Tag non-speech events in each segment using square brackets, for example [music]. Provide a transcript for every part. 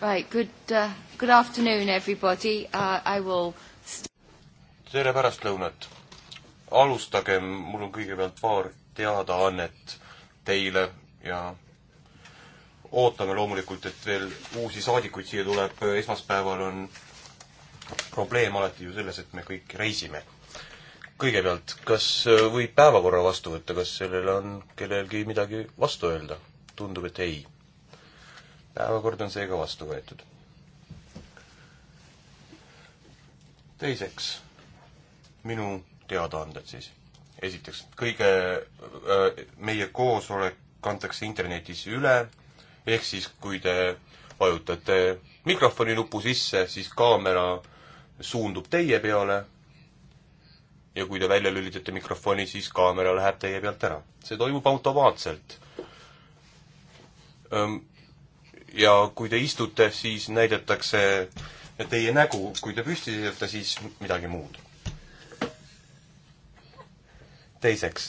Right, good, uh, good afternoon everybody uh,, I will tere pärastlõunat! alustagem, mul on kõigepealt paar teadaannet teile ja ootame loomulikult, et veel uusi saadikuid siia tuleb, esmaspäeval on probleem alati ju selles, et me kõik reisime. kõigepealt, kas võib päevakorra vastu võtta, kas sellele on kellelgi midagi vastu öelda? tundub, et ei päevakord on seega vastu võetud. teiseks, minu teadaanded siis. esiteks, kõige äh,, meie koosolek kantakse internetis üle, ehk siis kui te vajutate mikrofoni nupu sisse, siis kaamera suundub teie peale ja kui te välja lülitate mikrofoni, siis kaamera läheb teie pealt ära. see toimub automaatselt ja kui te istute, siis näidatakse teie nägu, kui te püsti seisate, siis midagi muud. teiseks,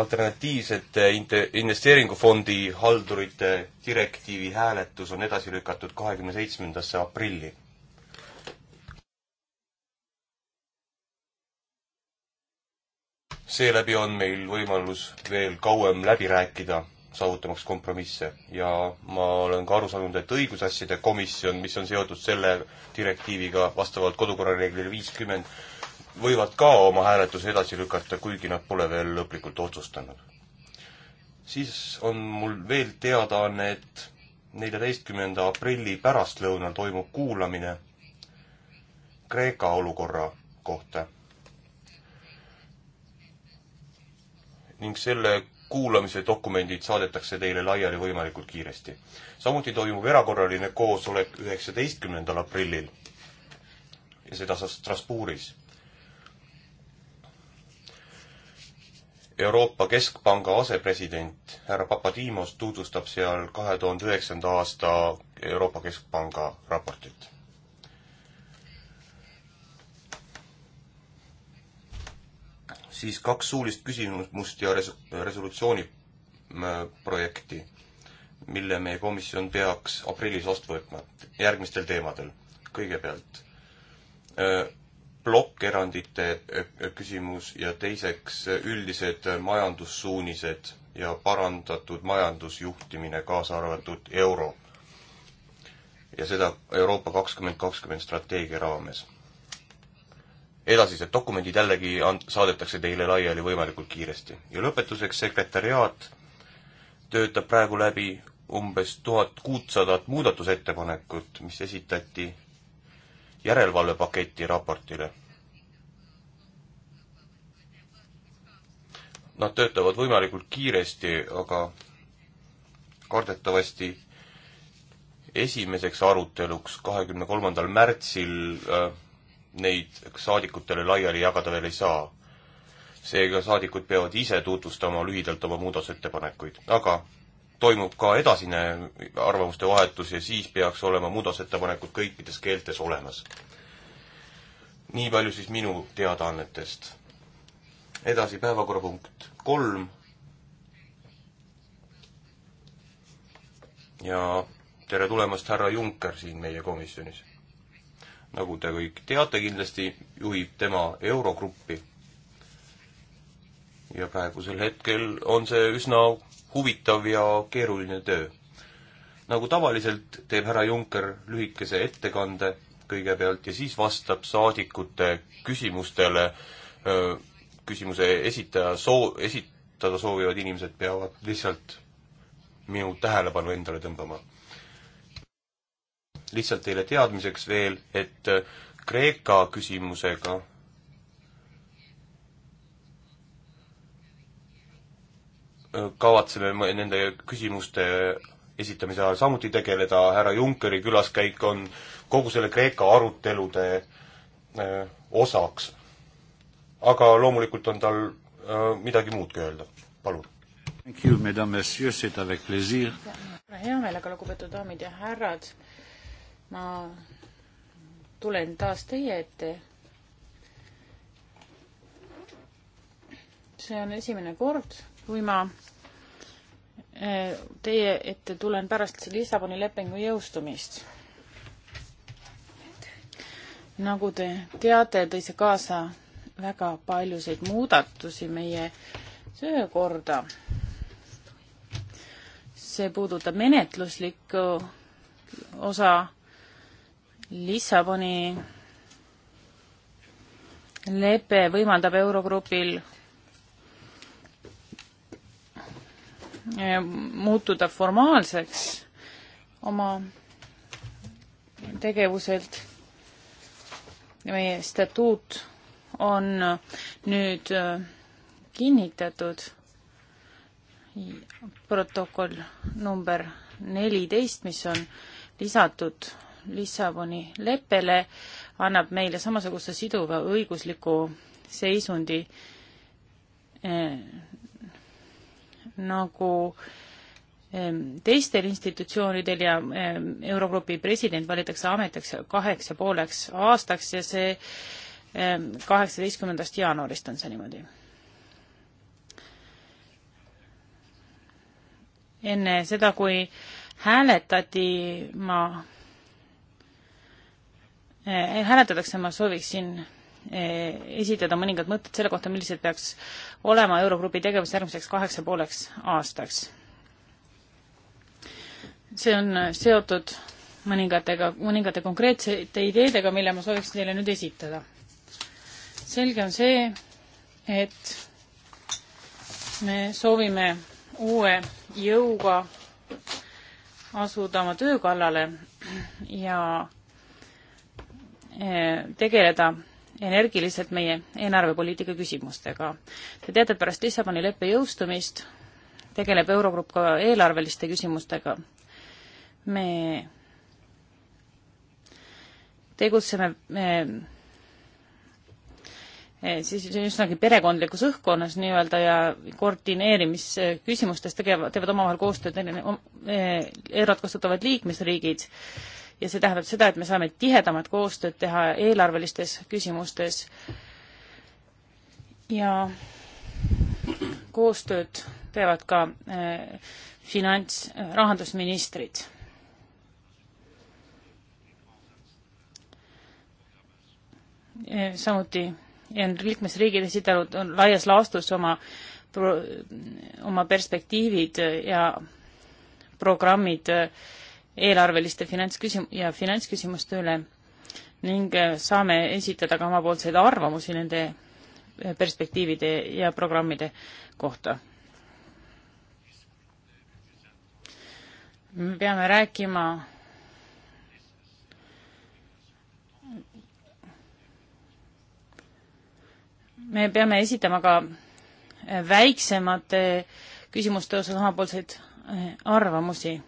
alternatiivsete inte-, investeeringufondi haldurite direktiivi hääletus on edasi lükatud kahekümne seitsmendasse aprilli. seeläbi on meil võimalus veel kauem läbi rääkida saavutamaks kompromisse ja ma olen ka aru saanud, et õigusasjade komisjon, mis on seotud selle direktiiviga vastavalt kodukorra reeglile viiskümmend, võivad ka oma hääletuse edasi lükata, kuigi nad pole veel lõplikult otsustanud. siis on mul veel teadaanne, et neljateistkümnenda aprilli pärastlõunal toimub kuulamine Kreeka olukorra kohta. ning selle kuulamise dokumendid saadetakse teile laiali võimalikult kiiresti. samuti toimub erakorraline koosolek üheksateistkümnendal aprillil ja seda Strasbourgis. Euroopa Keskpanga asepresident härra Papadimos tutvustab seal kahe tuhande üheksanda aasta Euroopa Keskpanga raportit siis kaks suulist küsimust ja res-, resolutsiooni äh, projekti, mille meie komisjon peaks aprillis vastu võtma järgmistel teemadel. kõigepealt äh, plokkerandite äh, küsimus ja teiseks üldised majandussuunised ja parandatud majandusjuhtimine, kaasa arvatud euro. ja seda Euroopa kakskümmend kakskümmend strateegia raames edasised dokumendid jällegi an-, saadetakse teile laiali võimalikult kiiresti. ja lõpetuseks, sekretäriaat töötab praegu läbi umbes tuhat kuutsadat muudatusettepanekut, mis esitati järelevalvepaketi raportile. Nad töötavad võimalikult kiiresti, aga kardetavasti esimeseks aruteluks kahekümne kolmandal märtsil äh, neid saadikutele laiali jagada veel ei saa. seega saadikud peavad ise tutvustama lühidalt oma muudatusettepanekuid, aga toimub ka edasine arvamuste vahetus ja siis peaks olema muudatusettepanekud kõikides keeltes olemas. nii palju siis minu teadaannetest. edasi päevakorrapunkt kolm. ja tere tulemast, härra Junker siin meie komisjonis nagu te kõik teate kindlasti, juhib tema Eurogruppi. ja praegusel hetkel on see üsna huvitav ja keeruline töö. nagu tavaliselt, teeb härra Juncker lühikese ettekande kõigepealt ja siis vastab saadikute küsimustele, küsimuse esitaja soo-, esitada soovivad inimesed peavad lihtsalt minu tähelepanu endale tõmbama lihtsalt teile teadmiseks veel, et äh, Kreeka küsimusega äh, kavatseme nende küsimuste esitamise ajal samuti tegeleda, härra Junckeri külaskäik on kogu selle Kreeka arutelude äh, osaks. aga loomulikult on tal midagi muudki öelda, palun. hea meelega, lugupeetud daamid ja härrad ma tulen taas teie ette. see on esimene kord, kui ma eh, teie ette tulen pärast Lissaboni lepingu jõustumist. nagu te teate, tõi see kaasa väga paljusid muudatusi meie töökorda. see puudutab menetluslikku osa Lissaboni lepe võimaldab Eurogrupil eh, muutuda formaalseks oma tegevuselt. meie statuut on nüüd eh, kinnitatud. protokoll number neliteist, mis on lisatud Lissaboni leppele annab meile samasuguse siduva õigusliku seisundi eh, nagu eh, teistel institutsioonidel ja eh, Eurogrupi president valitakse ametiks kaheks ja pooleks aastaks ja see kaheksateistkümnendast jaanuarist on see niimoodi. enne seda, kui hääletati, ma Eh, hääletatakse, ma sooviksin eh, esitada mõningad mõtted selle kohta, millised peaks olema Eurogrupi tegevus järgmiseks kaheks ja pooleks aastaks. see on eh, seotud mõningatega, mõningate konkreetsete ideedega, mille ma sooviksin teile nüüd esitada. selge on see, et me soovime uue jõuga asuda oma töö kallale ja Eh, tegeleda energiliselt meie eelarvepoliitika küsimustega. Te teate, et pärast Lissaboni leppe jõustumist tegeleb Eurogrupp ka eelarveliste küsimustega. me tegutseme me, eh, siis üsnagi perekondlikus õhkkonnas nii-öelda ja koordineerimisküsimustes tegevad, teevad omavahel koostööd erine- om,, eurot kasutavad liikmesriigid ja see tähendab seda, et me saame tihedamat koostööd teha eelarvelistes küsimustes ja koostööd teevad ka äh, finants, rahandusministrid. Eh, samuti on liikmesriigid esitanud laias laastus oma, oma perspektiivid ja programmid äh, eelarveliste finantsküsim- ja finantsküsimuste üle ning äh, saame esitada ka omapoolseid arvamusi nende äh, perspektiivide ja programmide kohta. me peame rääkima me peame esitama ka äh, väiksemate küsimuste osas omapoolseid arvamusi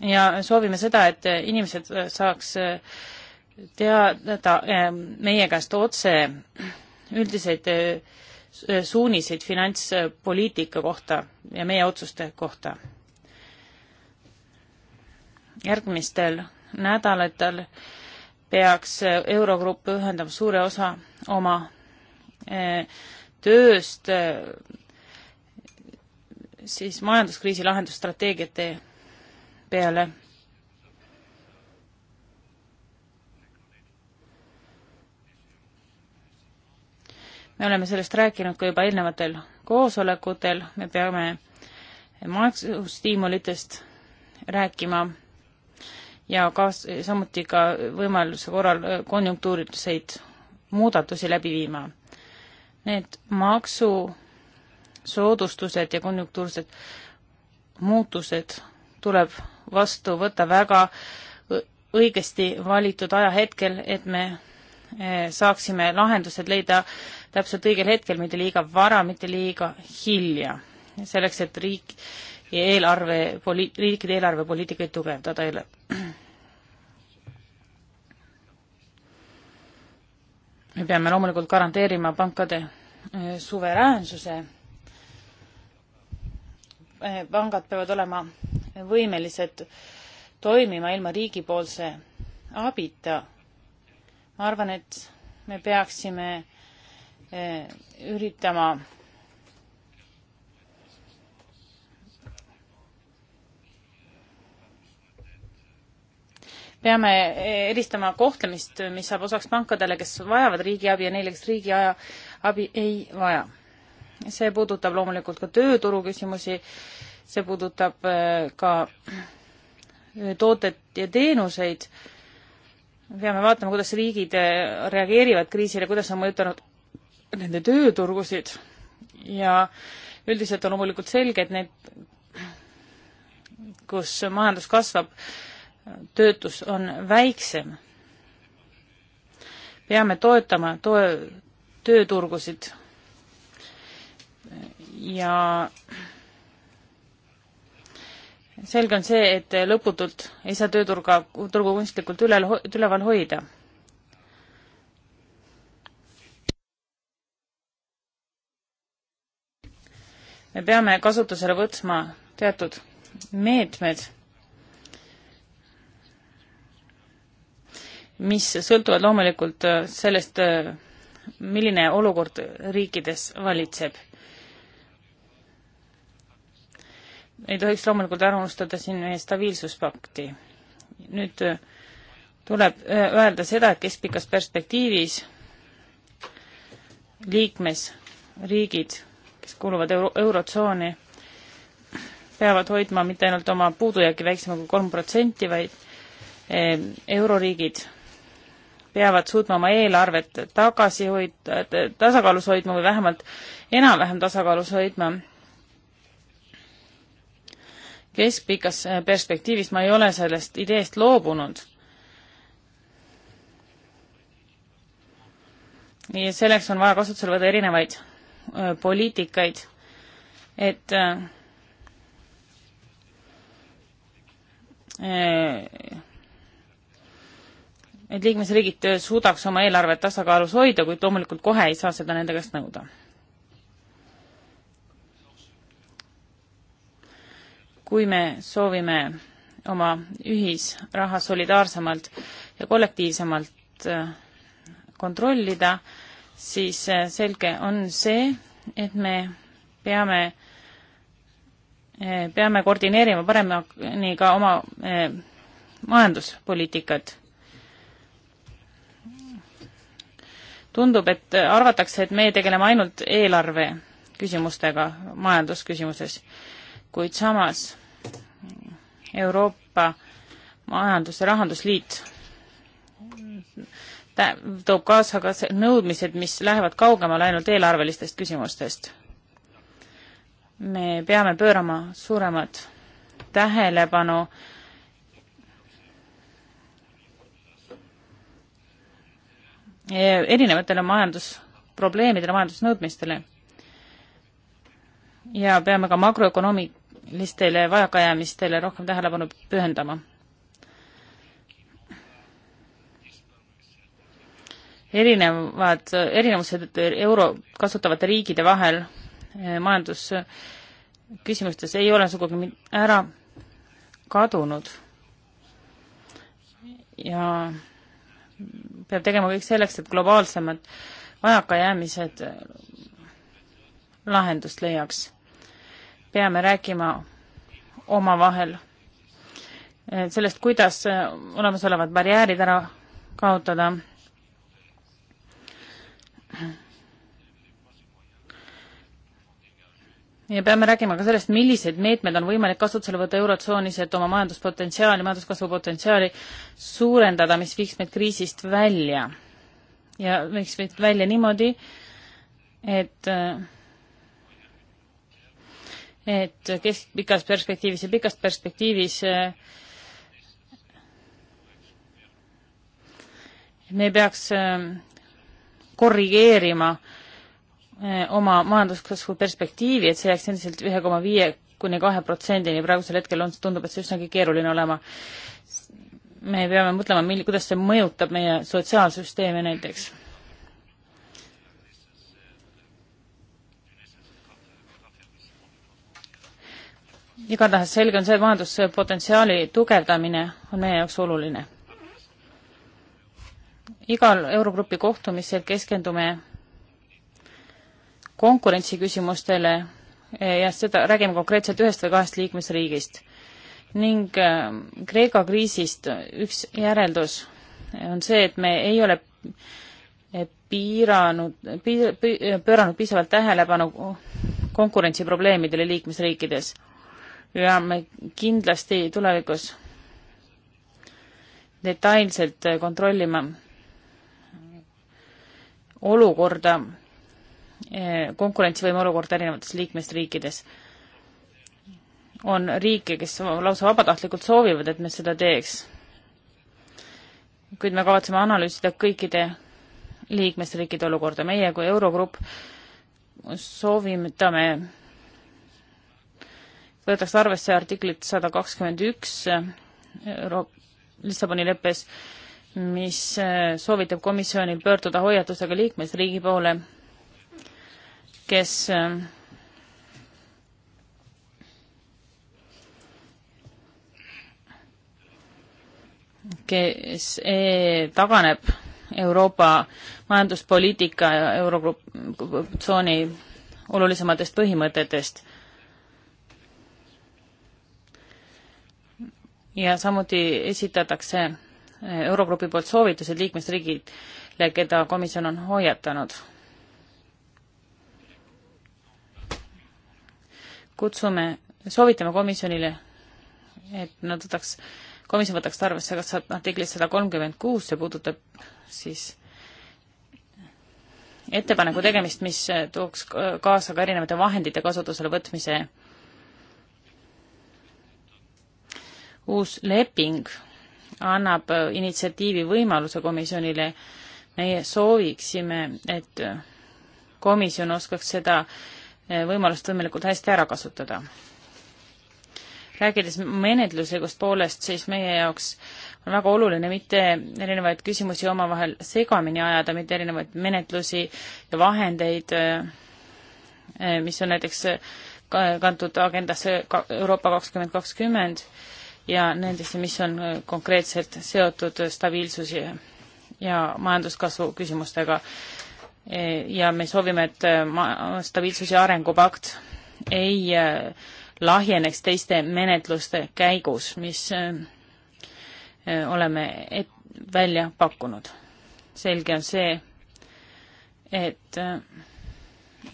ja soovime seda, et inimesed saaks teada eh, meie käest otse üldiseid eh, suuniseid finantspoliitika kohta ja meie otsuste kohta. järgmistel nädalatel peaks Eurogrupp ühendama suure osa oma eh, tööst siis majanduskriisi lahendusstrateegiate peale. me oleme sellest rääkinud ka juba eelnevatel koosolekutel, me peame maksustiimulitest rääkima ja kaas-, samuti ka võimaluse korral konjunktuurilseid muudatusi läbi viima. Need maksusoodustused ja konjunktuursed muutused tuleb vastu võtta väga õigesti valitud ajahetkel, et me eh, saaksime lahendused leida täpselt õigel hetkel, mitte liiga vara, mitte liiga hilja. selleks, et riik ja eelarve, poli-, riikide eelarvepoliitikaid tugevdada jälle. me peame loomulikult garanteerima pankade eh, suveräänsuse. Eh, pangad peavad olema võimelised toimima ilma riigipoolse abita. ma arvan, et me peaksime eh, üritama peame eh, eristama kohtlemist, mis saab osaks pankadele, kes vajavad riigiabi ja neile, kes riigi aja, abi ei vaja. see puudutab loomulikult ka tööturu küsimusi see puudutab äh, ka äh, tootet ja teenuseid. peame vaatama, kuidas riigid äh, reageerivad kriisile, kuidas on mõjutanud nende tööturgusid ja üldiselt on loomulikult selge, et need, kus majandus kasvab, töötus on väiksem. peame toetama toe, tööturgusid ja selge on see, et lõputult ei saa tööturga, turgu kunstlikult üle, üleval hoida. me peame kasutusele võtma teatud meetmed, mis sõltuvad loomulikult sellest, milline olukord riikides valitseb ei tohiks loomulikult ära unustada siin meie stabiilsuspakti. nüüd äh, tuleb äh, öelda seda, et keskpikas perspektiivis liikmesriigid, kes kuuluvad euro, eurotsooni, peavad hoidma mitte ainult oma puudujääki väiksema kui kolm protsenti, vaid äh, euroriigid peavad suutma oma eelarvet tagasi hoida, tasakaalus hoidma või vähemalt enam-vähem tasakaalus hoidma keskpikas eh, perspektiivis ma ei ole sellest ideest loobunud. nii et selleks on vaja kasutusele võtta erinevaid öö, eh, poliitikaid, et öö, eh, et liikmesriigid suudaks oma eelarvet tasakaalus hoida, kuid loomulikult kohe ei saa seda nende käest nõuda kui me soovime oma ühisraha solidaarsemalt ja kollektiivsemalt äh, kontrollida, siis äh, selge on see, et me peame, äh, peame koordineerima paremini ka oma majanduspoliitikat. tundub, et arvatakse, et meie tegeleme ainult eelarve küsimustega majandusküsimuses, kuid samas Euroopa Majandus- ja Rahandusliit toob kaasa ka nõudmised, mis lähevad kaugemale ainult eelarvelistest küsimustest. me peame pöörama suuremat tähelepanu e-, erinevatele majandusprobleemidele, majandusnõudmistele. ja peame ka makroökonoomi-, tehnilistele vajakajäämistele rohkem tähelepanu pühendama. erinevad, erinevused euro kasutavate riikide vahel eh, majandusküsimustes ei ole sugugi ära kadunud. ja peab tegema kõik selleks, et globaalsemad vajakajäämised lahendust leiaks peame rääkima omavahel sellest, kuidas olemasolevad barjäärid ära kaotada. ja peame rääkima ka sellest, milliseid meetmeid on võimalik kasutusele võtta Eurotsoonis, et oma majanduspotentsiaali, majanduskasvu potentsiaali suurendada, mis viiks meid kriisist välja. ja viiks meid välja niimoodi, et äh, et keskpikas perspektiivis ja pikas perspektiivis äh, me peaks äh, korrigeerima äh, oma majanduskasvu perspektiivi, et see jääks endiselt ühe koma viie kuni kahe protsendini, praegusel hetkel on, tundub, et see üsnagi keeruline olema. me peame mõtlema, mil-, kuidas see mõjutab meie sotsiaalsüsteeme näiteks igatahes selge on see, et majanduspotentsiaali tugevdamine on meie jaoks oluline. igal Eurogrupi kohtumisel keskendume konkurentsiküsimustele ja seda räägime konkreetselt ühest või kahest liikmesriigist. ning äh, Kreeka kriisist üks järeldus on see, et me ei ole äh, piiranud, piir, pööranud piisavalt tähelepanu konkurentsiprobleemidele liikmesriikides ja me kindlasti tulevikus detailselt kontrollima olukorda, konkurentsivõime olukorda erinevates liikmesriikides. on riike, kes lausa vabatahtlikult soovivad, et me seda teeks. kuid me kavatseme analüüsida kõikide liikmesriikide olukorda. meie kui Eurogrupp soovime, et me võetakse arvesse artiklit sada kakskümmend üks Euro-, Lissaboni leppes, mis äh, soovitab komisjonil pöörduda hoiatusega liikmesriigi poole, kes äh, kes äh, taganeb Euroopa majanduspoliitika ja Eurogrupp tsooni olulisematest põhimõtetest ja samuti esitatakse eh, Eurogrupi poolt soovitused liikmesriigile, keda komisjon on hoiatanud. kutsume, soovitame komisjonile, et nad võtaks, komisjon võtaks tarvesse kas artiklis sada kolmkümmend kuus, see puudutab siis ettepaneku tegemist, mis tooks kaasa ka erinevate vahendite kasutusele võtmise äh, uus leping annab initsiatiivi võimaluse komisjonile. meie sooviksime, et komisjon oskaks seda eh, võimalust võimalikult hästi ära kasutada. rääkides menetluslikust poolest, siis meie jaoks on väga oluline mitte erinevaid küsimusi omavahel segamini ajada, mitte erinevaid menetlusi ja vahendeid, eh, eh, mis on näiteks kantud agendasse Euroopa kakskümmend kakskümmend ja nendesse, mis on konkreetselt seotud stabiilsus ja majanduskasvu küsimustega. ja me soovime, et stabiilsus- ja arengupakt ei äh, lahjeneks teiste menetluste käigus, mis äh, oleme et, välja pakkunud. selge on see, et äh,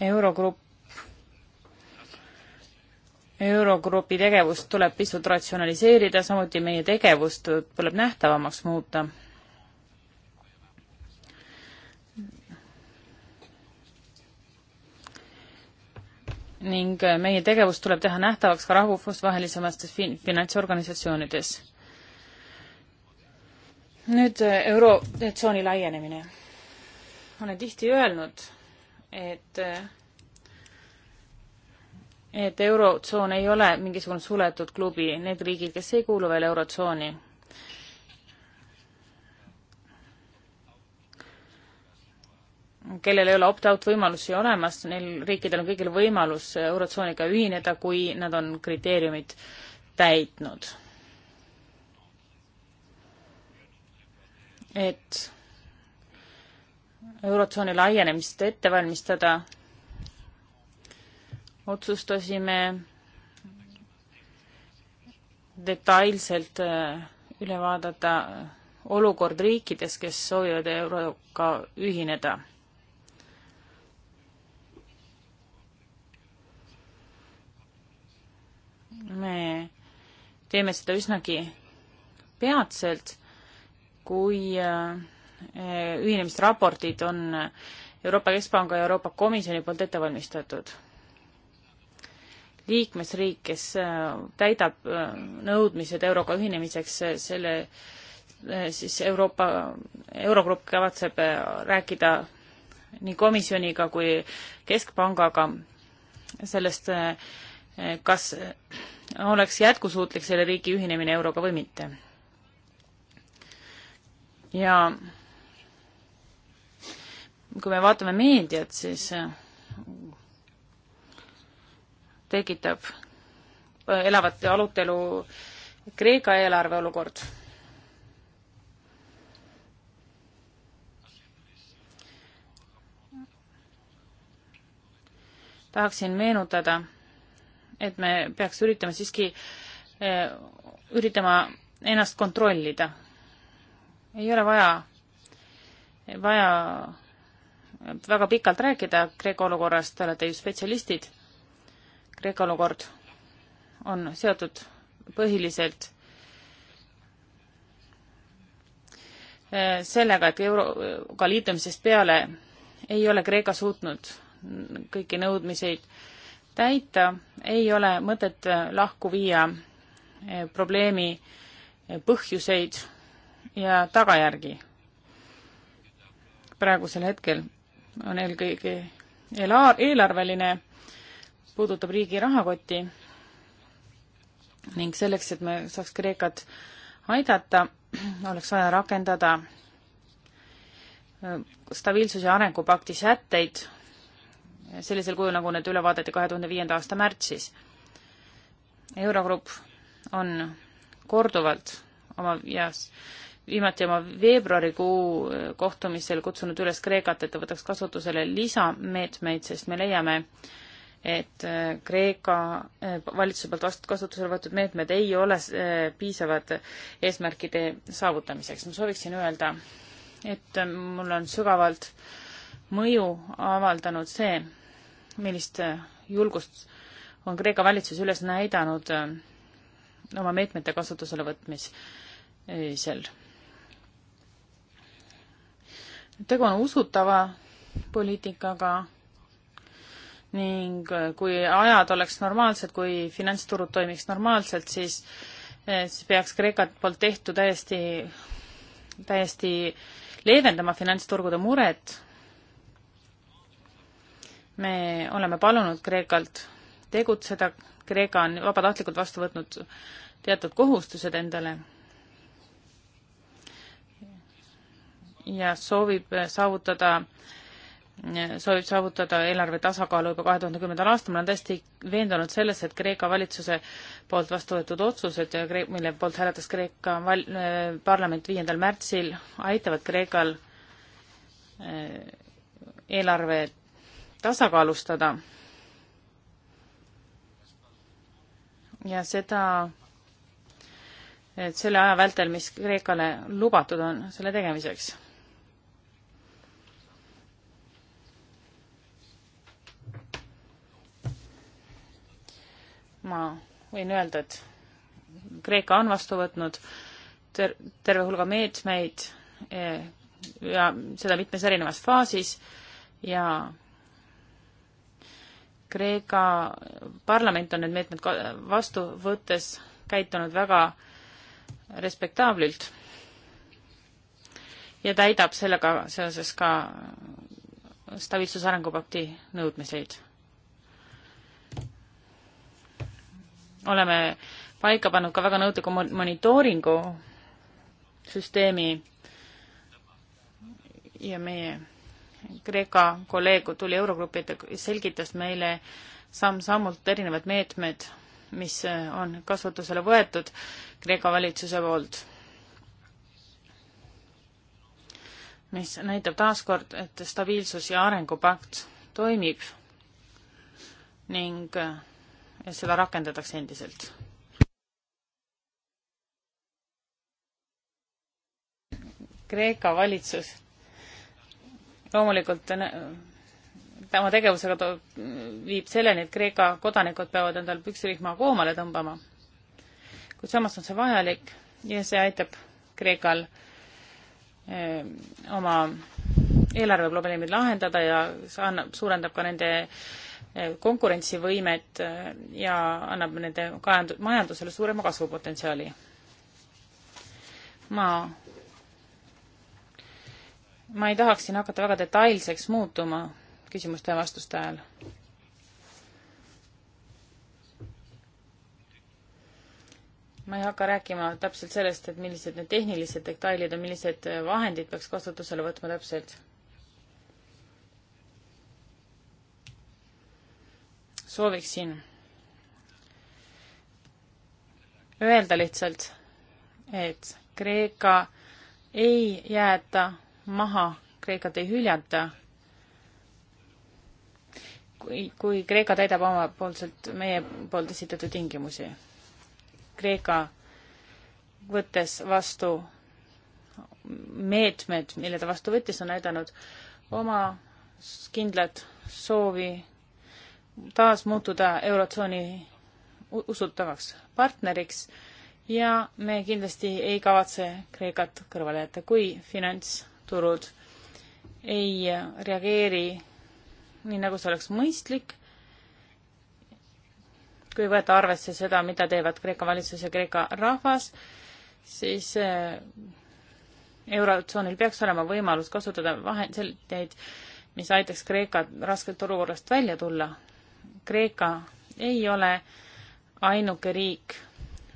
Eurogrupp Eurogrupi tegevust tuleb pisut ratsionaliseerida, samuti meie tegevust tuleb nähtavamaks muuta. ning meie tegevust tuleb teha nähtavaks ka rahvusvahelisemates fin-, finantsorganisatsioonides. nüüd äh, eurotsooni laienemine. olen tihti öelnud, et äh, et Eurotsoon ei ole mingisugune suletud klubi, need riigid, kes ei kuulu veel Eurotsooni. kellel ei ole opt-out võimalusi olemas, neil riikidel on kõigil võimalus Eurotsooniga ühineda, kui nad on kriteeriumid täitnud. et Eurotsooni laienemist ette valmistada otsustasime detailselt äh, üle vaadata äh, olukord riikides, kes soovivad euroga ühineda. me teeme seda üsnagi peatselt, kui äh, ühinemisraportid on Euroopa Keskpanga ja Euroopa Komisjoni poolt ette valmistatud liikmesriik, kes äh, täidab äh, nõudmised euroga ühinemiseks, äh, selle siis Euroopa, Eurogrupp kavatseb rääkida nii komisjoniga kui keskpangaga sellest, kas oleks jätkusuutlik selle riigi ühinemine euroga või mitte. ja kui me vaatame meediat, siis tekitab äh, elavat arutelu Kreeka eelarve olukord. tahaksin meenutada, et me peaks üritama siiski, äh, üritama ennast kontrollida. ei ole vaja, vaja väga pikalt rääkida Kreeka olukorrast, te olete ju spetsialistid Kreeka olukord on seotud põhiliselt eh, sellega, et euroga liitumisest peale ei ole Kreeka suutnud kõiki nõudmiseid täita, ei ole mõtet lahku viia eh, probleemi eh, põhjuseid ja tagajärgi. praegusel hetkel on eelkõige eelarveline puudutab riigi rahakotti ning selleks, et me saaks Kreekat aidata, oleks vaja rakendada äh, stabiilsus- ja arengupakti sätteid sellisel kujul, nagu need üle vaadati kahe tuhande viienda aasta märtsis. eurogrupp on korduvalt oma ja viimati oma veebruarikuu äh, kohtumisel kutsunud üles Kreekat, et ta võtaks kasutusele lisameetmeid, sest me leiame, et äh, Kreeka äh, valitsuse poolt vast-, kasutusele võetud meetmed ei ole äh, piisavad eesmärkide saavutamiseks. ma sooviksin öelda, et mul on sügavalt mõju avaldanud see, millist julgust on Kreeka valitsus üles näidanud oma meetmete kasutusele võtmisel. tegu on usutava poliitikaga ning äh, kui ajad oleks normaalsed, kui finantsturud toimiks normaalselt, siis äh, siis peaks Kreekat poolt tehtu täiesti, täiesti leevendama finantsturgude muret. me oleme palunud Kreekalt tegutseda, Kreeka on vabatahtlikult vastu võtnud teatud kohustused endale ja soovib äh, saavutada äh, soovib saavutada eelarve tasakaalu juba kahe tuhande kümnendal aastal, ma olen täiesti veendunud selles, et Kreeka valitsuse poolt vastu võetud otsused, mille poolt hääletas Kreeka val-, äh, parlament viiendal märtsil, aitavad Kreekal äh, eelarve tasakaalustada. ja seda, et selle aja vältel, mis Kreekale lubatud on selle tegemiseks ma võin öelda, et Kreeka on vastu võtnud ter-, terve hulga meetmeid eh, ja seda mitmes erinevas faasis ja Kreeka parlament on need meetmed vastu võttes käitunud väga respektaablilt ja täidab sellega seoses ka stabiilsuse arengupakti nõudmiseid oleme paika pannud ka väga nõudliku monitooringu süsteemi ja meie Kreeka kolleeg tuli Eurogrupi ette, selgitas meile samm-sammult erinevad meetmed, mis on kasutusele võetud Kreeka valitsuse poolt. mis näitab taaskord, et stabiilsus ja arengupakt toimib ning seda rakendatakse endiselt. Kreeka valitsus loomulikult äh, tema tegevusega to-, viib selleni, et Kreeka kodanikud peavad endal püksirihma koomale tõmbama. kuid samas on see vajalik ja see aitab Kreekal öö, äh, oma eelarveprobleemid lahendada ja see annab, suurendab ka nende öö, konkurentsivõimet eh, ja annab nende majandusele suurema kasvupotentsiaali. ma, ma ei tahaks siin hakata väga detailseks muutuma küsimuste ja vastuste ajal. ma ei hakka rääkima täpselt sellest, et millised need tehnilised detailid on, millised eh, vahendid peaks kasutusele võtma täpselt sooviksin öelda lihtsalt, et Kreeka ei jäeta maha, Kreekat ei hüljata. kui, kui Kreeka täidab omapoolselt meie poolt esitatud tingimusi. Kreeka, võttes vastu meetmed, mille ta vastu võttis, on näidanud oma kindlat soovi taas muutuda Eurotsooni usutavaks partneriks ja me kindlasti ei kavatse Kreekat kõrvale jätta, kui finantsturud ei reageeri nii, nagu see oleks mõistlik, kui ei võeta arvesse seda, mida teevad Kreeka valitsus ja Kreeka rahvas, siis eh, eurotsoonil peaks olema võimalus kasutada vahendeid, mis aitaks Kreekat raskelt olukorrast välja tulla Kreeka ei ole ainuke riik,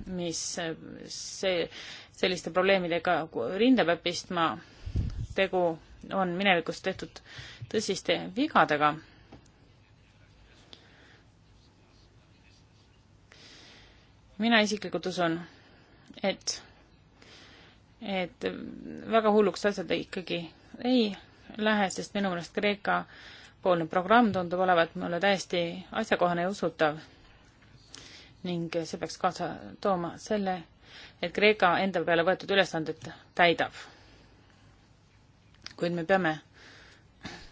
mis see, selliste probleemidega rinda peab pistma. tegu on minevikus tehtud tõsiste vigadega. mina isiklikult usun, et, et väga hulluks asjad ikkagi ei lähe, sest minu meelest Kreeka äh, poolne programm tundub olevat mulle täiesti asjakohane ja usutav. ning see peaks kaasa tooma selle, et Kreeka enda peale võetud ülesanded täidab. kuid me peame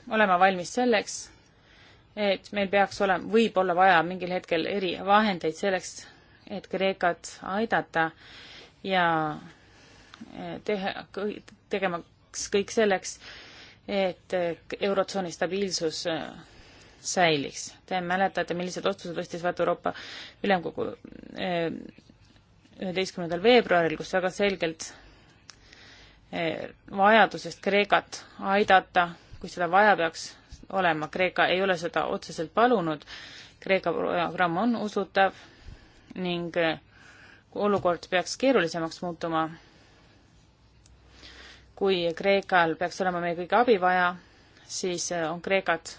olema valmis selleks, et meil peaks olema, võib olla vaja mingil hetkel erivahendeid selleks, et Kreekat aidata ja teha, tegemaks kõik selleks, et Eurotsooni stabiilsus äh, säiliks. Te mäletate, millised otsused võttis vaata Euroopa Ülemkogu äh, üheteistkümnendal veebruaril, kus väga selgelt äh, vajadusest Kreekat aidata, kui seda vaja peaks olema, Kreeka ei ole seda otseselt palunud, Kreeka programm on usutav ning olukord peaks keerulisemaks muutuma kui Kreekal peaks olema meie kõige abi vaja, siis äh, on Kreekat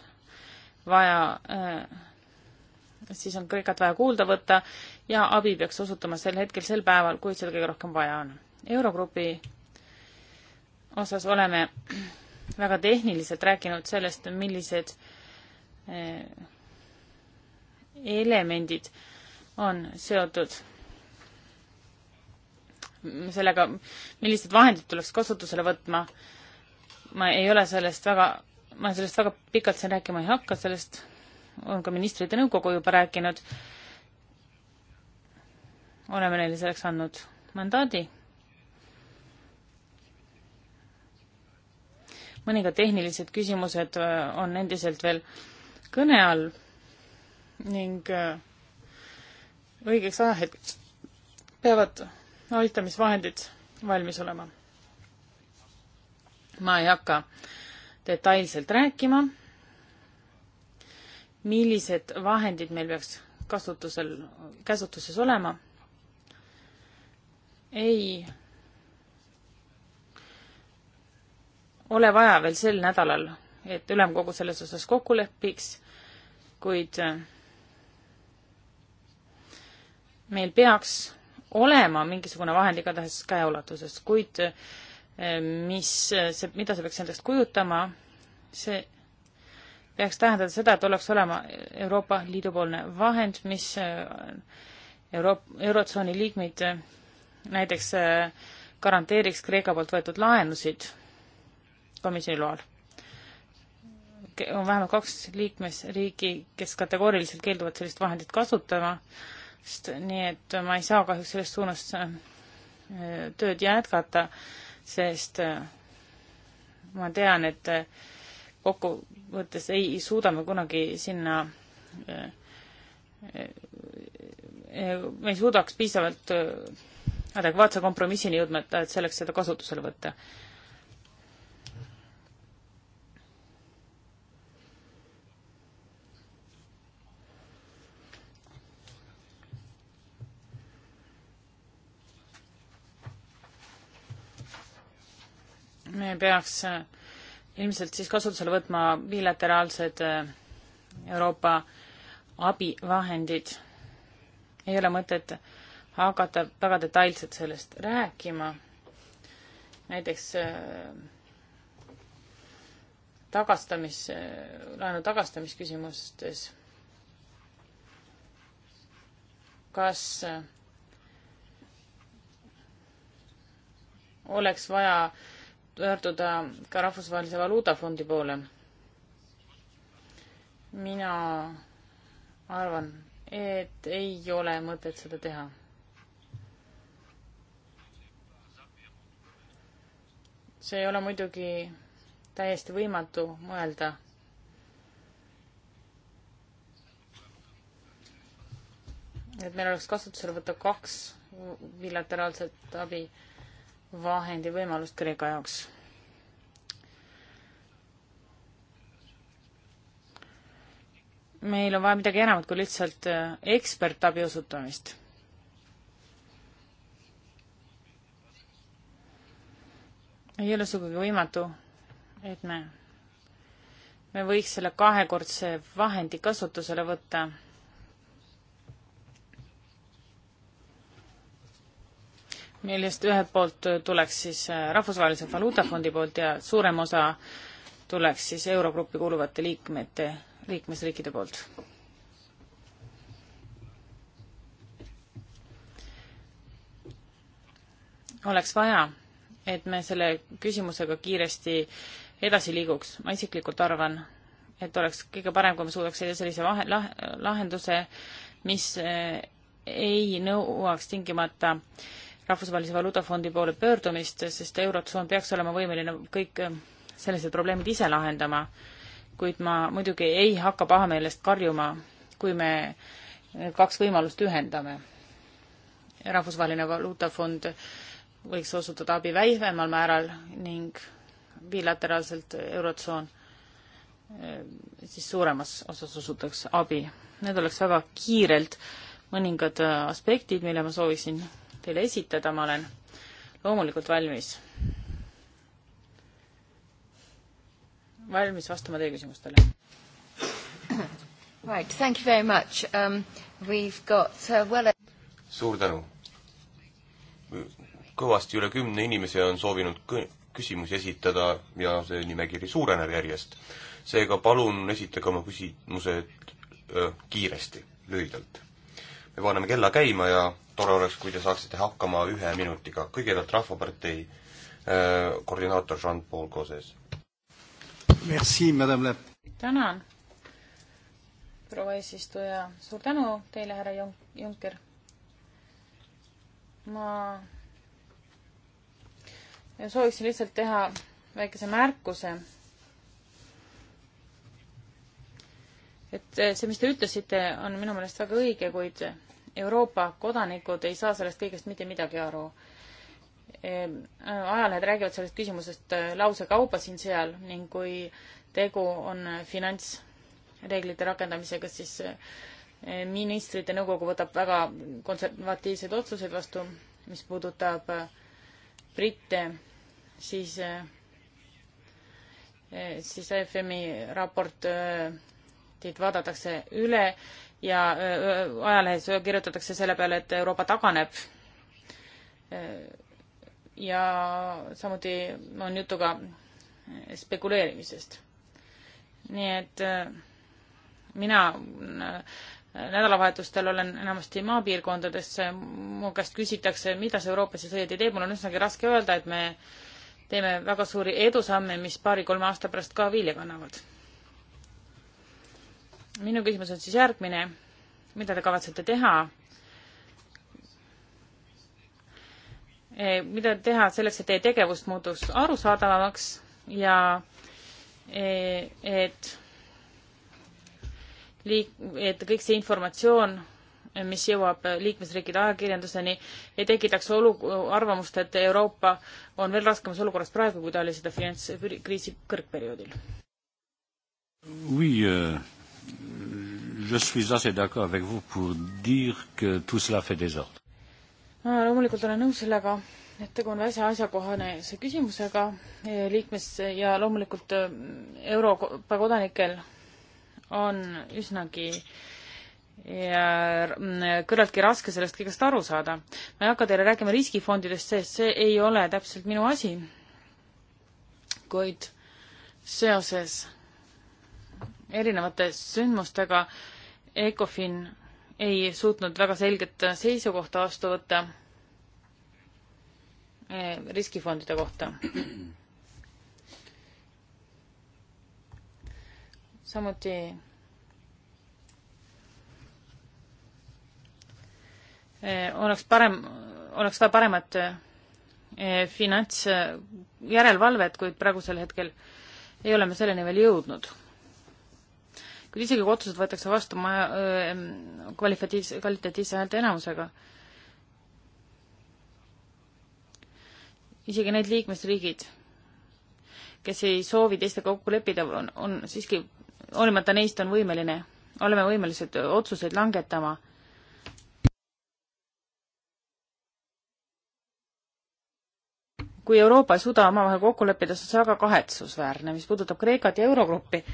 vaja, äh, siis on Kreekat vaja kuulda võtta ja abi peaks osutama sel hetkel, sel päeval, kui seda kõige rohkem vaja on. Eurogrupi osas oleme väga tehniliselt rääkinud sellest, millised äh, elemendid on seotud sellega, millised vahendid tuleks kasutusele võtma. ma ei ole sellest väga, ma sellest väga pikalt siin rääkima ei hakka, sellest on ka ministrite nõukogu juba rääkinud. oleme neile selleks andnud mandaadi. mõningad tehnilised küsimused äh, on endiselt veel kõne all ning äh, õigeks ajahetkeks peavad aitamisvahendid valmis olema. ma ei hakka detailselt rääkima, millised vahendid meil peaks kasutusel, käsutuses olema. ei ole vaja veel sel nädalal, et ülemkogu selles osas kokku lepiks, kuid meil peaks olema mingisugune vahend igatahes käeulatuses, kuid eh, mis eh, see, mida see peaks endast kujutama, see peaks tähendada seda, et oleks olema Euroopa Liidu poolne vahend, mis eh, Euro-, Eurotsooni liikmed näiteks garanteeriks Kreeka poolt võetud laenusid komisjoni loal on vähemalt kaks liikmesriigi, kes kategooriliselt keelduvad sellist vahendit kasutama nii et ma ei saa kahjuks selles suunas äh, tööd jätkata, sest äh, ma tean, et äh, kokkuvõttes ei suuda me kunagi sinna, me ei suudaks piisavalt adekvaatse kompromissini jõudma, et selleks seda kasutusele võtta me peaks äh, ilmselt siis kasutusele võtma bilateraalsed äh, Euroopa abivahendid. ei ole mõtet hakata väga detailselt sellest rääkima. näiteks äh, tagastamis, laenu tagastamisküsimustes. kas oleks vaja pöörduda ka Rahvusvahelise Valuutafondi poole. mina arvan, et ei ole mõtet seda teha. see ei ole muidugi täiesti võimatu mõelda. et meil oleks kasutusele võtta kaks bilateraalset abi vahendi võimalust Kreeka jaoks. meil on vaja midagi enamat kui lihtsalt äh, ekspertabi osutamist. ei ole sugugi võimatu, et me, me võiks selle kahekordse vahendi kasutusele võtta millest ühelt poolt tuleks siis äh, Rahvusvahelise Valuutafondi poolt ja suurem osa tuleks siis Eurogrupi kuuluvate liikmete, liikmesriikide poolt. oleks vaja, et me selle küsimusega kiiresti edasi liiguks, ma isiklikult arvan, et oleks kõige parem, kui me suudaks leida sellise vahe, lah-, lahenduse, mis äh, ei nõuaks tingimata äh, Rahvusvahelise Valuutafondi poole pöördumist, sest Eurotsoon peaks olema võimeline kõik eh, sellised probleemid ise lahendama. kuid ma muidugi ei hakka pahameelest karjuma, kui me eh, kaks võimalust ühendame. rahvusvaheline Valuutafond võiks osutada abi väisemal määral ning bilateraalselt Eurotsoon eh, siis suuremas osas osutaks abi. Need oleks väga kiirelt mõningad aspektid, mille ma sooviksin teile esitada, ma olen loomulikult valmis. valmis vastama teie küsimustele. Right, thank you very much um,. We've got uh, well suur tänu. kõvasti üle kümne inimese on soovinud kõ-, küsimusi esitada ja see nimekiri suureneb järjest. seega palun esitage oma küsimused öö, äh, kiiresti, lühidalt me paneme kella käima ja tore oleks, kui te saaksite hakkama ühe minutiga. kõigepealt Rahvapartei äh, koordinaator Jean-Paul Gauzes. tänan, proua eesistuja. suur tänu teile, härra Jun-, Juncker. ma sooviksin lihtsalt teha väikese märkuse et eh, see, mis te ütlesite, on minu meelest väga õige, kuid Euroopa kodanikud ei saa sellest kõigest mitte midagi aru. Ehm, ajalehed räägivad sellest küsimusest eh, lausekauba siin-seal ning kui tegu on eh, finantsreeglite rakendamisega, siis ministrite nõukogu võtab väga konservatiivseid otsuseid vastu, mis puudutab britte, siis, siis EFM-i raport mandaatid vaadatakse üle ja ajalehes kirjutatakse selle peale, et Euroopa taganeb. ja samuti on juttu ka spekuleerimisest. nii et mina nädalavahetustel olen enamasti maapiirkondades, mu käest küsitakse, mida see Euroopa siis õieti teeb, mul on üsnagi raske öelda, et me teeme väga suuri edusamme, mis paari-kolme aasta pärast ka vilja kannavad minu küsimus on siis järgmine. mida te kavatsete teha? E, mida teha selleks, et teie tegevus muutuks arusaadavamaks ja e, et liik-, et kõik see informatsioon, mis jõuab liikmesriikide ajakirjanduseni, ei tekitaks olu-, arvamust, et Euroopa on veel raskemas olukorras praegu, kui ta oli seda finantskriisi kõrgperioodil. Oui, euh, je suis assez d'accord avec vous pour dire que tout cela fait désordre. Ah, loomulikult olen nõus sellega, et tegu on äsja asjakohanese küsimusega eh, liikmes ja loomulikult eh, Euroopa kodanikel on üsnagi ja mm, küllaltki raske sellest kõigest aru saada. ma ei hakka teile rääkima riskifondidest, sest see ei ole täpselt minu asi. kuid seoses erinevate sündmustega äh, ECOFIN ei suutnud väga selget seisukohta vastu võtta eh, riskifondide kohta. samuti eh, oleks parem, oleks vaja paremat eh, finantsjärelevalvet, kuid praegusel hetkel ei ole me selleni veel jõudnud küll isegi kui otsused võetakse vastu maja kvalitatiivse, kvalitatiivse häälteenamusega. isegi need liikmesriigid, kes ei soovi teistega kokku leppida, on, on siiski, hoolimata neist on võimeline, oleme võimelised otsuseid langetama kui Euroopa ei suuda omavahel kokku leppida, siis on see väga kahetsusväärne, mis puudutab Kreekat ja Eurogruppi.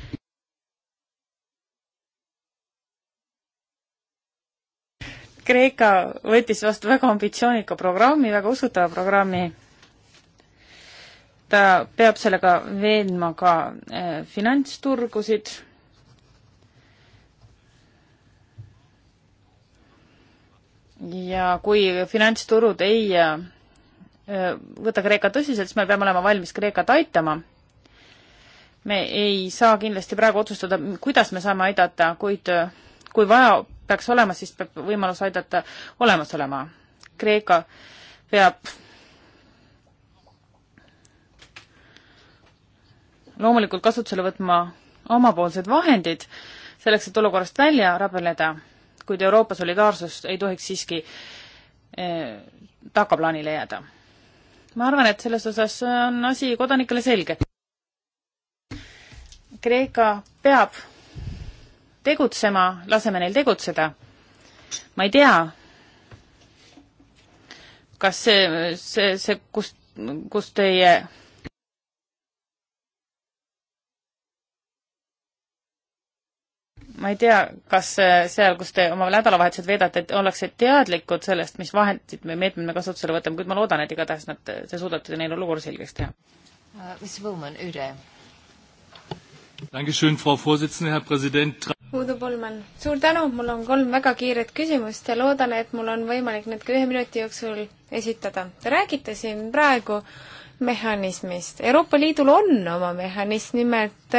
Kreeka võttis vastu väga ambitsioonika programmi, väga usutava programmi. ta peab sellega veenma ka äh, finantsturgusid. ja kui finantsturud ei äh, võta Kreeka tõsiselt, siis me peame olema valmis Kreekat aitama. me ei saa kindlasti praegu otsustada, kuidas me saame aidata, kuid eh, kui vaja peaks olema, siis peab võimalus aidata olemas olema. Kreeka peab loomulikult kasutusele võtma omapoolsed vahendid selleks, et olukorrast välja rabeleda, kuid Euroopa solidaarsust ei tohiks siiski eh, tagaplaanile jääda. ma arvan, et selles osas on asi kodanikele selge. Kreeka peab tegutsema, laseme neil tegutseda. ma ei tea, kas see, see, see, kus, kus teie ma ei tea, kas seal, kus te oma nädalavahetused veedate, et ollakse teadlikud sellest, mis vahendid või meetmed me kasutusele võtame, kuid ma loodan, et igatahes nad, te suudate neile olukorra selgeks teha uh,. mis Võumann, Üde? Dankeschön, Frau Vorsitzende, Herr Präsident. Uudo Polman, suur tänu, mul on kolm väga kiiret küsimust ja loodan, et mul on võimalik need ka ühe minuti jooksul esitada. Te räägite siin praegu mehhanismist. Euroopa Liidul on oma mehhanism, nimelt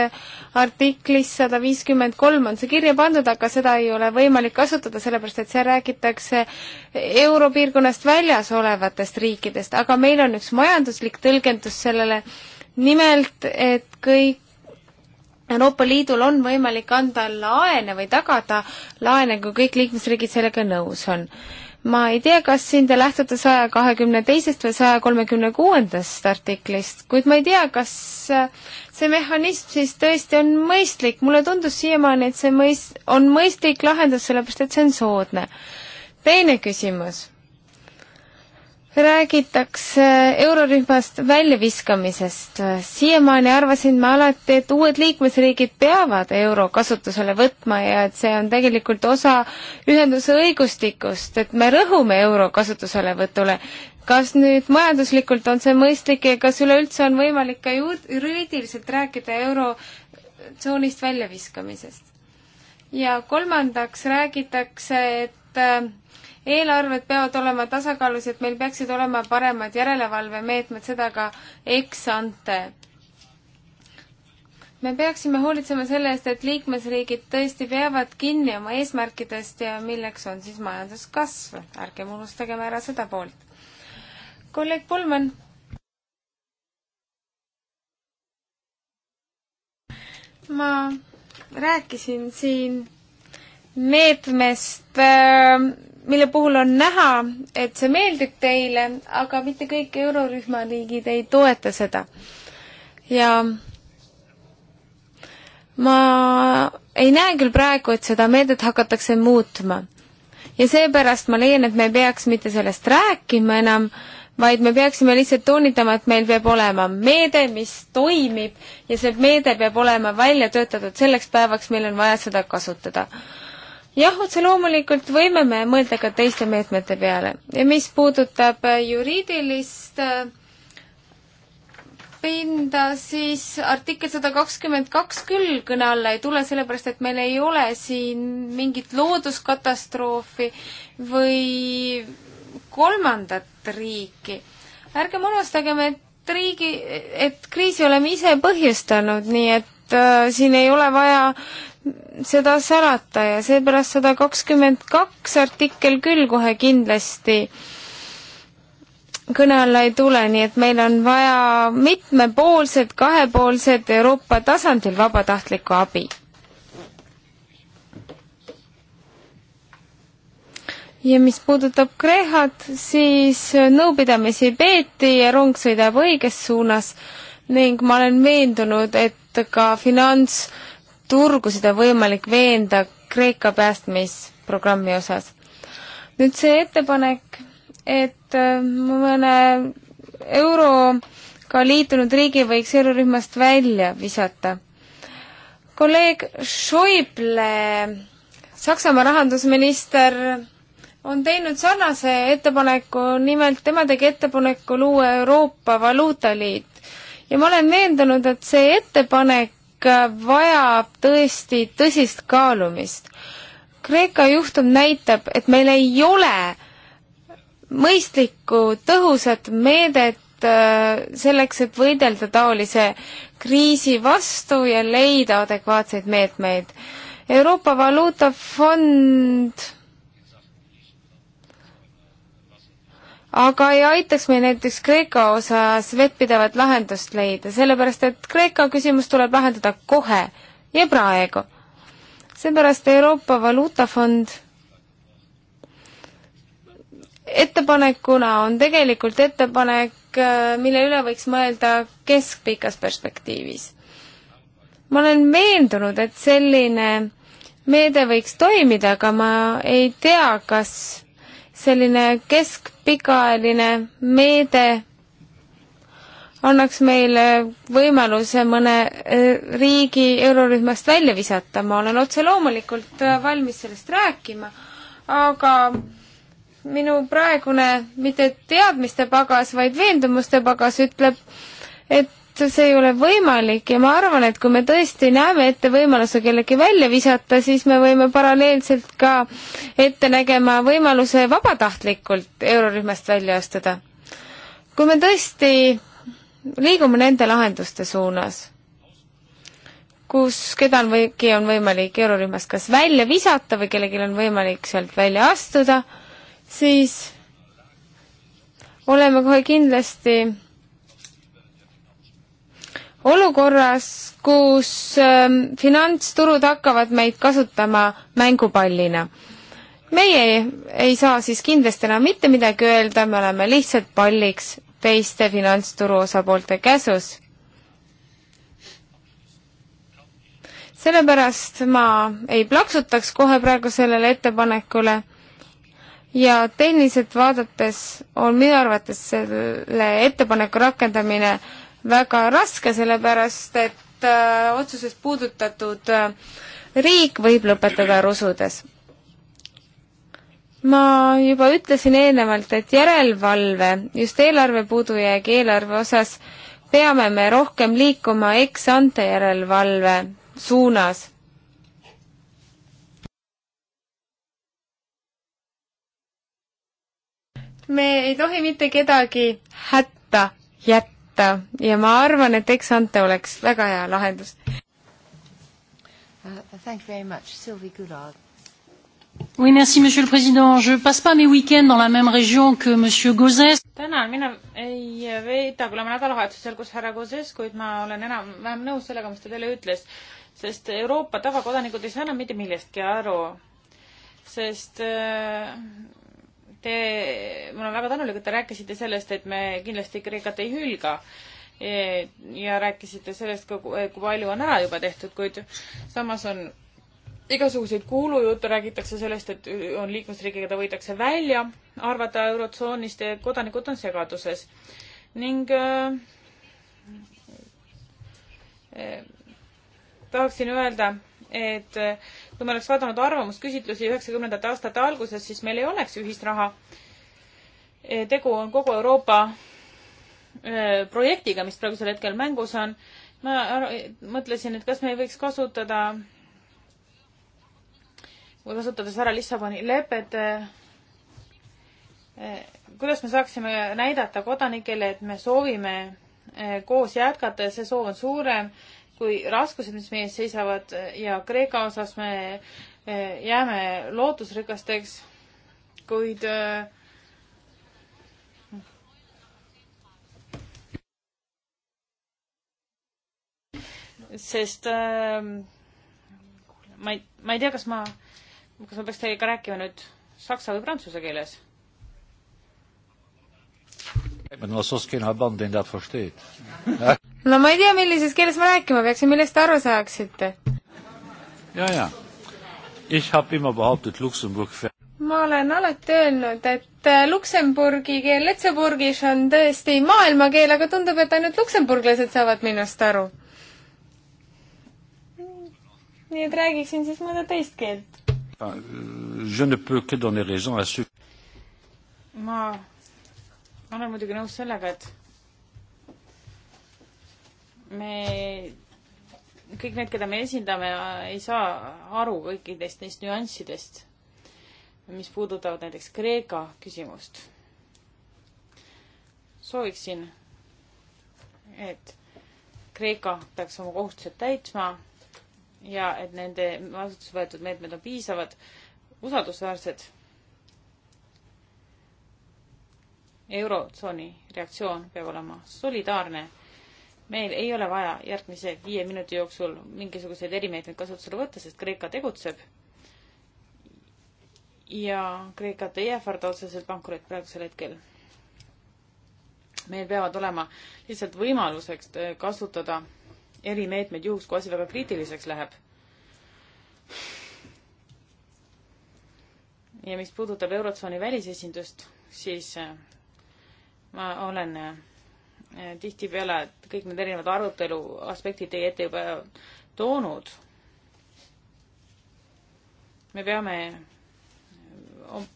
artiklis sada viiskümmend kolm on see kirja pandud, aga seda ei ole võimalik kasutada, sellepärast et seal räägitakse europiirkonnast väljas olevatest riikidest, aga meil on üks majanduslik tõlgendus sellele, nimelt, et kõik Euroopa Liidul on võimalik anda laene või tagada laene, kui kõik liikmesriigid sellega nõus on. ma ei tea, kas siin te lähtute saja kahekümne teisest või saja kolmekümne kuuendast artiklist, kuid ma ei tea, kas äh, see mehhanism siis tõesti on mõistlik, mulle tundus siiamaani, et see mõis-, on mõistlik lahendus, sellepärast et see on soodne. teine küsimus räägitakse eurorühmast väljaviskamisest. siiamaani arvasin ma alati, et uued liikmesriigid peavad euro kasutusele võtma ja et see on tegelikult osa ühenduse õigustikust, et me rõhume euro kasutuselevõtule. kas nüüd majanduslikult on see mõistlik ja kas üleüldse on võimalik ka juriidiliselt rääkida eurotsoonist väljaviskamisest? ja kolmandaks räägitakse, et äh, eelarved peavad olema tasakaalus, et meil peaksid olema paremad järelevalvemeetmed, seda ka ex-ante. me peaksime hoolitsema selle eest, et liikmesriigid tõesti peavad kinni oma eesmärkidest ja milleks on siis majanduskasv. ärgem unustagem ära seda poolt. kolleeg Pulman ma rääkisin siin meetmest äh, mille puhul on näha, et see meeldib teile, aga mitte kõik eurorühma liigid ei toeta seda. ja ma ei näe küll praegu, et seda meedet hakatakse muutma. ja seepärast ma leian, et me ei peaks mitte sellest rääkima enam, vaid me peaksime lihtsalt toonitama, et meil peab olema meede, mis toimib ja see meede peab olema välja töötatud selleks päevaks, mil on vaja seda kasutada jah, otse loomulikult võime me mõelda ka teiste meetmete peale ja mis puudutab äh, juriidilist äh, pinda, siis artikkel sada kakskümmend kaks küll kõne alla ei tule, sellepärast et meil ei ole siin mingit looduskatastroofi või kolmandat riiki. ärgem unustagem, et riigi, et kriisi oleme ise põhjustanud, nii et äh, siin ei ole vaja seda särata ja seepärast sada kakskümmend kaks artikkel küll kohe kindlasti kõne alla ei tule, nii et meil on vaja mitmepoolset, kahepoolset Euroopa tasandil vabatahtlikku abi. ja mis puudutab Kreehat, siis nõupidamisi peeti ja rong sõidab õiges suunas ning ma olen veendunud, et ka finants- turgusid on võimalik veenda Kreeka päästmisprogrammi osas. nüüd see ettepanek, et äh, mõne euroga liitunud riigi võiks eurorühmast välja visata. kolleeg Schäuble, Saksamaa rahandusminister, on teinud sarnase ettepaneku, nimelt tema tegi ettepaneku luua Euroopa Valuutaliit. ja ma olen veendunud, et see ettepanek Äh, vajab tõesti tõsist kaalumist. Kreeka juhtum näitab, et meil ei ole mõistlikku tõhusat meedet äh, selleks, et võidelda taolise kriisi vastu ja leida adekvaatseid meetmeid. Euroopa Valuutafond aga ei aitaks meil näiteks Kreeka osas vettpidavat lahendust leida, sellepärast et Kreeka küsimus tuleb lahendada kohe ja praegu. seepärast Euroopa Valuutafond ettepanekuna on tegelikult ettepanek, mille üle võiks mõelda keskpikas perspektiivis. ma olen veendunud, et selline meede võiks toimida, aga ma ei tea, kas selline keskpikaajaline meede annaks meile võimaluse mõne eh, riigi eurorühmast välja visata, ma olen otse loomulikult eh, valmis sellest rääkima, aga minu praegune mitte teadmiste pagas, vaid veendumuste pagas ütleb, et et see ei ole võimalik ja ma arvan, et kui me tõesti näeme ette võimaluse kellegi välja visata, siis me võime paralleelselt ka ette nägema võimaluse vabatahtlikult eurorühmast välja astuda. kui me tõesti liigume nende lahenduste suunas, kus kedagi on võimalik eurorühmast kas välja visata või kellelgi on võimalik sealt välja astuda, siis oleme kohe kindlasti olukorras, kus ähm, finantsturud hakkavad meid kasutama mängupallina. meie ei, ei saa siis kindlasti enam mitte midagi öelda, me oleme lihtsalt palliks teiste finantsturu osapoolte käsus. sellepärast ma ei plaksutaks kohe praegu sellele ettepanekule ja tehniliselt vaadates on minu arvates selle ettepaneku rakendamine äh, väga raske, sellepärast et äh, otsusest puudutatud äh, riik võib lõpetada rusudes. ma juba ütlesin eelnevalt, et järelevalve just eelarve puudujäägi eelarve osas peame me rohkem liikuma ex-ante järelevalve suunas me ei tohi mitte kedagi hätta jätta võtta ja ma arvan, et eks ante oleks väga hea lahendus uh,. Thank you very much, Sylvie Goulard. Oui, merci, Monsieur le Président. Je passe pas mes week-ends dans la même région que Monsieur Gauzès. tänan, mina ei veeda küll oma nädalavahetusel, kus härra Gauzès, kuid ma olen enam-vähem nõus sellega, mis ta teile ütles, sest Euroopa tavakodanikud ei saa enam mitte millestki aru, sest äh, Te, ma olen väga tänulik, et te rääkisite sellest, et me kindlasti Kreekat ei hülga e, ja rääkisite sellest ka, kui palju on ära juba tehtud, kuid samas on igasuguseid kuulujutte, räägitakse sellest, et on liikmesriigiga ta võidakse välja arvata Eurotsoonist ja kodanikud on segaduses. ning äh, äh, tahaksin öelda, et äh, kui me oleks vaadanud arvamusküsitlusi üheksakümnendate aastate alguses, siis meil ei oleks ühist raha. E, tegu on kogu Euroopa e, projektiga, mis praegusel hetkel mängus on. ma mõtlesin, et kas me ei võiks kasutada või kasutades ära Lissaboni lepet, e, kuidas me saaksime näidata kodanikele, et me soovime koos jätkata ja see soov on suurem kui raskused, mis meie ees seisavad ja Kreeka osas me e, jääme lootusrikasteks, kuid e, sest äh, ma ei, ma ei tea, kas ma, kas ma peaks teiega rääkima nüüd saksa või prantsuse keeles? [laughs] no ma ei tea, millises keeles ma rääkima peaksin, millest te aru saaksite? ja, ja. Ich hab immer behauptet, Luksemburg ma olen alati öelnud, et äh, luksemburgi keel Lütseburgis on tõesti maailmakeel, aga tundub, et ainult luksemburglased saavad minust aru. nii et räägiksin siis mõnda teist keelt. Ah, ma olen muidugi nõus sellega, et me, kõik need, keda me esindame, ei saa aru kõikidest neist nüanssidest, mis puudutavad näiteks Kreeka küsimust. sooviksin, et Kreeka peaks oma kohustused täitma ja et nende vastutus võetud meetmed on piisavad, usaldusväärsed. eurotsooni reaktsioon peab olema solidaarne meil ei ole vaja järgmise viie minuti jooksul mingisuguseid erimeetmeid kasutusele võtta, sest Kreeka tegutseb. ja Kreekat ei ähvarda otseselt pankurid praegusel hetkel. meil peavad olema lihtsalt võimaluseks äh, kasutada erimeetmeid juhuks, kui asi väga kriitiliseks läheb. ja mis puudutab Eurotsooni välisesindust, siis äh, ma olen äh, tihtipeale kõik need erinevad arutelu aspektid teie ette juba toonud. me peame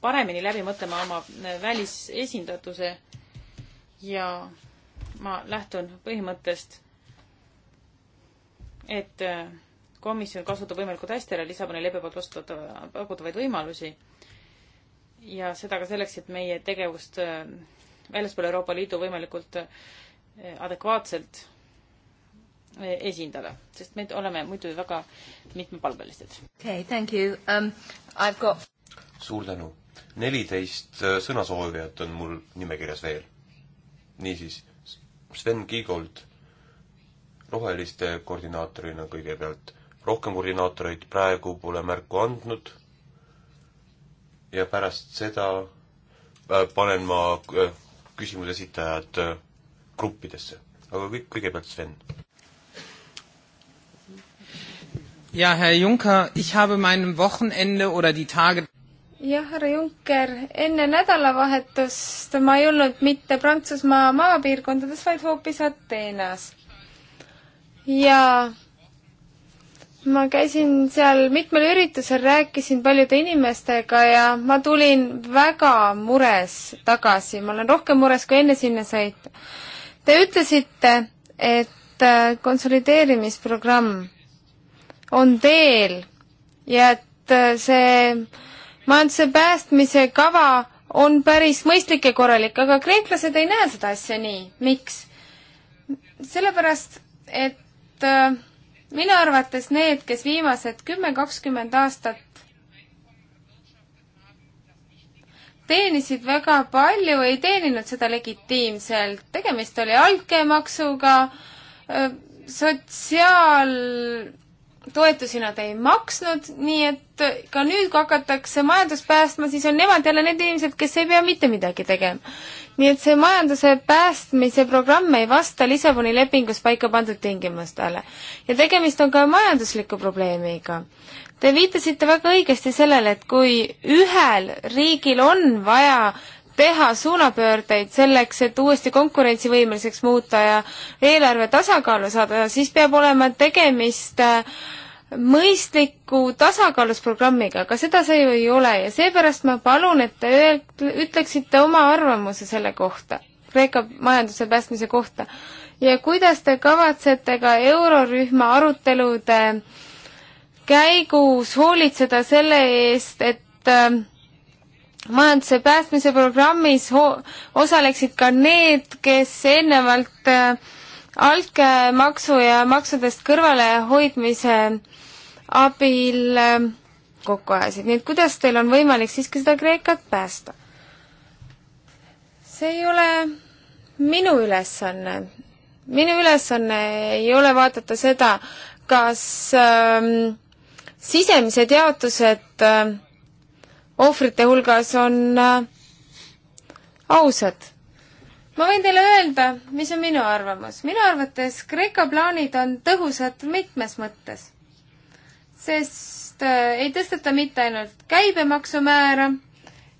paremini läbi mõtlema oma välisesindatuse ja ma lähtun põhimõttest, et komisjon kasutab võimalikult hästi ära Lissaboni leppe poolt vastutatava, pakutavaid võimalusi ja seda ka selleks, et meie tegevust äh, väljaspool Euroopa Liidu võimalikult äh, adekvaatselt eh, esindada, sest me oleme muidu väga mitmepalgelised. okei okay,, thank you um,, I ve got suur tänu. neliteist eh, sõnasoovijat on mul nimekirjas veel. niisiis, Sven Kiigold roheliste koordinaatorina kõigepealt. rohkem koordinaatoreid praegu pole märku andnud ja pärast seda äh, panen ma äh, küsimuse esitajad äh, gruppidesse. aga kõik, kõigepealt Sven. ja, härra Juncker, ich habe meinem Wochenende oder die Tage jah, härra Juncker, enne nädalavahetust ma ei olnud mitte Prantsusmaa maapiirkondades, vaid hoopis Ateenas. ja ma käisin seal mitmel üritusel, rääkisin paljude inimestega ja ma tulin väga mures tagasi, ma olen rohkem mures kui enne sinna sõita Te ütlesite, et äh, konsolideerimisprogramm on teel ja et äh, see majanduse päästmise kava on päris mõistlik ja korralik, aga kreeklased ei näe seda asja nii. miks? sellepärast, et äh, minu arvates need, kes viimased kümme, kakskümmend aastat teenisid väga palju, ei teeninud seda legitiimselt. tegemist oli altkäemaksuga, sotsiaaltoetusi nad ei maksnud, nii et ka nüüd, kui hakatakse majandust päästma, siis on nemad jälle need inimesed, kes ei pea mitte midagi tegema. nii et see majanduse päästmise programm ei vasta Lissaboni lepingus paika pandud tingimustele. ja tegemist on ka majandusliku probleemiga Te viitasite väga õigesti sellele, et kui ühel riigil on vaja teha suunapöördeid selleks, et uuesti konkurentsivõimeliseks muuta ja eelarve tasakaalu saada, siis peab olema tegemist äh, mõistliku tasakaalus programmiga, aga seda see ju ei ole ja seepärast ma palun, et te ütleksite oma arvamuse selle kohta, Kreeka majanduse päästmise kohta. ja kuidas te kavatsete ka eurorühma arutelude äh, käigus hoolitseda selle eest, et äh, majanduse päästmise programmis osaleksid ka need, kes eelnevalt äh, altkäemaksu ja maksudest kõrvalehoidmise abil äh, kokku ajasid, nii et kuidas teil on võimalik siiski seda Kreekat päästa? see ei ole minu ülesanne. minu ülesanne ei ole vaadata seda, kas ähm, sisemised jaotused äh, ohvrite hulgas on äh, ausad. ma võin teile öelda, mis on minu arvamus. minu arvates Kreeka plaanid on tõhusad mitmes mõttes, sest äh, ei tõsteta mitte ainult käibemaksumäära,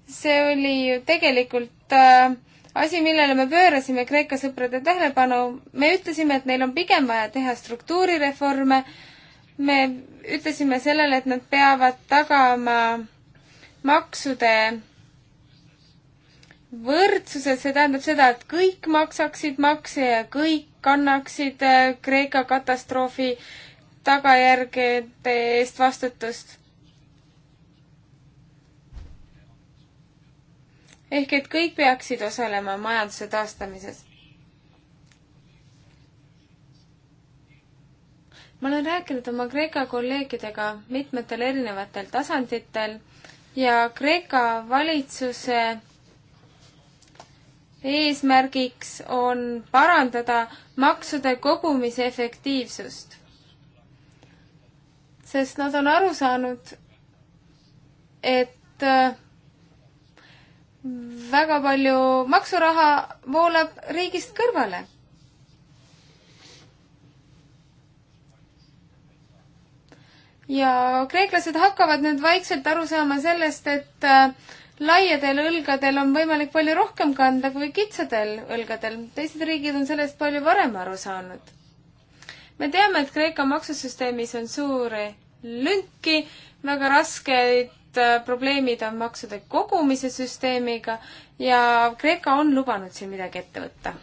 see oli ju tegelikult äh, asi, millele me pöörasime Kreeka sõprade tähelepanu, me ütlesime, et neil on pigem vaja teha struktuurireforme, me ütlesime sellele, et nad peavad tagama maksude võrdsuse, see tähendab seda, et kõik maksaksid makse ja kõik kannaksid äh, Kreeka katastroofi tagajärgede eest vastutust. ehk et kõik peaksid osalema majanduse taastamises ma olen rääkinud oma Kreeka kolleegidega mitmetel erinevatel tasanditel ja Kreeka valitsuse eesmärgiks on parandada maksude kogumise efektiivsust. sest nad on aru saanud, et äh, väga palju maksuraha voolab riigist kõrvale. ja kreeklased hakkavad nüüd vaikselt aru saama sellest, et äh, laiadel õlgadel on võimalik palju rohkem kanda kui kitsadel õlgadel. teised riigid on sellest palju varem aru saanud. me teame, et Kreeka maksusüsteemis on suuri lünki, väga raskeid äh, probleemid on maksude kogumise süsteemiga ja Kreeka on lubanud siin midagi ette võtta.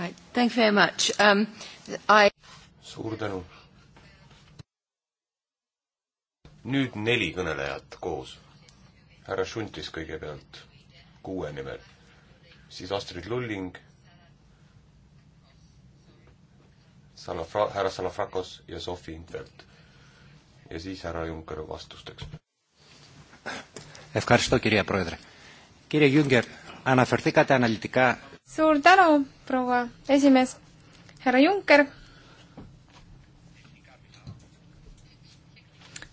Right, thank you very much um,. I... suur tänu nüüd neli kõnelejat koos. härra Šuntis kõigepealt kuue nimel, siis Astrid Lulling, Salafra-, härra Salafrakos ja Sofi Infeld. ja siis härra Junker vastusteks. suur tänu, proua esimees, härra Junker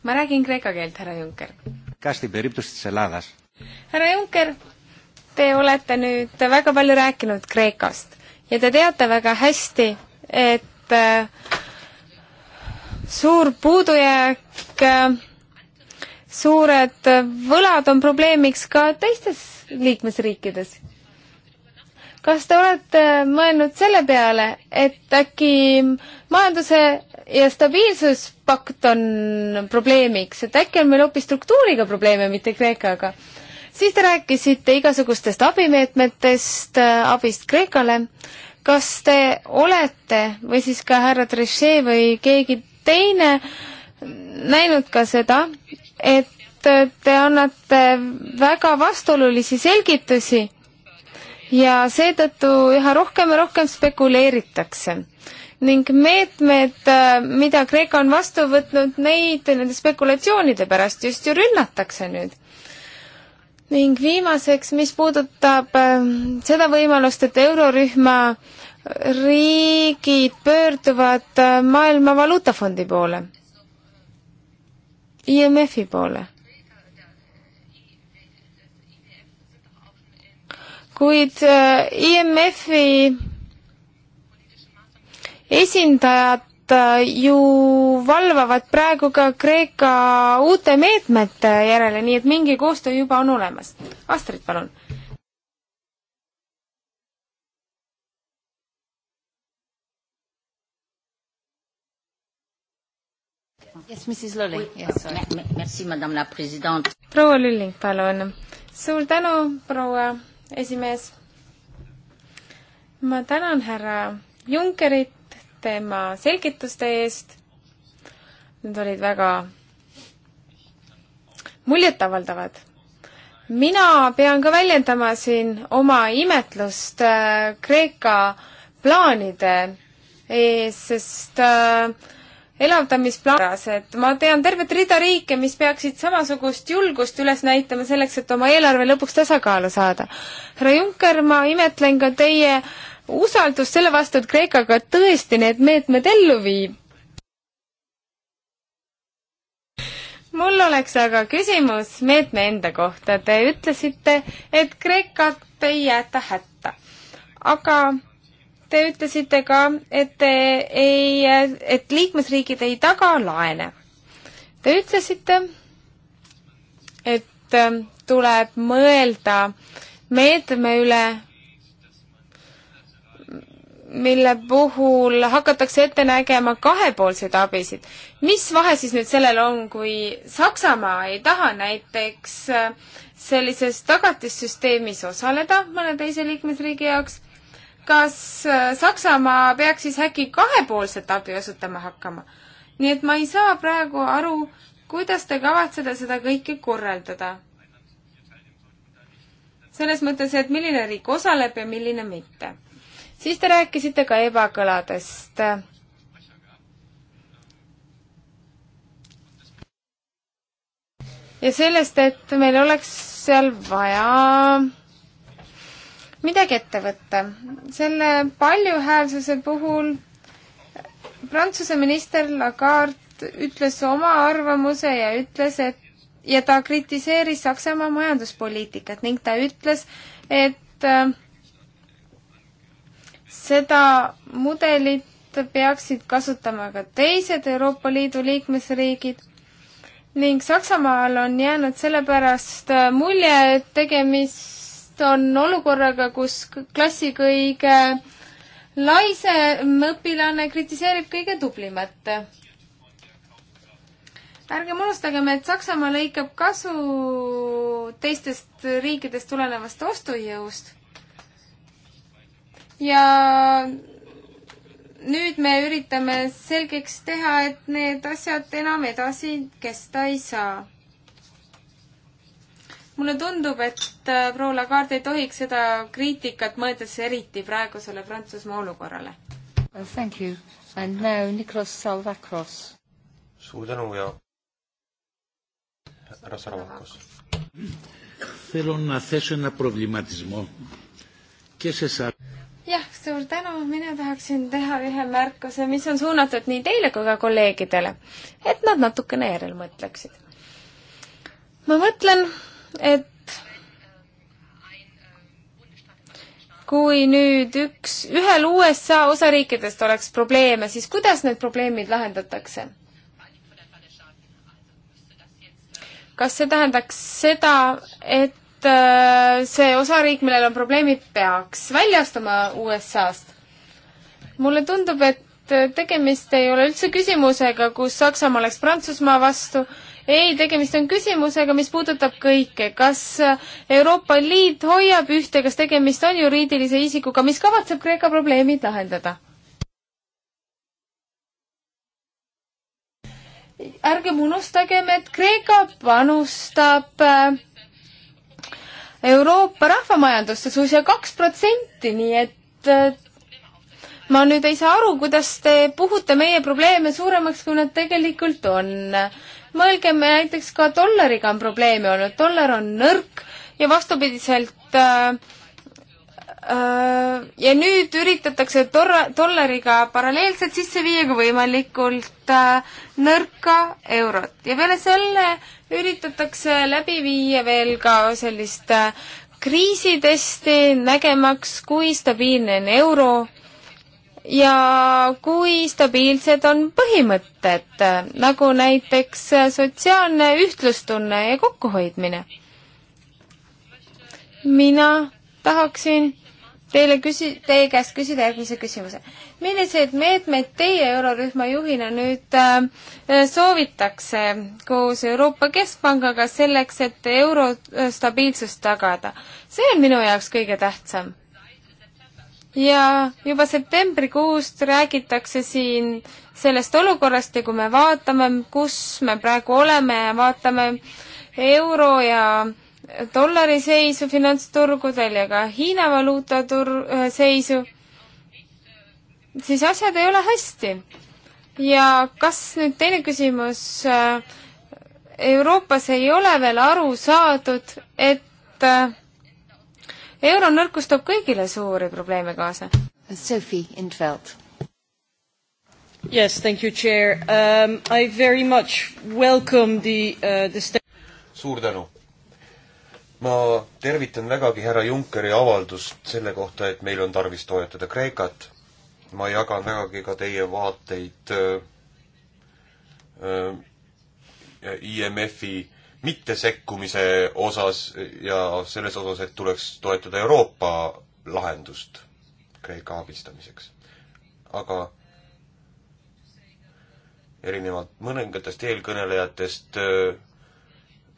ma räägin kreeka keelt, härra Juncker. härra Juncker, te olete nüüd väga palju rääkinud Kreekast ja te teate väga hästi, et äh, suur puudujääk, äh, suured võlad on probleemiks ka teistes liikmesriikides kas te olete mõelnud selle peale, et äkki majanduse ja stabiilsuspakt on probleemiks, et äkki on meil hoopis struktuuriga probleeme, mitte Kreekaga? siis te rääkisite igasugustest abimeetmetest, äh, abist Kreekale. kas te olete või siis ka härra Trichet või keegi teine näinud ka seda, et te annate väga vastuolulisi selgitusi ja seetõttu üha rohkem ja rohkem spekuleeritakse ning meetmed, äh, mida Kreeka on vastu võtnud, neid nende spekulatsioonide pärast just ju rünnatakse nüüd. ning viimaseks, mis puudutab äh, seda võimalust, et eurorühma riigid pöörduvad äh, Maailma Valuutafondi poole, IMF-i poole kuid äh, IMF-i esindajad äh, ju valvavad praegu ka Kreeka uute meetmete järele, nii et mingi koostöö juba on olemas. Astrid, palun. proua Lülling, palun. suur tänu, proua esimees. ma tänan härra Junckerit tema selgituste eest. Need olid väga muljetavaldavad. mina pean ka väljendama siin oma imetlust äh, Kreeka plaanide ees, sest äh, elavdamisplaan, et ma tean tervet rida riike, mis peaksid samasugust julgust üles näitama selleks, et oma eelarve lõpuks tasakaalu saada. härra Juncker, ma imetlen ka teie usaldust selle vastu, et Kreeka ka tõesti need meetmed ellu viib. mul oleks aga küsimus meetme enda kohta. Te ütlesite, et Kreekat ei jäeta hätta. aga Te ütlesite ka, et te ei, et liikmesriigid ei taga laene. Te ütlesite, et ähm, tuleb mõelda meetme üle, mille puhul hakatakse ette nägema kahepoolseid abisid. mis vahe siis nüüd sellel on, kui Saksamaa ei taha näiteks äh, sellises tagatissüsteemis osaleda mõne teise liikmesriigi jaoks kas äh, Saksamaa peaks siis äkki kahepoolset abi osutama hakkama? nii et ma ei saa praegu aru, kuidas te kavatsete seda kõike korraldada. selles mõttes, et milline riik osaleb ja milline mitte. siis te rääkisite ka ebakõladest. ja sellest, et meil oleks seal vaja midagi ette võtta. selle paljuhäälsuse puhul Prantsuse minister Lagarde ütles oma arvamuse ja ütles, et ja ta kritiseeris Saksamaa majanduspoliitikat ning ta ütles, et äh, seda mudelit peaksid kasutama ka teised Euroopa Liidu liikmesriigid ning Saksamaal on jäänud sellepärast äh, mulje, et tegemist tegemist on olukorraga, kus klassi kõige laisem õpilane kritiseerib kõige tublimat. ärgem unustagem, et Saksamaa lõikab kasu teistest riikidest tulenevast ostujõust. ja nüüd me üritame selgeks teha, et need asjad enam edasi kesta ei saa mulle tundub, et äh, proua Lagarde ei tohiks seda kriitikat mõeldes eriti praegusele Prantsusmaa olukorrale. Thank you and now Nicolas Salvakos. suur tänu ja härra Salvakos. Θέλω να θέσω ένα προβληματισμό και σε εσάς. jah, suur tänu, mina tahaksin teha ühe märkuse, mis on suunatud nii teile kui ka kolleegidele, et nad natukene järel mõtleksid. ma mõtlen, et kui nüüd üks, ühel USA osariikidest oleks probleeme, siis kuidas need probleemid lahendatakse? kas see tähendaks seda, et äh, see osariik, millel on probleemid, peaks välja astuma USA-st? mulle tundub, et tegemist ei ole üldse küsimusega, kus Saksamaa oleks Prantsusmaa vastu, ei, tegemist on küsimusega, mis puudutab kõike. kas Euroopa Liit hoiab ühte, kas tegemist on juriidilise isikuga, mis kavatseb Kreeka probleemid lahendada? ärgem unustagem, et Kreeka panustab äh, Euroopa rahvamajandusse suisa kaks protsenti, nii et äh, ma nüüd ei saa aru, kuidas te puhute meie probleeme suuremaks, kui nad tegelikult on mõelgem näiteks ka dollariga on probleeme olnud, dollar on nõrk ja vastupidiselt äh, äh, ja nüüd üritatakse torra, dollariga paralleelselt sisse viia ka võimalikult äh, nõrka eurot ja peale selle üritatakse läbi viia veel ka sellist äh, kriisitesti, nägemaks, kui stabiilne on euro ja kui stabiilsed on põhimõtted, nagu näiteks sotsiaalne ühtlustunne ja kokkuhoidmine. mina tahaksin teile küsi-, teie käest küsida järgmise küsimuse. milliseid meetmeid teie eurorühma juhina nüüd äh, soovitakse koos Euroopa Keskpangaga selleks, et euro äh, stabiilsust tagada? see on minu jaoks kõige tähtsam ja juba septembrikuust räägitakse siin sellest olukorrast ja kui me vaatame, kus me praegu oleme ja vaatame euro ja dollari seisu finantsturgudel ja ka Hiina valuuta tur-, äh, seisu, siis asjad ei ole hästi. ja kas nüüd teine küsimus, äh, Euroopas ei ole veel aru saadud, et äh, euro nõrkus toob kõigile suuri probleeme kaasa. Sophie Intveld. Yes, thank you, chair um,. I very much welcome the uh,, the suur tänu. ma tervitan vägagi härra Junckeri avaldust selle kohta, et meil on tarvis toetada Kreekat. ma jagan vägagi ka teie vaateid äh, uh, äh, uh, IMF-i mittesekkumise osas ja selles osas, et tuleks toetada Euroopa lahendust Kreeka abistamiseks. aga erinevalt mõningatest eelkõnelejatest öö, äh,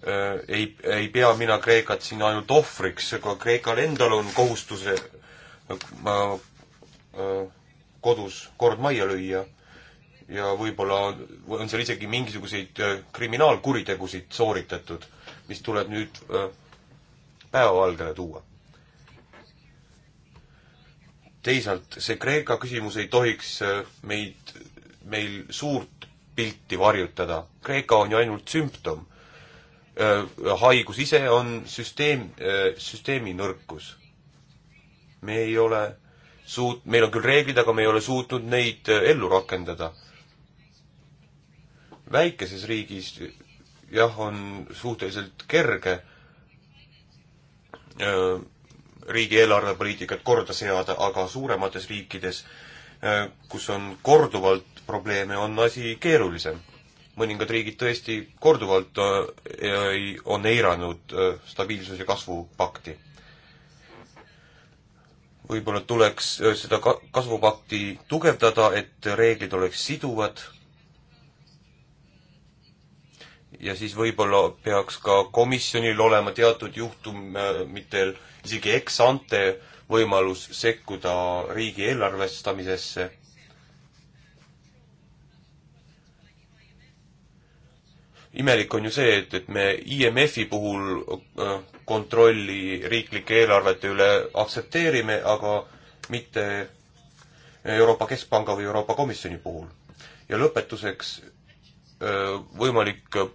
öö, äh, ei, ei pea mina Kreekat siin ainult ohvriks, aga Kreekal endal on kohustuse öö, äh, kodus kord majja lüüa ja võib-olla on, on seal isegi mingisuguseid äh, kriminaalkuritegusid sooritatud, mis tuleb nüüd äh, päevavalgele tuua. teisalt, see Kreeka küsimus ei tohiks äh, meid, meil suurt pilti varjutada. Kreeka on ju ainult sümptom. haigus ise on süsteem, süsteemi nõrkus. me ei ole suut-, meil on küll reeglid, aga me ei ole suutnud neid ellu rakendada väikeses riigis jah, on suhteliselt kerge riigi eelarvepoliitikat korda seada, aga suuremates riikides, kus on korduvalt probleeme, on asi keerulisem. mõningad riigid tõesti korduvalt on eiranud stabiilsus- ja kasvupakti. võib-olla tuleks seda kasvupakti tugevdada, et reeglid oleks siduvad ja siis võib-olla peaks ka komisjonil olema teatud juhtumitel isegi ex-ante võimalus sekkuda riigi eelarvestamisesse. imelik on ju see, et, et me IMF-i puhul äh, kontrolli riiklike eelarvete üle aktsepteerime, aga mitte Euroopa Keskpanga või Euroopa Komisjoni puhul. ja lõpetuseks Äh, võimalik äh,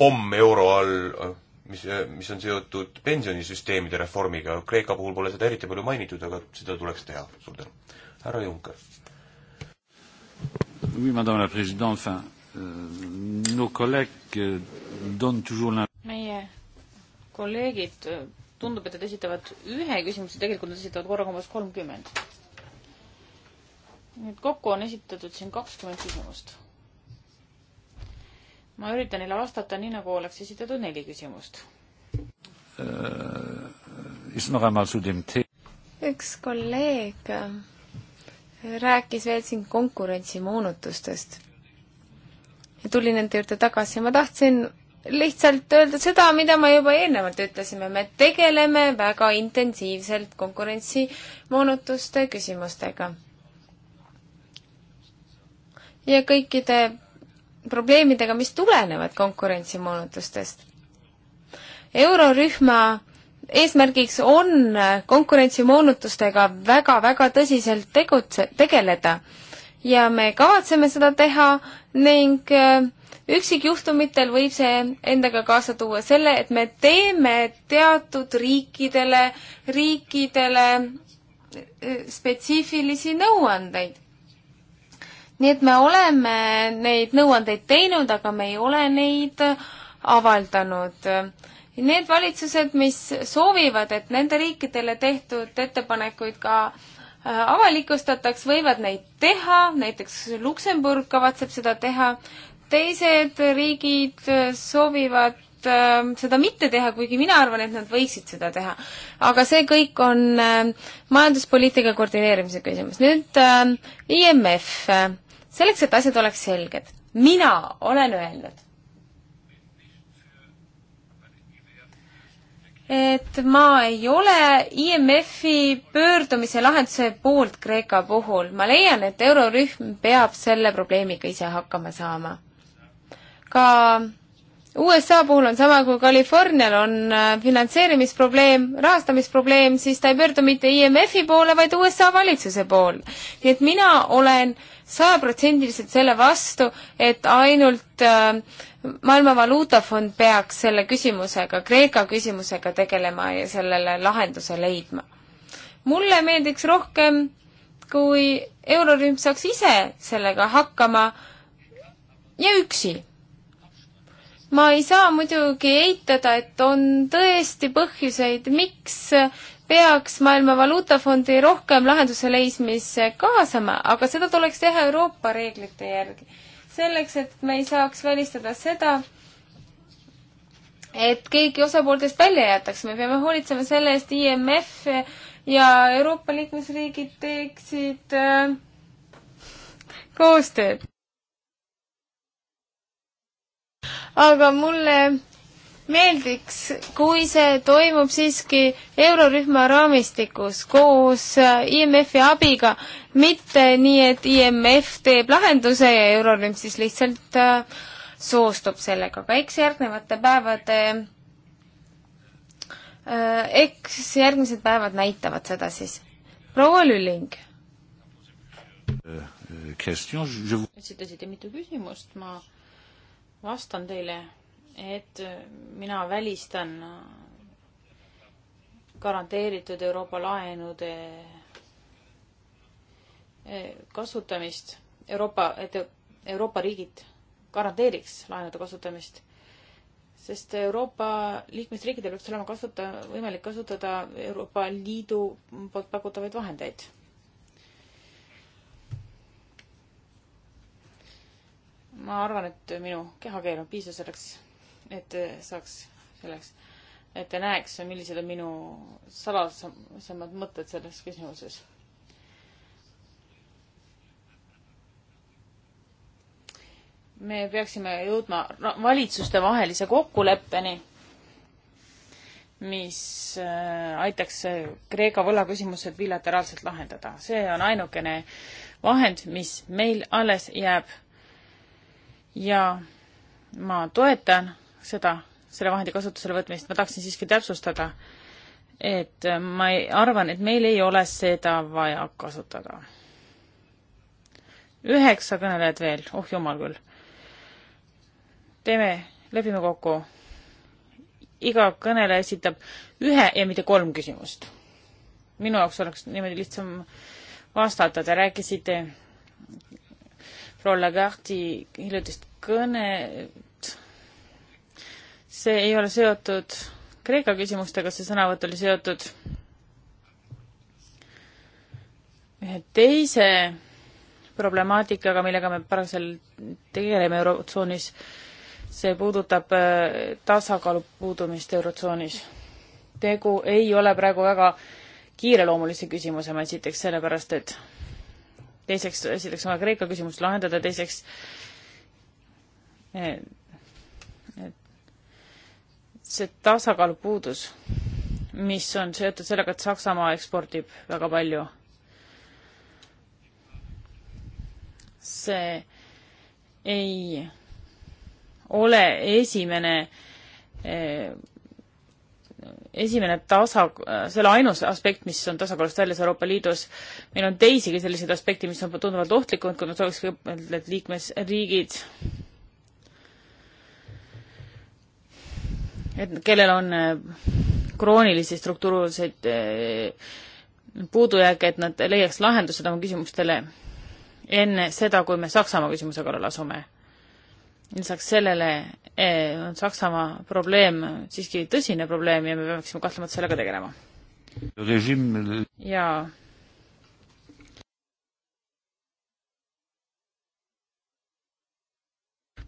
pomm euro all, äh, mis, mis on seotud pensionisüsteemide reformiga, Kreeka puhul pole seda eriti palju mainitud, aga seda tuleks teha, suur tänu. härra Juncker. Oui, madame la présidente, enfin, euh, nos collègues euh, donnent toujours la... meie kolleegid, tundub, et nad esitavad ühe küsimuse, tegelikult nad esitavad korraga umbes kolmkümmend. nii et kokku on esitatud siin kakskümmend küsimust ma üritan neile vastata nii, nagu oleks esitatud neli küsimust. Äh, üks kolleeg äh, rääkis veel siin konkurentsimoonutustest. tuli nende juurde tagasi, ma tahtsin lihtsalt öelda seda, mida me juba eelnevalt ütlesime, me tegeleme väga intensiivselt konkurentsimoonutuste küsimustega. ja kõikide probleemidega, mis tulenevad konkurentsimoonutustest. eurorühma eesmärgiks on konkurentsimoonutustega väga-väga tõsiselt tegutse, tegeleda ja me kavatseme seda teha ning äh, üksikjuhtumitel võib see endaga kaasa tuua selle, et me teeme teatud riikidele, riikidele äh, spetsiifilisi nõuandeid nii et me oleme neid nõuandeid teinud, aga me ei ole neid avaldanud. Need valitsused, mis soovivad, et nende riikidele tehtud ettepanekuid ka äh, avalikustataks, võivad neid teha, näiteks Luksemburg kavatseb seda teha, teised riigid äh, soovivad äh, seda mitte teha, kuigi mina arvan, et nad võiksid seda teha. aga see kõik on majanduspoliitika koordineerimise küsimus. nüüd IMF selleks, et asjad oleks selged, mina olen öelnud, et ma ei ole IMF-i pöördumise lahenduse poolt Kreeka puhul. ma leian, et eurorühm peab selle probleemiga ise hakkama saama. ka USA puhul on sama, kui Californial on äh, finantseerimisprobleem, rahastamisprobleem, siis ta ei pöördu mitte IMF-i poole, vaid USA valitsuse poole. nii et mina olen sajaprotsendiliselt selle vastu, et ainult äh, Maailma Valuutafond peaks selle küsimusega, Kreeka küsimusega tegelema ja sellele lahenduse leidma. mulle meeldiks rohkem, kui eurorühm saaks ise sellega hakkama ja üksi ma ei saa muidugi eitada, et on tõesti põhjuseid, miks peaks Maailma Valuutafondi rohkem lahenduse leidmisse kaasama, aga seda tuleks teha Euroopa reeglite järgi. selleks, et me ei saaks välistada seda, et keegi osapooltest välja jäetakse, me peame hoolitsema selle eest, IMF ja Euroopa liikmesriigid teeksid äh, koostööd aga mulle meeldiks, kui see toimub siiski eurorühma raamistikus koos äh, IMF-i abiga, mitte nii, et IMF teeb lahenduse ja eurorühm siis lihtsalt äh, soostub sellega, aga eks järgnevate päevade, äh, eks järgmised päevad näitavad seda siis. proua Lülling. küsisite mitu küsimust, ma vastan teile, et mina välistan garanteeritud Euroopa laenude eh, kasutamist, Euroopa, et Euroopa riigid garanteeriks laenude kasutamist, sest Euroopa liikmesriikidel peaks olema kasuta-, võimalik kasutada Euroopa Liidu poolt pakutavaid vahendeid ma arvan, et minu kehakeel on piisav selleks, et saaks selleks, et te näeks, millised on minu salasemad mõtted selles küsimuses. me peaksime jõudma valitsustevahelise kokkuleppeni, mis äh, aitaks Kreeka võlaküsimused bilateraalselt lahendada. see on ainukene vahend, mis meil alles jääb ja ma toetan seda, selle vahendi kasutusele võtmist, ma tahaksin siiski täpsustada, et ma ei, arvan, et meil ei ole seda vaja kasutada. üheksa kõnelejat veel, oh jumal küll. teeme, lepime kokku. iga kõneleja esitab ühe ja mitte kolm küsimust. minu jaoks oleks niimoodi lihtsam vastata, te rääkisite proua Lagarde'i hiljutist kõnet. see ei ole seotud Kreeka küsimustega, see sõnavõtt oli seotud ühe teise problemaatikaga, millega me parasel tegeleme Eurotsoonis. see puudutab äh, tasakaalu puudumist Eurotsoonis. tegu ei ole praegu väga kiireloomulise küsimusega esiteks sellepärast, et teiseks, esiteks on vaja Kreeka küsimust lahendada, teiseks eh, see tasakaalu puudus, mis on seotud sellega, et Saksamaa ekspordib väga palju. see ei ole esimene eh, esimene tasa, see ei ole ainus aspekt, mis on tasakaalust väljas Euroopa Liidus, meil on teisigi selliseid aspekte, mis on tunduvalt ohtlikumad, kui nad oleks kõik need liikmesriigid, et kellel on eh, kroonilisi struktuurseid eh, puudujääke, et nad leiaks lahendused oma küsimustele enne seda, kui me Saksamaa küsimuse kallale asume. lisaks sellele Eh, on Saksamaa probleem siiski tõsine probleem ja me peaksime kahtlemata sellega tegelema. jaa.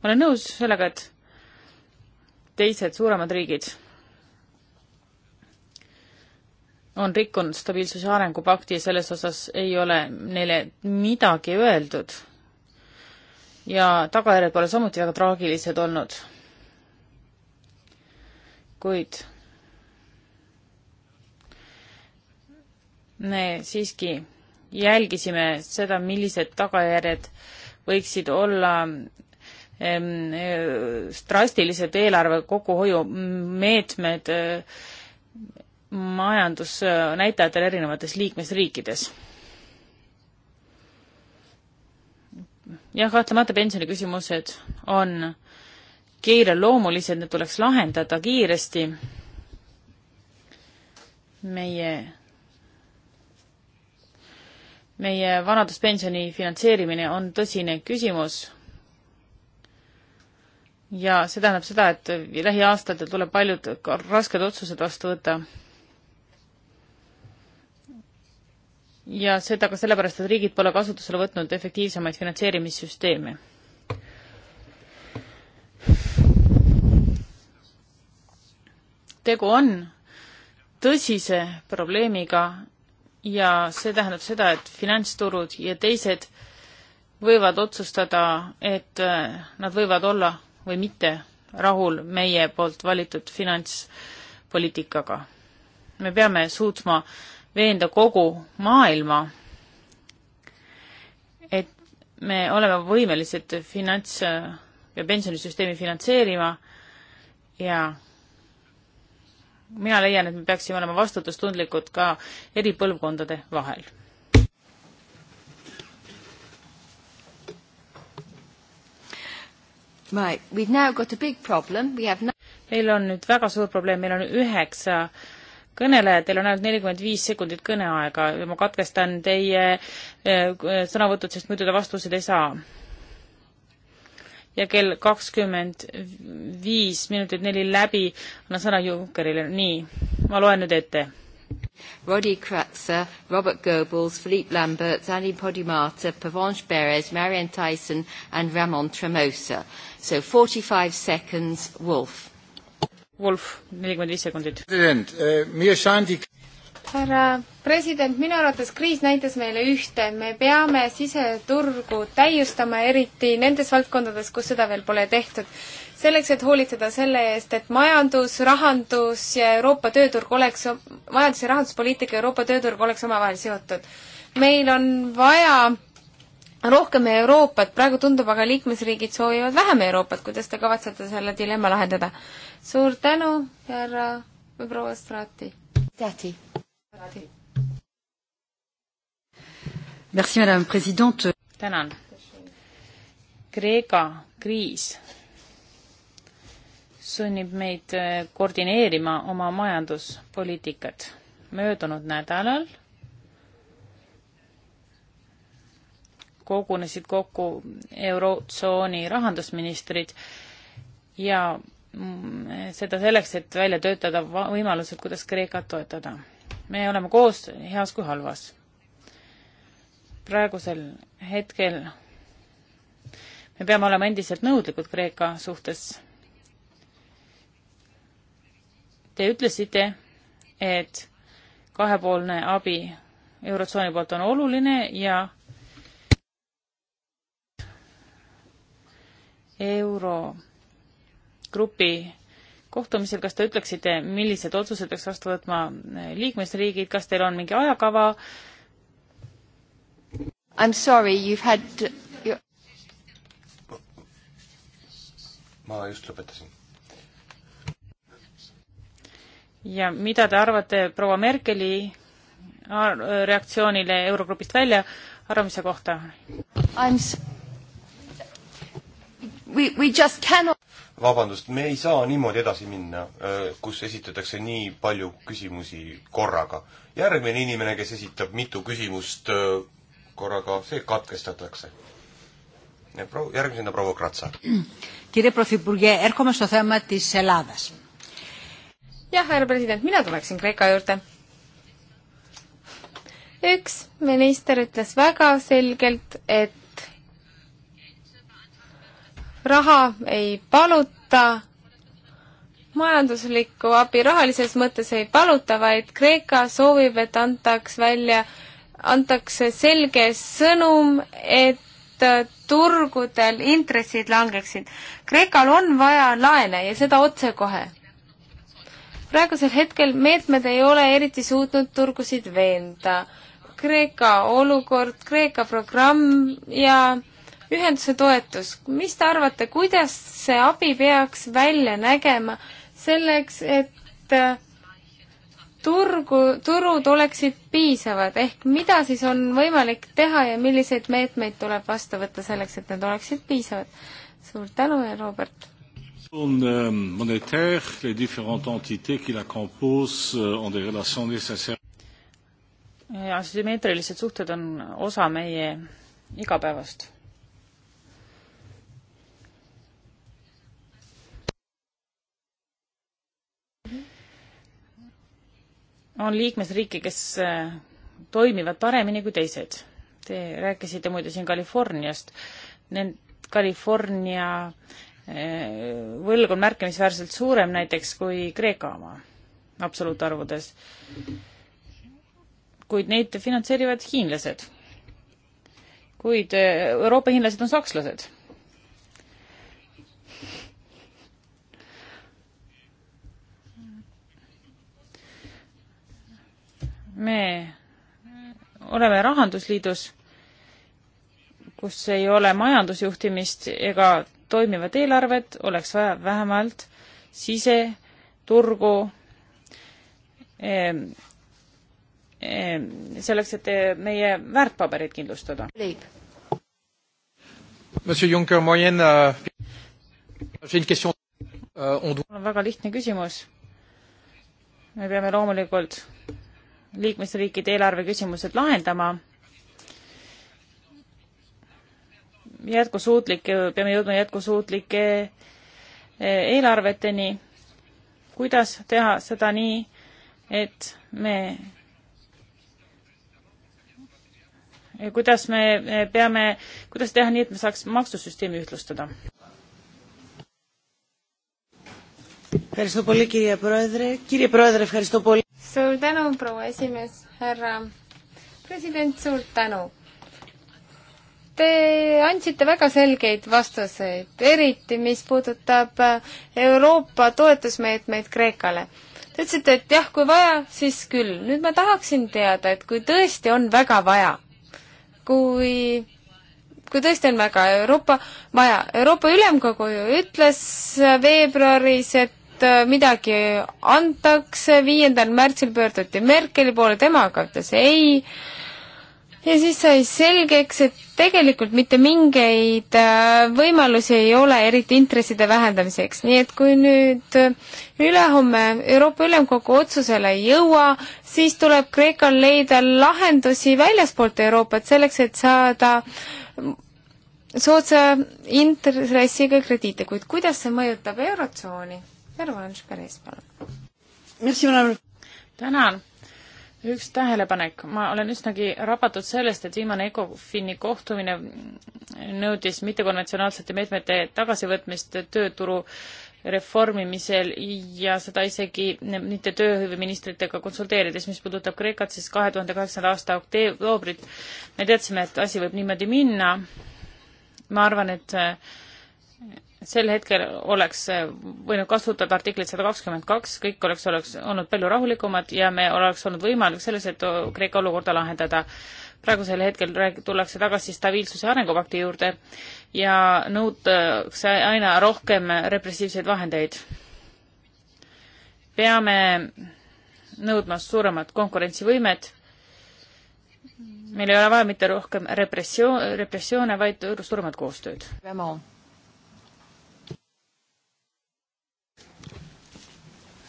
ma olen nõus sellega, et teised suuremad riigid on rikkunud stabiilsuse arengupakti ja selles osas ei ole neile midagi öeldud. ja tagajärjed pole samuti väga traagilised olnud kuid me siiski jälgisime seda, millised tagajärjed võiksid olla drastilised eelarve kokkuhoiumeetmed eh, majandusnäitajatel erinevates liikmesriikides. jah, kahtlemata pensioniküsimused on kiireloomulised, need tuleks lahendada kiiresti. meie, meie vanaduspensioni finantseerimine on tõsine küsimus ja see tähendab seda, et lähiaastatel tuleb paljud rasked otsused vastu võtta. ja seda ka sellepärast, et riigid pole kasutusele võtnud efektiivsemaid finantseerimissüsteeme. tegu on tõsise probleemiga ja see tähendab seda, et finantsturud ja teised võivad otsustada, et äh, nad võivad olla või mitte rahul meie poolt valitud finantspoliitikaga. me peame suutma veenda kogu maailma, et me oleme võimelised finants- ja pensionisüsteemi finantseerima ja mina leian, et me peaksime olema vastutustundlikud ka eri põlvkondade vahel. Right, we've now got a big problem, we have no meil on nüüd väga suur probleem, meil on üheksa kõnelejat, teil on ainult nelikümmend viis sekundit kõneaega ja ma katkestan teie eh, sõnavõtud, sest muidu te vastuseid ei saa ja kell kakskümmend viis minutit neli läbi annan sõna Junckerile, nii, ma loen nüüd ette. Roddy Kratzer, Robert Goebbels, Philippe Lambert, Annie Podimata, Pavanche Beres, Marian Tyson and Ramon Tremosa. So forty five seconds, Wolf. Wolf, nelikümmend viis sekundit. president, eh, mir scheint die härra president, minu arvates kriis näitas meile ühte, me peame siseturgu täiustama, eriti nendes valdkondades, kus seda veel pole tehtud. selleks, et hoolitseda selle eest, et majandus, rahandus ja Euroopa tööturg oleks, majandus- ja rahanduspoliitika ja Euroopa tööturg oleks omavahel seotud. meil on vaja rohkem Euroopat, praegu tundub aga liikmesriigid soovivad vähem Euroopat, kuidas te kavatsete selle dilemma lahendada? suur tänu, härra proua Strati. Tähti. Radi. Merci, madame president. tänan. Kreeka kriis sunnib meid äh, koordineerima oma majanduspoliitikat. möödunud nädalal kogunesid kokku Eurotsooni rahandusministrid ja mm, seda selleks, et välja töötada võimalused, kuidas Kreekat toetada me oleme koos heas kui halvas. praegusel hetkel me peame olema endiselt nõudlikud Kreeka suhtes. Te ütlesite, et kahepoolne abi Eurotsooni poolt on oluline ja eurogrupi kohtumisel, kas te ütleksite, millised otsused peaks vastu võtma eh, liikmesriigid, kas teil on mingi ajakava? I m sorry, you ve had ma just lõpetasin. ja mida te arvate proua Merkeli reaktsioonile Eurogrupist välja arvamise kohta? we, we just cannot vabandust, me ei saa niimoodi edasi minna, kus esitatakse nii palju küsimusi korraga. järgmine inimene, kes esitab mitu küsimust korraga, see katkestatakse. järgmisena proua Kratsa. jah, härra president, mina tuleksin Kreeka juurde. üks minister ütles väga selgelt, et raha ei paluta, majanduslikku abi rahalises mõttes ei paluta, vaid Kreeka soovib, et antaks välja, antakse selge sõnum, et turgudel intressid langeksid. Kreekal on vaja laene ja seda otsekohe. praegusel hetkel meetmed ei ole eriti suutnud turgusid veenda. Kreeka olukord, Kreeka programm ja ühenduse toetus, mis te arvate, kuidas see abi peaks välja nägema selleks, et äh, turgu, turud oleksid piisavad, ehk mida siis on võimalik teha ja milliseid meetmeid tuleb vastu võtta selleks, et need oleksid piisavad? suur tänu ja Robert! Ähm, monétaire, les différentes entités qui la composent euh, ont des relations nécessaires. asümmeetrilised suhted on osa meie igapäevast. on liikmesriike, kes äh, toimivad paremini kui teised. Te rääkisite muide siin Californiast. Need California äh, võlg on märkimisväärselt suurem näiteks kui Kreeka oma absoluutarvudes. kuid neid finantseerivad hiinlased. kuid äh, Euroopa hiinlased on sakslased me oleme Rahandusliidus, kus ei ole majandusjuhtimist ega toimivat eelarvet, oleks vaja vähemalt siseturgu ehm, ehm, selleks, et eh, meie väärtpabereid kindlustada. Euh, euh, mul on väga lihtne küsimus. me peame loomulikult liikmesriikide eelarveküsimused lahendama. jätkusuutlike, peame jõudma jätkusuutlike eh, eelarveteni. kuidas teha seda nii, et me eh, kuidas me eh, peame, kuidas teha nii, et me saaks maksusüsteemi ühtlustada? Ευχαριστώ πολύ κύριε Πρόεδρε. Κύριε Πρόεδρε, ευχαριστώ πολύ suur tänu, proua esimees, härra president, suur tänu Te andsite väga selgeid vastuseid, eriti mis puudutab äh, Euroopa toetusmeetmeid Kreekale. Te ütlesite, et jah, kui vaja, siis küll. nüüd ma tahaksin teada, et kui tõesti on väga vaja, kui, kui tõesti on väga Euroopa vaja, Euroopa Ülemkogu ju ütles äh, veebruaris, et et äh, midagi antakse, viiendal märtsil pöörduti Merkeli poole, tema aga ütles ei, ja siis sai selgeks, et tegelikult mitte mingeid äh, võimalusi ei ole, eriti intresside vähendamiseks, nii et kui nüüd äh, ülehomme Euroopa Ülemkogu otsusele ei jõua, siis tuleb Kreekal leida lahendusi väljaspoolt Euroopat selleks, et saada soodsa intressiga krediite, kuid kuidas see mõjutab Eurotsooni? ja Ruanš Peres, palun. tänan üks tähelepanek, ma olen üsnagi rabatud sellest, et viimane ECOFIN-i kohtumine nõudis mittekonventsionaalsete meetmete tagasivõtmist tööturu reformimisel ja seda isegi mitte tööhõiveministritega konsulteerides, mis puudutab Kreekat, siis kahe tuhande kaheksanda aasta oktoobrit me teadsime, et asi võib niimoodi minna. ma arvan, et äh, sel hetkel oleks võinud kasutada artiklit sada kakskümmend kaks, kõik oleks, oleks olnud palju rahulikumad ja me oleks olnud võimalik selles, et Kreeka olukorda lahendada. praegusel hetkel rääg-, tullakse tagasi stabiilsuse arengupakti juurde ja nõutakse aina rohkem repressiivseid vahendeid. peame nõudma suuremat konkurentsivõimet, meil ei ole vaja mitte rohkem repressioon, repressioone, vaid suuremat koostööd. Vemo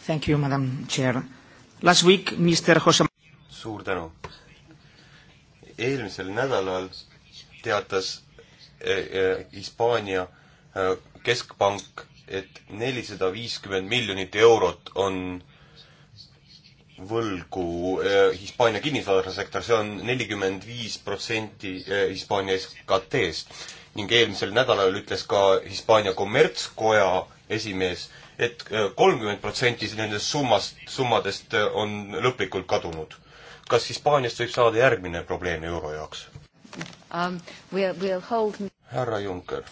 Thank you, madam chair. Last week Mr Jose suur tänu. eelmisel nädalal teatas eh, eh, Hispaania eh, keskpank, et nelisada viiskümmend miljonit eurot on võlgu Hispaania kinnisvarasektor, see on nelikümmend viis protsenti Hispaania SKT-st. ning eelmisel nädalal ütles ka Hispaania kommertskoja esimees, et äh, kolmkümmend protsenti nendest summast, summadest äh, on lõplikult kadunud. kas Hispaaniast võib saada järgmine probleem euro jaoks um,? We'll, we'll hold... härra Juncker,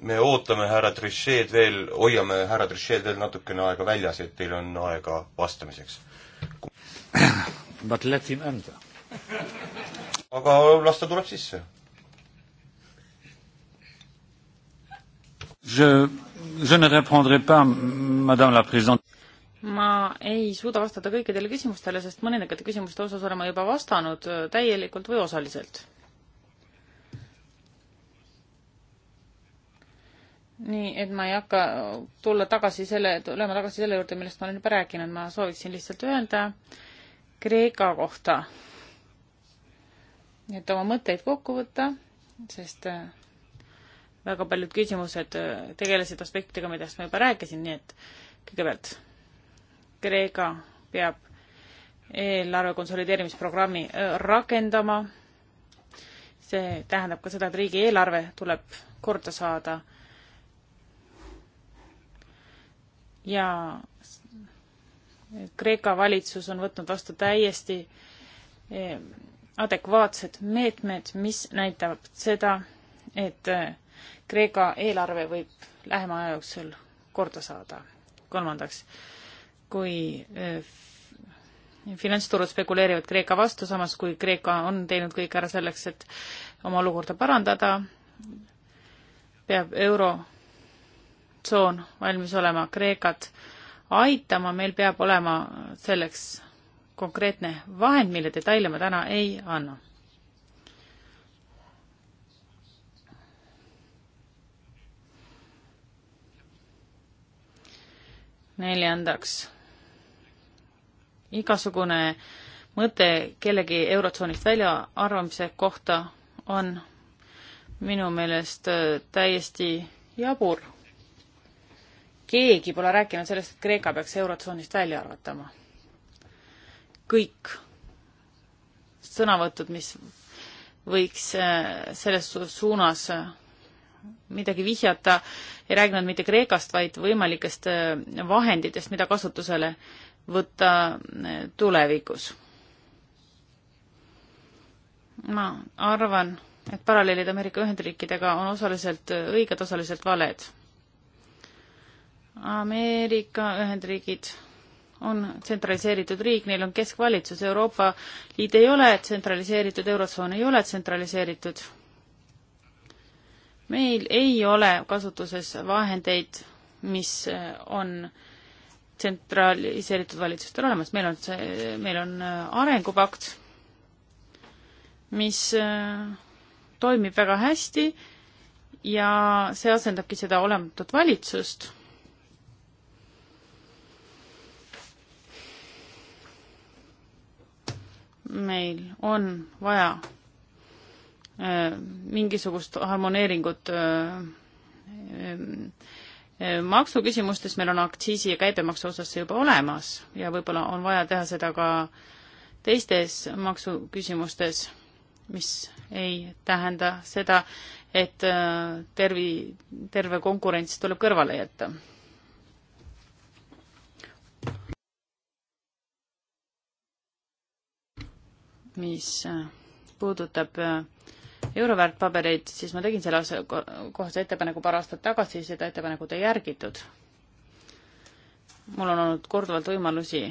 me ootame härra Trichet veel, hoiame härra Trichet veel natukene aega väljas, et teil on aega vastamiseks. But let him enter. aga las ta tuleb sisse Je, je ne répondrai pas, madame la présidente. ma ei suuda vastata kõikidele küsimustele, sest mõningate küsimuste osas olen ma juba vastanud äh, täielikult või osaliselt. nii et ma ei hakka tulla tagasi selle, tulema tagasi selle juurde, millest ma olen juba rääkinud, ma sooviksin lihtsalt öelda Kreeka kohta, et oma mõtteid kokku võtta, sest äh, väga paljud küsimused äh, tegelesid aspektidega, millest ma juba rääkisin, nii et kõigepealt Kreeka peab eelarve konsolideerimisprogrammi äh, rakendama. see tähendab ka seda, et riigieelarve tuleb korda saada. ja Kreeka valitsus on võtnud vastu täiesti äh, adekvaatsed meetmed, mis näitavad seda, et Kreeka eelarve võib lähema aja jooksul korda saada. kolmandaks, kui äh, finantsturud spekuleerivad Kreeka vastu, samas kui Kreeka on teinud kõik ära selleks, et oma olukorda parandada, peab eurotsoon valmis olema Kreekat aitama, meil peab olema selleks konkreetne vahend, mille detaile ma täna ei anna neljandaks, igasugune mõte kellegi Eurotsoonist väljaarvamise kohta on minu meelest äh, täiesti jabur. keegi pole rääkinud sellest, et Kreeka peaks Eurotsoonist välja arvatama. kõik sõnavõtud, mis võiks äh, selles suunas äh, midagi vihjata, ei rääkinud mitte Kreekast, vaid võimalikest äh, vahenditest, mida kasutusele võtta äh, tulevikus. ma arvan, et paralleelid Ameerika Ühendriikidega on osaliselt äh, õiged, osaliselt valed. Ameerika Ühendriigid on tsentraliseeritud riik, neil on keskvalitsus, Euroopa Liit ei ole tsentraliseeritud, Eurotsoon ei ole tsentraliseeritud meil ei ole kasutuses vahendeid, mis eh, on tsentraliseeritud valitsustel olemas, meil on see, meil on eh, arengupakt, mis eh, toimib väga hästi ja see asendabki seda olematut valitsust. meil on vaja Äh, mingisugust harmoneeringut äh, äh, maksuküsimustes, meil on aktsiisi ja käibemaksu osas see juba olemas ja võib-olla on vaja teha seda ka teistes maksuküsimustes, mis ei tähenda seda, et tervi, terve konkurents tuleb kõrvale jätta. mis puudutab äh, euroväärtpabereid, siis ma tegin selle asja kohase ettepaneku paar aastat tagasi, seda ettepanekut ei järgitud. mul on olnud korduvalt võimalusi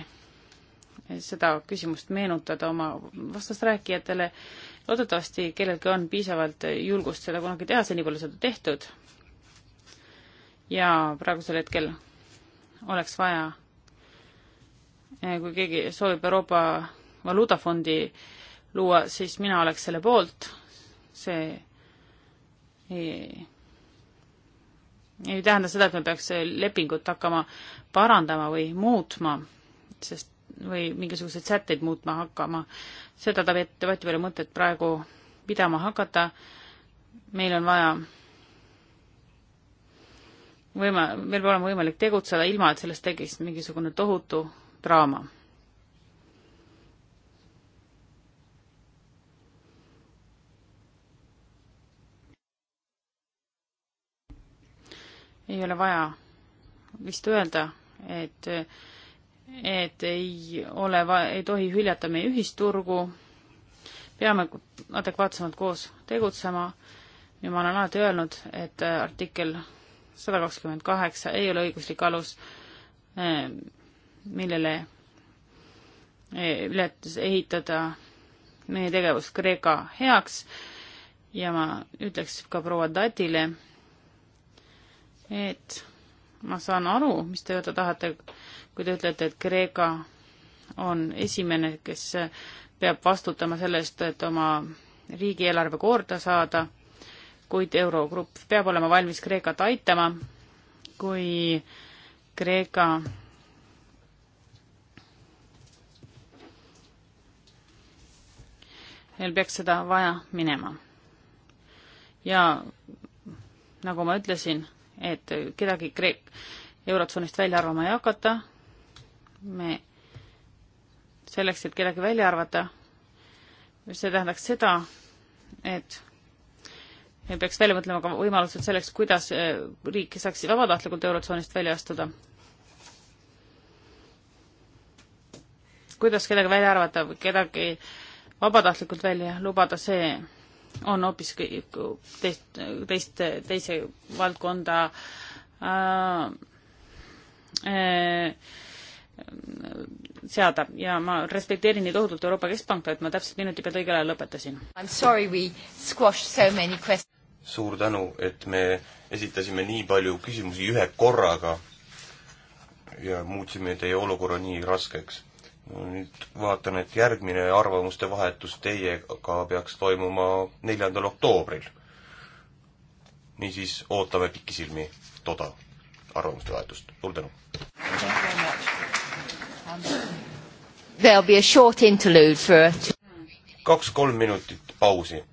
seda küsimust meenutada oma vastasrääkijatele. loodetavasti kellelgi on piisavalt julgust seda kunagi teha, seni pole seda tehtud. ja praegusel hetkel oleks vaja, kui keegi soovib Euroopa Valuutafondi luua, siis mina oleks selle poolt see ei, ei tähenda seda, et me peaks lepingut hakkama parandama või muutma, sest või mingisuguseid sätteid muutma hakkama, seda debatti pole mõtet praegu pidama hakata, meil on vaja võima-, meil peab olema võimalik tegutseda, ilma et sellest tekiks mingisugune tohutu draama ei ole vaja vist öelda, et, et ei ole, ei tohi hüljata meie ühisturgu, peame adekvaatsemalt koos tegutsema ja ma olen alati öelnud, et artikkel sada kakskümmend kaheksa ei ole õiguslik alus, millele ületas ehitada meie tegevus Kreeka heaks ja ma ütleks ka proua Tatile, et ma saan aru, mis te öelda tahate, kui te ütlete, et Kreeka on esimene, kes peab vastutama selle eest, et oma riigieelarve korda saada, kuid Eurogrupp peab olema valmis Kreekat aitama, kui Kreeka neil peaks seda vaja minema. ja nagu ma ütlesin et kedagi Kreek-, eurotsoonist välja arvama ei hakata, me selleks, et kedagi välja arvata, see tähendaks seda, et me peaks välja mõtlema ka võimalused selleks, kuidas äh, riik saaks vabatahtlikult eurotsoonist välja astuda. kuidas kedagi välja arvata või kedagi vabatahtlikult välja lubada, see on hoopis teist, teist, teise valdkonda äh, äh, seada ja ma respekteerin nii tohutult Euroopa Keskpanka, et ma täpselt minuti pealt õigel ajal lõpetasin. suur tänu, et me esitasime nii palju küsimusi ühe korraga ja muutsime teie olukorra nii raskeks nüüd vaatan, et järgmine arvamuste vahetus teiega peaks toimuma neljandal oktoobril. niisiis ootame pikisilmi toda arvamuste vahetust, suur tänu! kaks-kolm minutit pausi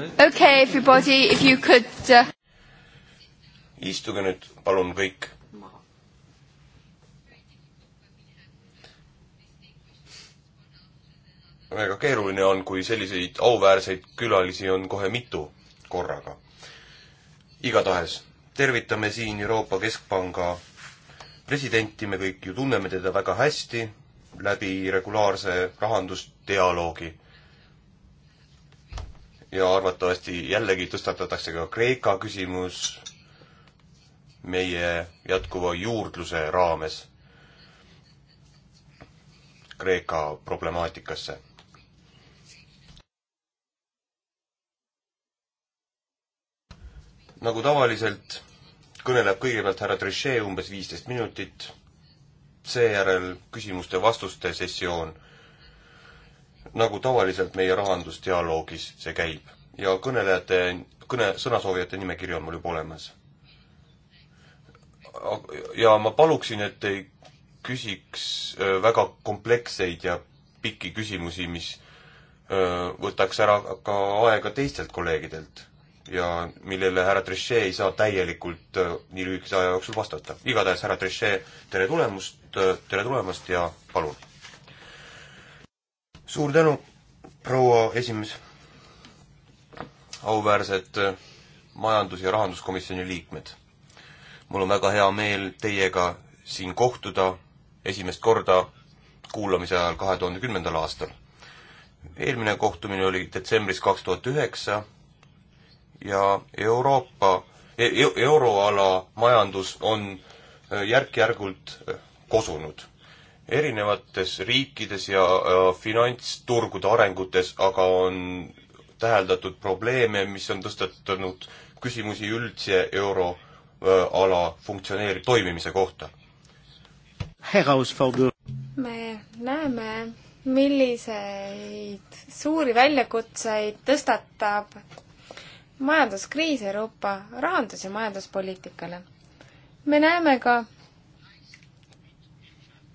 okay, everybody, if you could uh... istuge nüüd palun kõik. väga keeruline on, kui selliseid auväärseid külalisi on kohe mitu korraga. igatahes tervitame siin Euroopa Keskpanga presidenti, me kõik ju tunneme teda väga hästi läbi regulaarse rahandusdialoogi ja arvatavasti jällegi tõstatatakse ka Kreeka küsimus meie jätkuva juurdluse raames Kreeka problemaatikasse. nagu tavaliselt, kõneleb kõigepealt härra Trichet umbes viisteist minutit, seejärel küsimuste-vastuste sessioon nagu tavaliselt meie rahandusdialoogis see käib ja kõnelejate, kõne, sõnasoovijate nimekiri on mul juba olemas. ja ma paluksin, et ei küsiks äh, väga kompleksseid ja pikki küsimusi, mis äh, võtaks ära ka aega teistelt kolleegidelt ja millele härra Trichet ei saa täielikult äh, nii lühikese aja jooksul vastata. igatahes, härra Trichet, tere tulemast, tere tulemast ja palun suur tänu, proua esimees. auväärsed äh, majandus- ja rahanduskomisjoni liikmed. mul on väga hea meel teiega siin kohtuda esimest korda kuulamise ajal kahe tuhande kümnendal aastal. eelmine kohtumine oli detsembris kaks tuhat üheksa ja Euroopa e, e- euroala majandus on äh, järk-järgult äh, kosunud erinevates riikides ja finantsturgude arengutes aga on täheldatud probleeme, mis on tõstatanud küsimusi üldse euroala funktsioneeri-, toimimise kohta. me näeme, milliseid suuri väljakutseid tõstatab majanduskriis Euroopa rahandus- ja majanduspoliitikale. me näeme ka,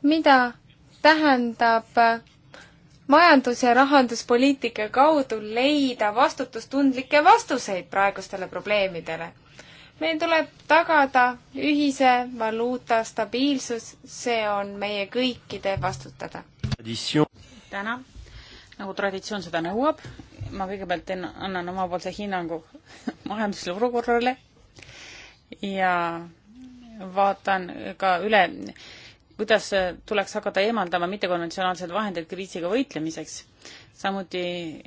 mida tähendab majandus- ja rahanduspoliitika kaudu leida vastutustundlikke vastuseid praegustele probleemidele. meil tuleb tagada ühise valuuta stabiilsus, see on meie kõikide vastutada. tänan, nagu traditsioon seda nõuab, ma kõigepealt teen, annan omapoolse hinnangu [laughs] majandusele olukorrale ja vaatan ka üle kuidas tuleks hakata eemaldama mittekonventsionaalsed vahendid kriisiga võitlemiseks. samuti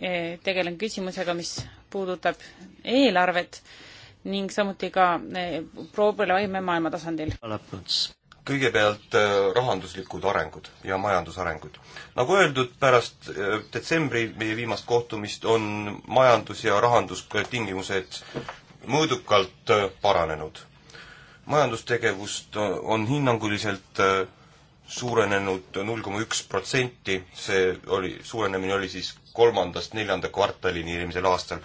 eh, tegelen küsimusega, mis puudutab eelarvet ning samuti ka eh, probleeme maailma tasandil. kõigepealt eh, rahanduslikud arengud ja majandusarengud. nagu öeldud, pärast detsembri meie viimast kohtumist on majandus- ja rahandustingimused mõõdukalt paranenud majandustegevust on hinnanguliselt suurenenud null koma üks protsenti, see oli, suurenemine oli siis kolmandast neljanda kvartalini eelmisel aastal,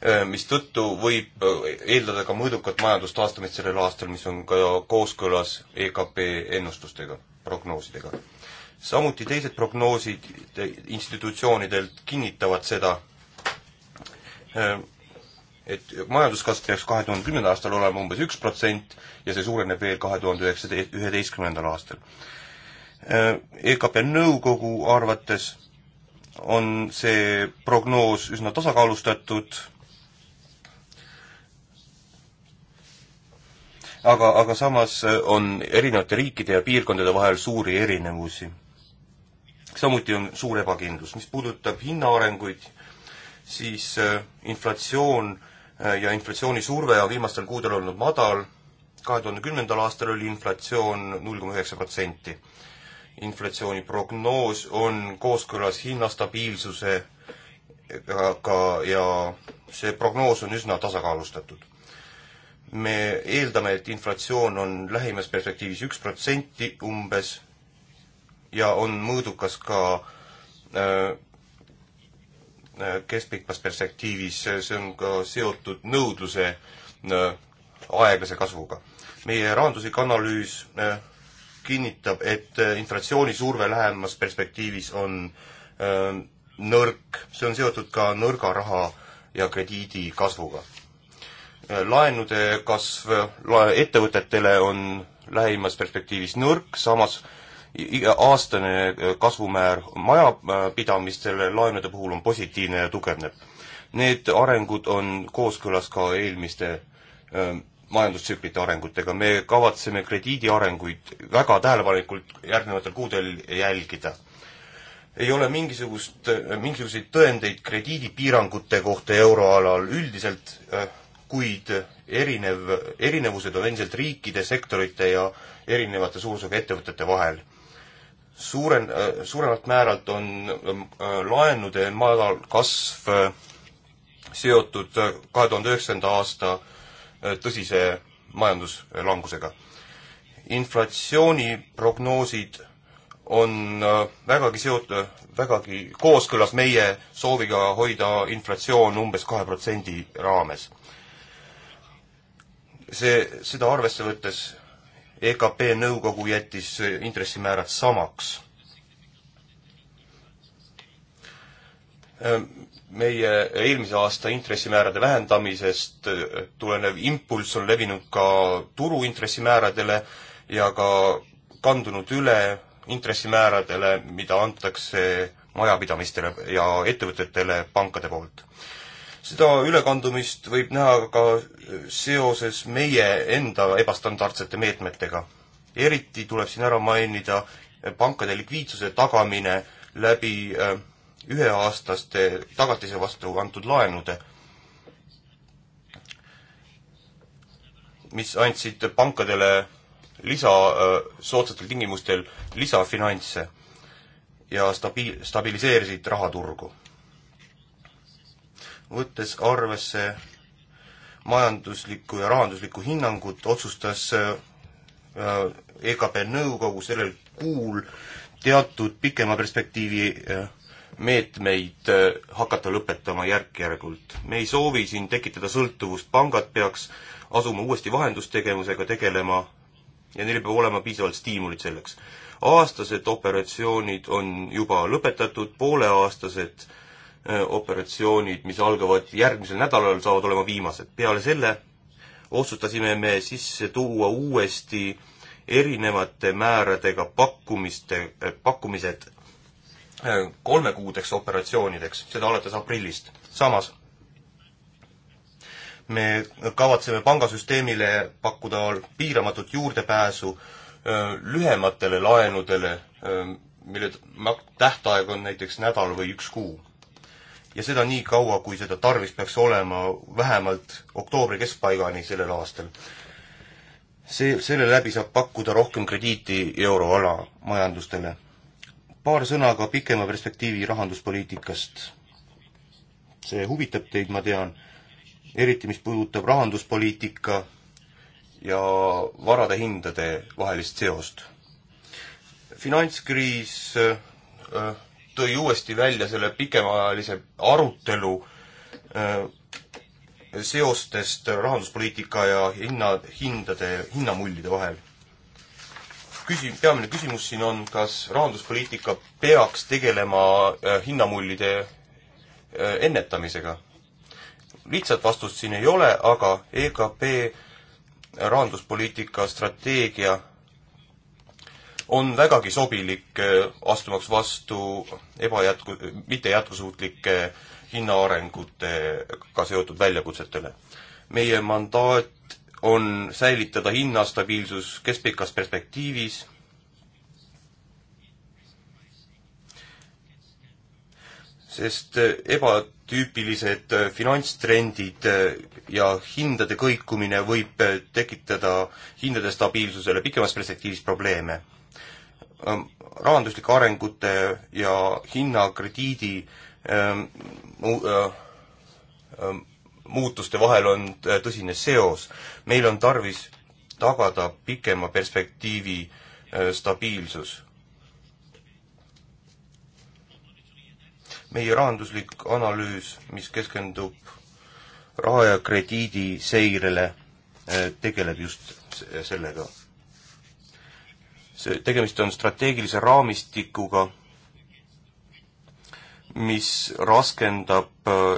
eh, mistõttu võib eh, eeldada ka mõõdukat majandustaastumist sellel aastal, mis on ka kooskõlas EKP ennustustega, prognoosidega. samuti teised prognoosid institutsioonidelt kinnitavad seda, eh, et majanduskasv peaks kahe tuhande kümnendal aastal olema umbes üks protsent ja see suureneb veel kahe tuhande üheksateist, üheteistkümnendal aastal. Äh, EKP nõukogu arvates on see prognoos üsna tasakaalustatud, aga, aga samas äh, on erinevate riikide ja piirkondade vahel suuri erinevusi. samuti on suur ebakindlus, mis puudutab hinnaarenguid, siis äh, inflatsioon Äh, ja inflatsioonisurve on viimastel kuudel olnud madal, kahe tuhande kümnendal aastal oli inflatsioon null koma üheksa protsenti. inflatsiooni prognoos on kooskõlas hinnastabiilsuse äh, ka ja see prognoos on üsna tasakaalustatud. me eeldame, et inflatsioon on lähimas perspektiivis üks protsenti umbes ja on mõõdukas ka äh, keskpikas perspektiivis, see on ka seotud nõudluse äh, aeglase kasvuga. meie rahanduslik analüüs äh, kinnitab, et äh, inflatsioonisurve lähemas perspektiivis on nõrk, see on seotud ka nõrga raha ja krediidi kasvuga. laenude kasv ettevõtetele on lähimas perspektiivis nõrk, samas aastane äh, kasvumäär majapidamistele äh, laenude puhul on positiivne ja tugevneb. Need arengud on kooskõlas ka eelmiste äh, majandustsüklite arengutega, me kavatseme krediidi arenguid väga tähelepanelikult järgnevatel kuudel jälgida. ei ole mingisugust, mingisuguseid tõendeid krediidipiirangute kohta euroalal üldiselt, kuid erinev, erinevused on endiselt riikide, sektorite ja erinevate suurusega ettevõtete vahel suuren, suuremalt määralt on ähm, äh, laenude madal kasv äh, seotud äh, kahe tuhande üheksanda aasta tõsise majanduslangusega. inflatsiooniprognoosid on vägagi seot-, vägagi kooskõlas meie sooviga hoida inflatsioon umbes kahe protsendi raames. see, seda arvesse võttes EKP nõukogu jättis intressimäärad samaks. Ehm, meie eelmise aasta intressimäärade vähendamisest eh, tulenev impulss on levinud ka turuintressimääradele ja ka kandunud üle intressimääradele, mida antakse majapidamistele ja ettevõtetele pankade poolt seda ülekandumist võib näha ka seoses meie enda ebastandardsete meetmetega. eriti tuleb siin ära mainida pankade likviidsuse tagamine läbi äh, üheaastaste tagatise vastu antud laenude, mis andsid pankadele lisa, äh, soodsatel tingimustel lisafinantse ja stabiil-, stabiliseerisid rahaturgu võttes arvesse majanduslikku ja rahanduslikku hinnangut, otsustas äh, EKP nõukogu sellel kuul teatud pikema perspektiivi äh, meetmeid äh, hakata lõpetama järk-järgult. me ei soovi siin tekitada sõltuvust, pangad peaks asuma uuesti vahendustegevusega tegelema ja neil peab olema piisavalt stiimulit selleks. aastased operatsioonid on juba lõpetatud, pooleaastased äh, Äh, operatsioonid, mis algavad järgmisel nädalal, saavad olema viimased. peale selle otsustasime me sisse tuua uuesti erinevate määradega pakkumiste, äh, pakkumised äh, kolmekuudeks operatsioonideks, seda alates aprillist. samas me kavatseme pangasüsteemile pakkuda piiramatut juurdepääsu lühematele laenudele, mille tähtaeg on näiteks nädal või üks kuu ja seda nii kaua, kui seda tarvis peaks olema, vähemalt oktoobri keskpaigani sellel aastal. see, selle läbi saab pakkuda rohkem krediiti euroala majandustele. paar sõna ka pikema perspektiivi rahanduspoliitikast. see huvitab teid, ma tean, eriti mis puudutab rahanduspoliitika ja varade hindade vahelist seost. finantskriis äh, tõi uuesti välja selle pikemaajalise arutelu äh, seostest rahanduspoliitika ja hinna, hindade, hinnamullide vahel. küsi-, peamine küsimus siin on, kas rahanduspoliitika peaks tegelema äh, hinnamullide äh, ennetamisega? lihtsat vastust siin ei ole, aga EKP rahanduspoliitika strateegia on vägagi sobilik äh, astumaks vastu ebajätku, mitte jätkusuutlike hinnaarengutega seotud väljakutsetele. meie mandaat on säilitada hinnastabiilsus keskpikas perspektiivis, sest äh, ebatüüpilised äh, finantstrendid ja hindade kõikumine võib tekitada hindade stabiilsusele pikemas perspektiivis probleeme Ähm, rahanduslike arengute ja hinnakrediidi ähm, mu-, äh, ähm, muutuste vahel on äh, tõsine seos. meil on tarvis tagada pikema perspektiivi äh, stabiilsus. meie rahanduslik analüüs, mis keskendub raha ja krediidi seirele, tegeleb just sellega see, tegemist on strateegilise raamistikuga, mis raskendab öö,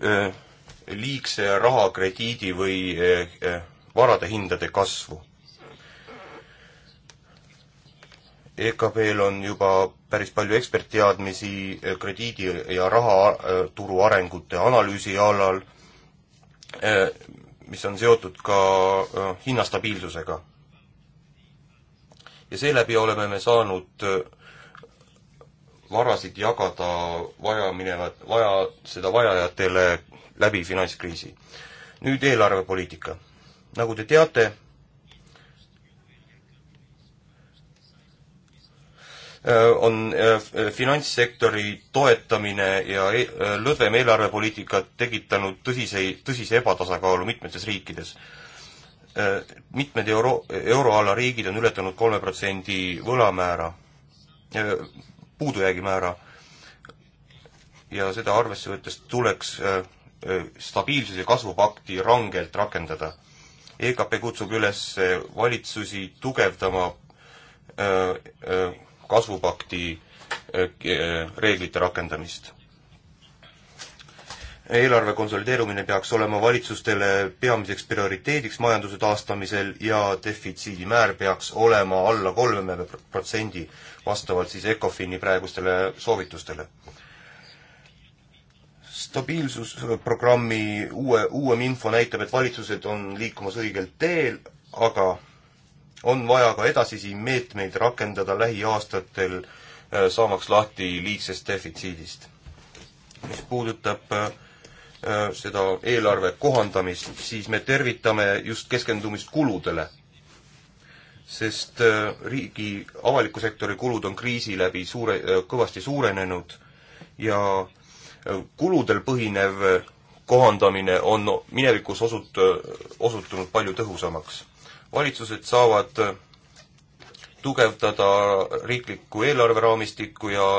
äh, äh, liigse raha, krediidi või öö, äh, varade hindade kasvu. EKP-l on juba päris palju ekspertteadmisi krediidi ja rahaturu arengute analüüsi alal, mis on seotud ka hinnastabiilsusega ja seeläbi oleme me saanud äh, varasid jagada vajaminevat, vaja, seda vajajatele läbi finantskriisi. nüüd eelarvepoliitika. nagu te teate, äh, on äh, finantssektori toetamine ja e-, lõdvem eelarvepoliitika tekitanud tõsiseid, tõsise ebatasakaalu mitmetes riikides Äh, mitmed euro, euroala riigid on ületanud kolme protsendi võlamäära, äh, puudujäägi määra ja seda arvesse võttes tuleks äh, stabiilsuse kasvupakti rangelt rakendada. EKP kutsub üles valitsusi tugevdama kasvupakti reeglite rakendamist eelarve konsolideerumine peaks olema valitsustele peamiseks prioriteediks majanduse taastamisel ja defitsiidimäär peaks olema alla kolme protsendi, vastavalt siis ECOFIN-i praegustele soovitustele. stabiilsusprogrammi uue, uuem info näitab, et valitsused on liikumas õigel teel, aga on vaja ka edasisi meetmeid rakendada lähiaastatel, äh, saamaks lahti liigsest defitsiidist. mis puudutab äh, Äh, seda eelarve kohandamist, siis me tervitame just keskendumist kuludele. sest äh, riigi, avaliku sektori kulud on kriisi läbi suure, äh, kõvasti suurenenud ja kuludel põhinev kohandamine on minevikus osut-, osutunud palju tõhusamaks. valitsused saavad tugevdada riiklikku eelarveraamistikku ja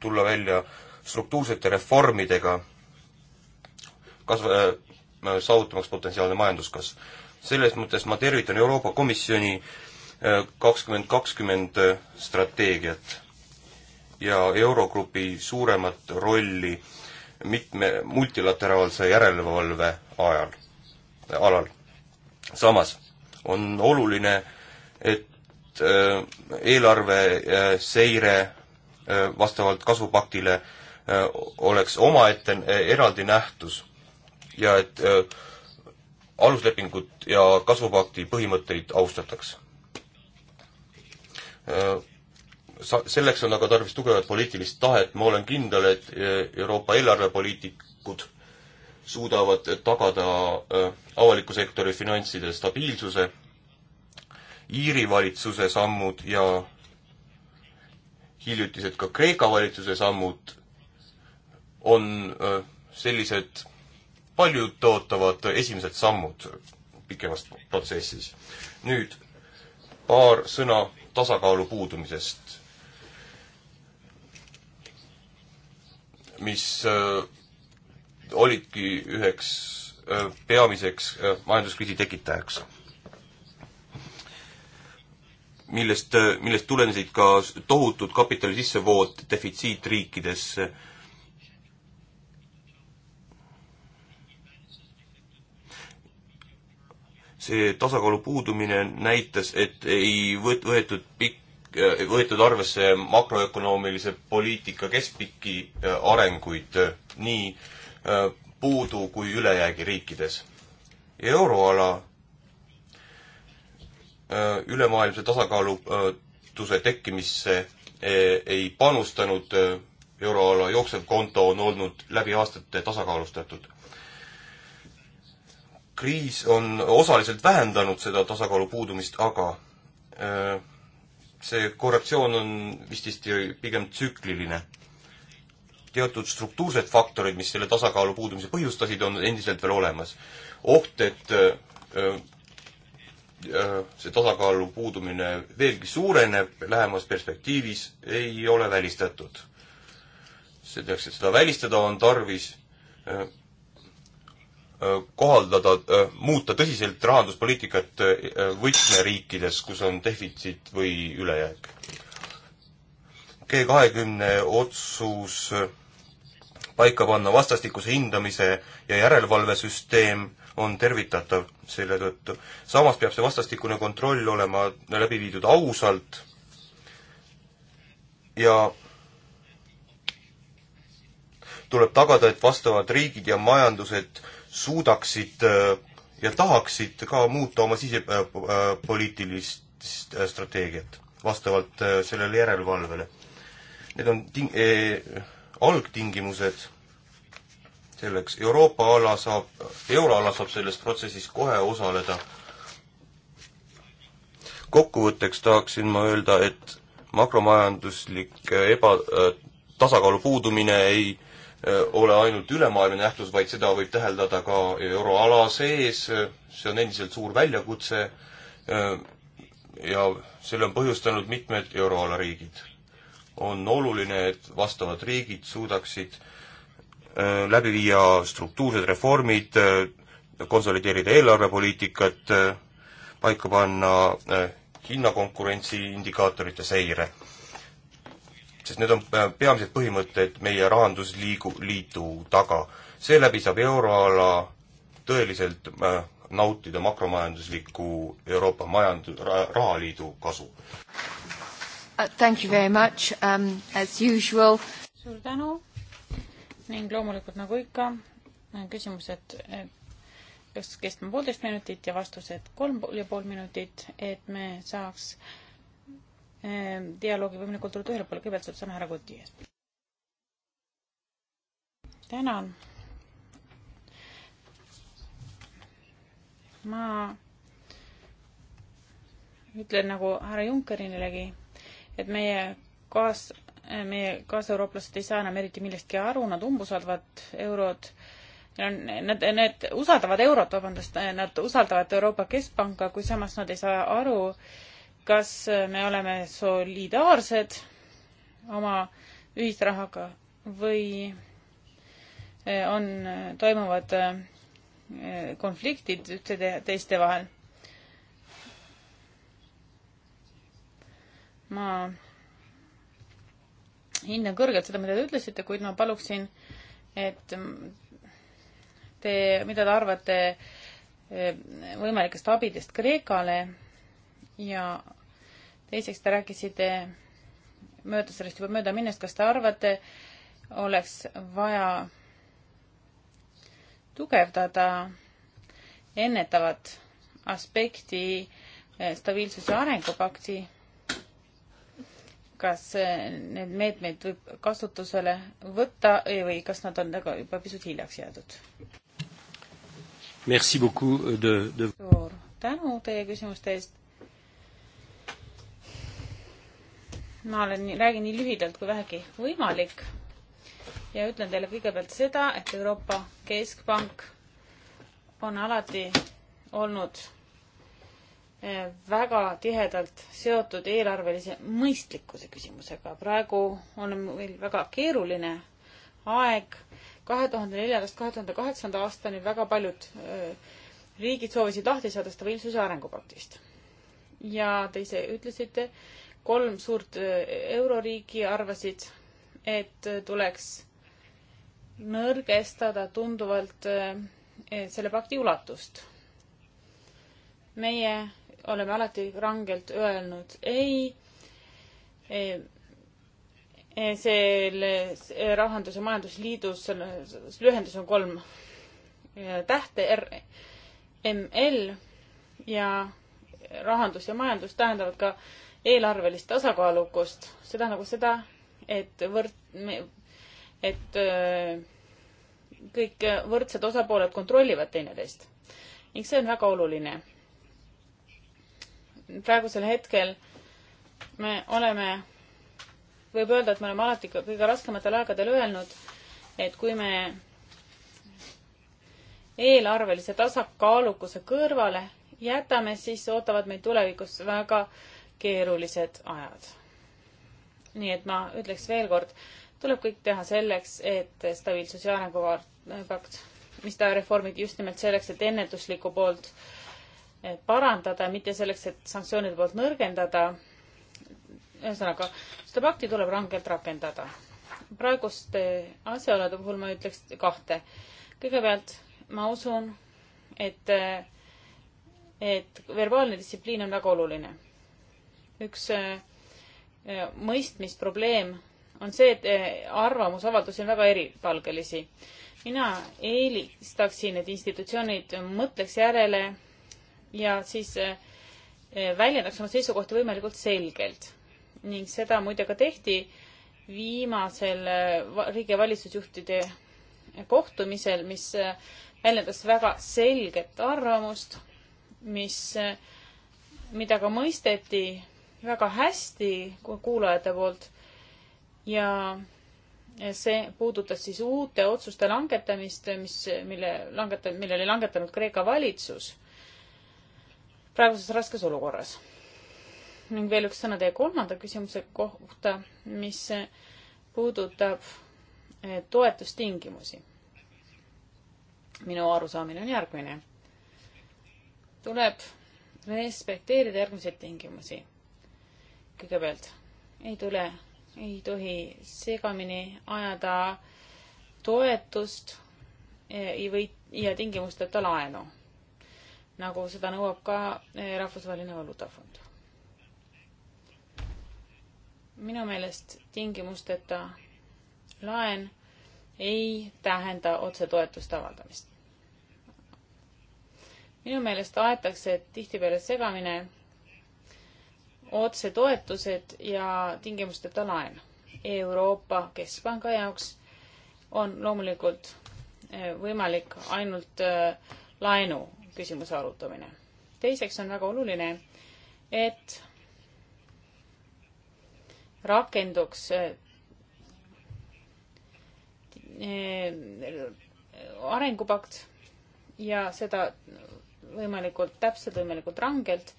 tulla välja struktuursete reformidega kasv-, äh, saavutamaks potentsiaalne majanduskasv. selles mõttes ma tervitan Euroopa Komisjoni äh, kakskümmend kakskümmend äh, strateegiat ja Eurogrupi suuremat rolli mitme multilateraalse järelevalve ajal, alal. samas on oluline, et eelarve seire vastavalt kasvupaktile oleks omaette eraldi nähtus ja et äh, aluslepingut ja kasvupakti põhimõtteid austataks äh,. Sa-, selleks on aga tarvis tugevat poliitilist tahet, ma olen kindel, et äh, Euroopa eelarvepoliitikud suudavad tagada äh, avaliku sektori finantside stabiilsuse, Iiri valitsuse sammud ja hiljutised ka Kreeka valitsuse sammud on äh, sellised paljud ootavad esimesed sammud pikemas protsessis. nüüd paar sõna tasakaalu puudumisest, mis äh, olidki üheks äh, peamiseks äh, majanduskriisi tekitajaks. millest äh,, millest tulenesid ka tohutud kapitali sissevood defitsiitriikidesse äh,, see tasakaalu puudumine näitas, et ei võt-, võetud pikk, äh, võetud arvesse makroökonoomilise poliitika keskpikki äh, arenguid äh, nii puudu kui ülejäägi riikides. euroala ülemaailmse tasakaalutuse tekkimisse ei panustanud, euroala jooksev konto on olnud läbi aastate tasakaalustatud kriis on osaliselt vähendanud seda tasakaalu puudumist, aga äh, see korrektsioon on vististi pigem tsükliline. teatud struktuursed faktorid, mis selle tasakaalu puudumise põhjustasid, on endiselt veel olemas. oht, et äh, äh, see tasakaalu puudumine veelgi suureneb lähemas perspektiivis, ei ole välistatud. selleks, et seda välistada, on tarvis kohaldada, äh, muuta tõsiselt rahanduspoliitikat äh, võtmeriikides, kus on defitsiit või ülejääk. G kahekümne otsus äh, paika panna vastastikuse hindamise ja järelevalvesüsteem on tervitatav selle tõttu. samas peab see vastastikune kontroll olema läbi viidud ausalt ja tuleb tagada, et vastavad riigid ja majandused suudaksid äh, ja tahaksid ka muuta oma sisepoliitilist äh, äh, strateegiat vastavalt sellele järelevalvele. Need on ting-, eh, algtingimused selleks, Euroopa ala saab, euroala saab selles protsessis kohe osaleda. kokkuvõtteks tahaksin ma öelda, et makromajanduslik eba-, tasakaalu puudumine ei äh, Äh, ole ainult ülemaailmne nähtus, vaid seda võib täheldada ka euroala sees, see on endiselt suur väljakutse äh, ja selle on põhjustanud mitmed euroala riigid. on oluline, et vastavad riigid suudaksid äh, läbi viia struktuursed reformid, konsolideerida eelarvepoliitikat, paika panna hinnakonkurentsi indikaatorite seire sest need on äh, peamised põhimõtted meie rahandusliigu, liidu taga. seeläbi saab euroala tõeliselt äh, nautida makromajandusliku Euroopa majand-, rahaliidu kasu. Uh, thank you very much um,, as usual. suur tänu ning loomulikult nagu ikka, küsimused peaks kestma poolteist minutit ja vastused kolm ja pool minutit, et me saaks äh, Ehm, dialoogi võimalik kultuuri ühele poole, kõigepealt saab sõna härra Kuti ees. tänan. ma ütlen nagu härra Junckerinilegi, et meie kaas, meie kaaseurooplased ei saa enam eriti millestki aru, nad umbusaldavad eurot, nad, need usaldavad eurot, vabandust, nad usaldavad Euroopa Keskpanka, kui samas nad ei saa aru, kas me oleme solidaarsed oma ühisrahaga või eh, on, eh, toimuvad eh, konfliktid üksteise teiste vahel. ma hindan kõrgelt seda, mida te ütlesite, kuid ma paluksin, et te, mida te arvate võimalikest abidest Kreekale ja teiseks te rääkisite mööda sellest juba mööda minnes, kas te arvate, oleks vaja tugevdada ennetavat aspekti eh, stabiilsuse arengupakti kas eh, need meetmed võib kasutusele võtta või kas nad on aga nagu juba pisut hiljaks jäädud? suur tänu teie küsimuste eest ma olen, räägin nii lühidalt kui vähegi võimalik ja ütlen teile kõigepealt seda, et Euroopa Keskpank on alati olnud eh, väga tihedalt seotud eelarvelise mõistlikkuse küsimusega. praegu on meil väga keeruline aeg, kahe tuhande neljandast kahe tuhande kaheksanda aastani väga paljud eh, riigid soovisid lahti saada stabiilsuse arengupaktist. ja te ise ütlesite, kolm suurt äh, euroriiki arvasid, et äh, tuleks nõrgestada tunduvalt äh, eh, selle pakti ulatust. meie oleme alati rangelt öelnud ei eh, eh, selles rahandus- ja majandusliidus, selles lühendus on kolm tähte, RML ja rahandus ja majandus tähendavad ka eelarvelist tasakaalukust, see tähendab nagu seda, et võrd-, et äh, kõik võrdsed osapooled kontrollivad teineteist ning see on väga oluline. praegusel hetkel me oleme, võib öelda, et me oleme alati kõige raskematel aegadel öelnud, et kui me eelarvelise tasakaalukuse kõrvale jätame, siis ootavad meid tulevikus väga keerulised ajad. nii et ma ütleks veel kord, tuleb kõik teha selleks, et stabiilsus ja arengupakt, mis ta reformib just nimelt selleks, et ennetuslikku poolt eh, parandada, mitte selleks, et sanktsioonide poolt nõrgendada. ühesõnaga, seda pakti tuleb rangelt rakendada. praeguste asjaolude puhul ma ütleks kahte. kõigepealt ma usun, et, eh, et verbaalne distsipliin on väga oluline üks äh, äh, mõistmisprobleem on see, et äh, arvamusavaldusi on väga eripalgelisi. mina eelistaksin, et institutsioonid mõtleks järele ja siis väljendaks oma seisukohti võimalikult selgelt. ning seda muide ka tehti viimasel riigi valitsusjuhtide kohtumisel, mis väljendas väga selget arvamust, mis, mida ka mõisteti väga hästi kuulajate poolt ja see puudutas siis uute otsuste langetamist, mis, mille langeta-, mille oli langetanud Kreeka valitsus praeguses raskes olukorras. ning veel üks sõna teie kolmanda küsimuse kohta, mis puudutab eh, toetustingimusi. minu arusaamine on järgmine. tuleb respekteerida järgmiseid tingimusi kõigepealt ei tule, ei tohi segamini ajada toetust e, ei või ja tingimusteta laenu, nagu seda nõuab ka e, Rahvusvaheline Valuutafond. minu meelest tingimusteta laen ei tähenda otsetoetuste avaldamist. minu meelest aetakse tihtipeale segamine otsetoetused ja tingimusteta laen. Euroopa Keskpanga jaoks on loomulikult eh, võimalik ainult eh, laenu küsimuse arutamine. teiseks on väga oluline, et rakenduks eh, arengupakt ja seda võimalikult täpselt, võimalikult rangelt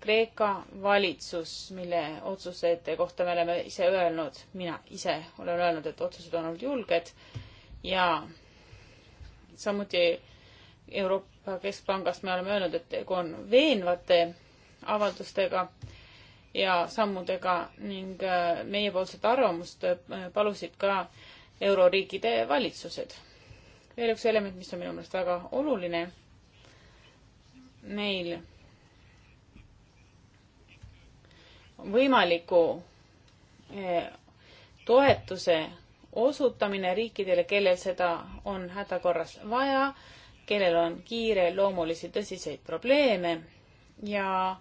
Kreeka valitsus, mille otsuste kohta me oleme ise öelnud, mina ise olen öelnud, et otsused on olnud julged ja samuti Euroopa Keskpangast me oleme öelnud, et tegu on veenvate avaldustega ja sammudega ning äh, meiepoolset arvamust äh, palusid ka euroriikide valitsused. veel üks element, mis on minu meelest väga oluline. meil võimaliku eh, toetuse osutamine riikidele, kellel seda on hädakorras vaja, kellel on kiireloomulisi tõsiseid probleeme ja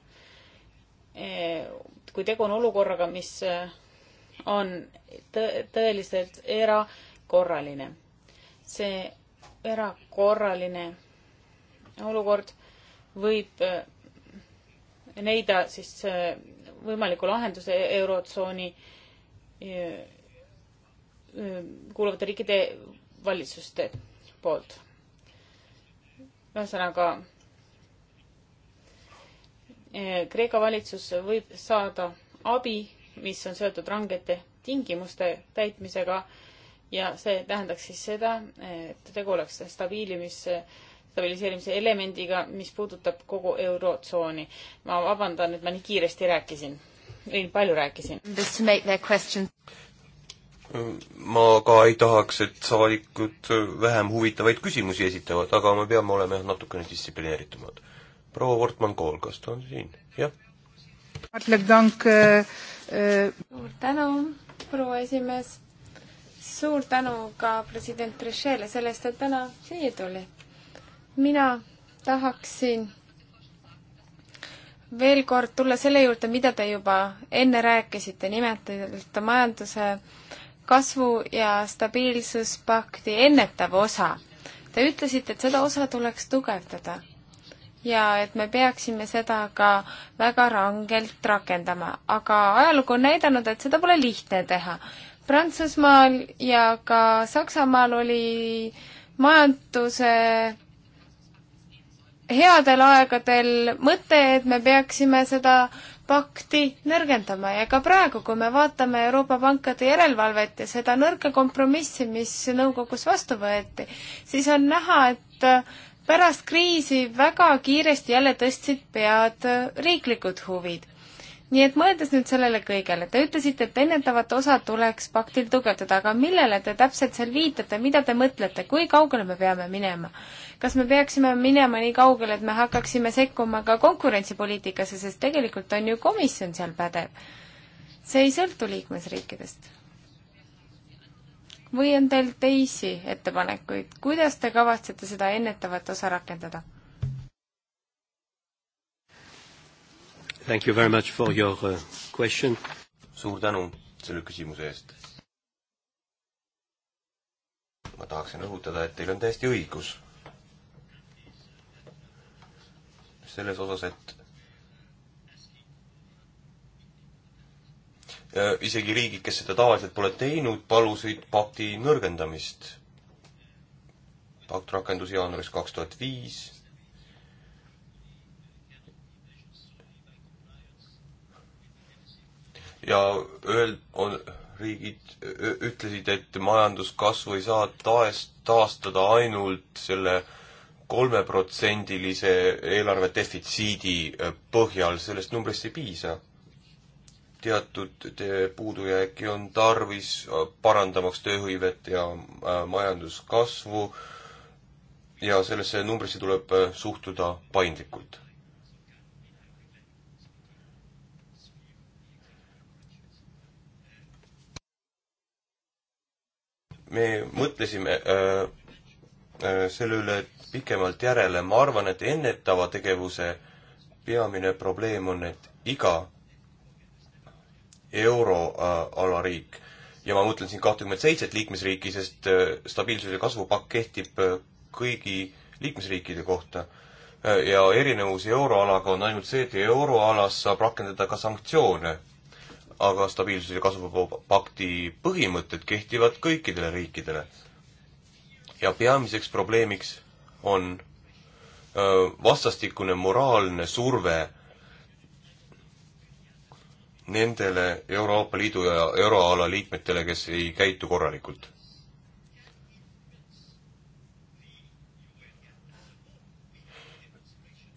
eh, kui tegu on olukorraga, mis eh, on tõeliselt erakorraline. see erakorraline olukord võib neida siis võimaliku lahenduse Eurotsooni kuuluvate riikide valitsuste poolt. ühesõnaga, Kreeka valitsus võib saada abi, mis on seotud rangete tingimuste täitmisega ja see tähendaks siis seda, et tegu oleks stabiilimis- stabiliseerimise elemendiga, mis puudutab kogu Eurotsooni. ma vabandan, et ma nii kiiresti rääkisin, nii palju rääkisin. ma ka ei tahaks, et saadikud vähem huvitavaid küsimusi esitavad, aga me peame olema jah, natukene distsiplineeritumad. proua Wortmann-Kool, kas ta on siin? jah. Äh, äh. suur tänu, proua esimees suur tänu ka president Trichelle selle eest, et täna siia tuli mina tahaksin veel kord tulla selle juurde, mida te juba enne rääkisite, nimelt majanduse kasvu ja stabiilsuspakti ennetav osa. Te ütlesite, et seda osa tuleks tugevdada ja et me peaksime seda ka väga rangelt rakendama, aga ajalugu on näidanud, et seda pole lihtne teha. Prantsusmaal ja ka Saksamaal oli majanduse headel aegadel mõte, et me peaksime seda pakti nõrgendama ja ka praegu, kui me vaatame Euroopa pankade järelevalvet ja seda nõrka kompromissi, mis nõukogus vastu võeti, siis on näha, et pärast kriisi väga kiiresti jälle tõstsid pead riiklikud huvid nii et mõeldes nüüd sellele kõigele, te ütlesite, et ennetavat osa tuleks paktil tugevdada, aga millele te täpselt seal viitate, mida te mõtlete, kui kaugele me peame minema? kas me peaksime minema nii kaugele, et me hakkaksime sekkuma ka konkurentsipoliitikasse, sest tegelikult on ju komisjon seal pädev? see ei sõltu liikmesriikidest. või on teil teisi ettepanekuid, kuidas te kavatsete seda ennetavat osa rakendada? Thank you very much for your uh, question. suur tänu selle küsimuse eest. ma tahaksin rõhutada, et teil on täiesti õigus selles osas, et äh, isegi riigid, kes seda tavaliselt pole teinud, palusid pakti nõrgendamist. pakt rakendus jaanuaris kaks tuhat viis ja öel-, on, riigid ütlesid, et majanduskasvu ei saa taes-, taastada ainult selle kolmeprotsendilise eelarve defitsiidi äh, põhjal, sellest numbrist ei piisa. teatud puudujääki on tarvis, äh, parandamaks tööhõivet ja äh, majanduskasvu ja sellesse numbrisse tuleb suhtuda paindlikult me mõtlesime öö, äh, öö, äh, selle üle pikemalt järele, ma arvan, et ennetava tegevuse peamine probleem on, et iga euroala riik ja ma mõtlen siin kahtekümmet seitset liikmesriiki, sest äh, stabiilsuse kasvupakk kehtib kõigi liikmesriikide kohta. ja erinevus euroalaga on ainult see, et euroalas saab rakendada ka sanktsioone aga stabiilsuse ja kasvu pakti põhimõtted kehtivad kõikidele riikidele. ja peamiseks probleemiks on vastastikune moraalne surve nendele Euroopa Liidu ja euroala liikmetele, kes ei käitu korralikult.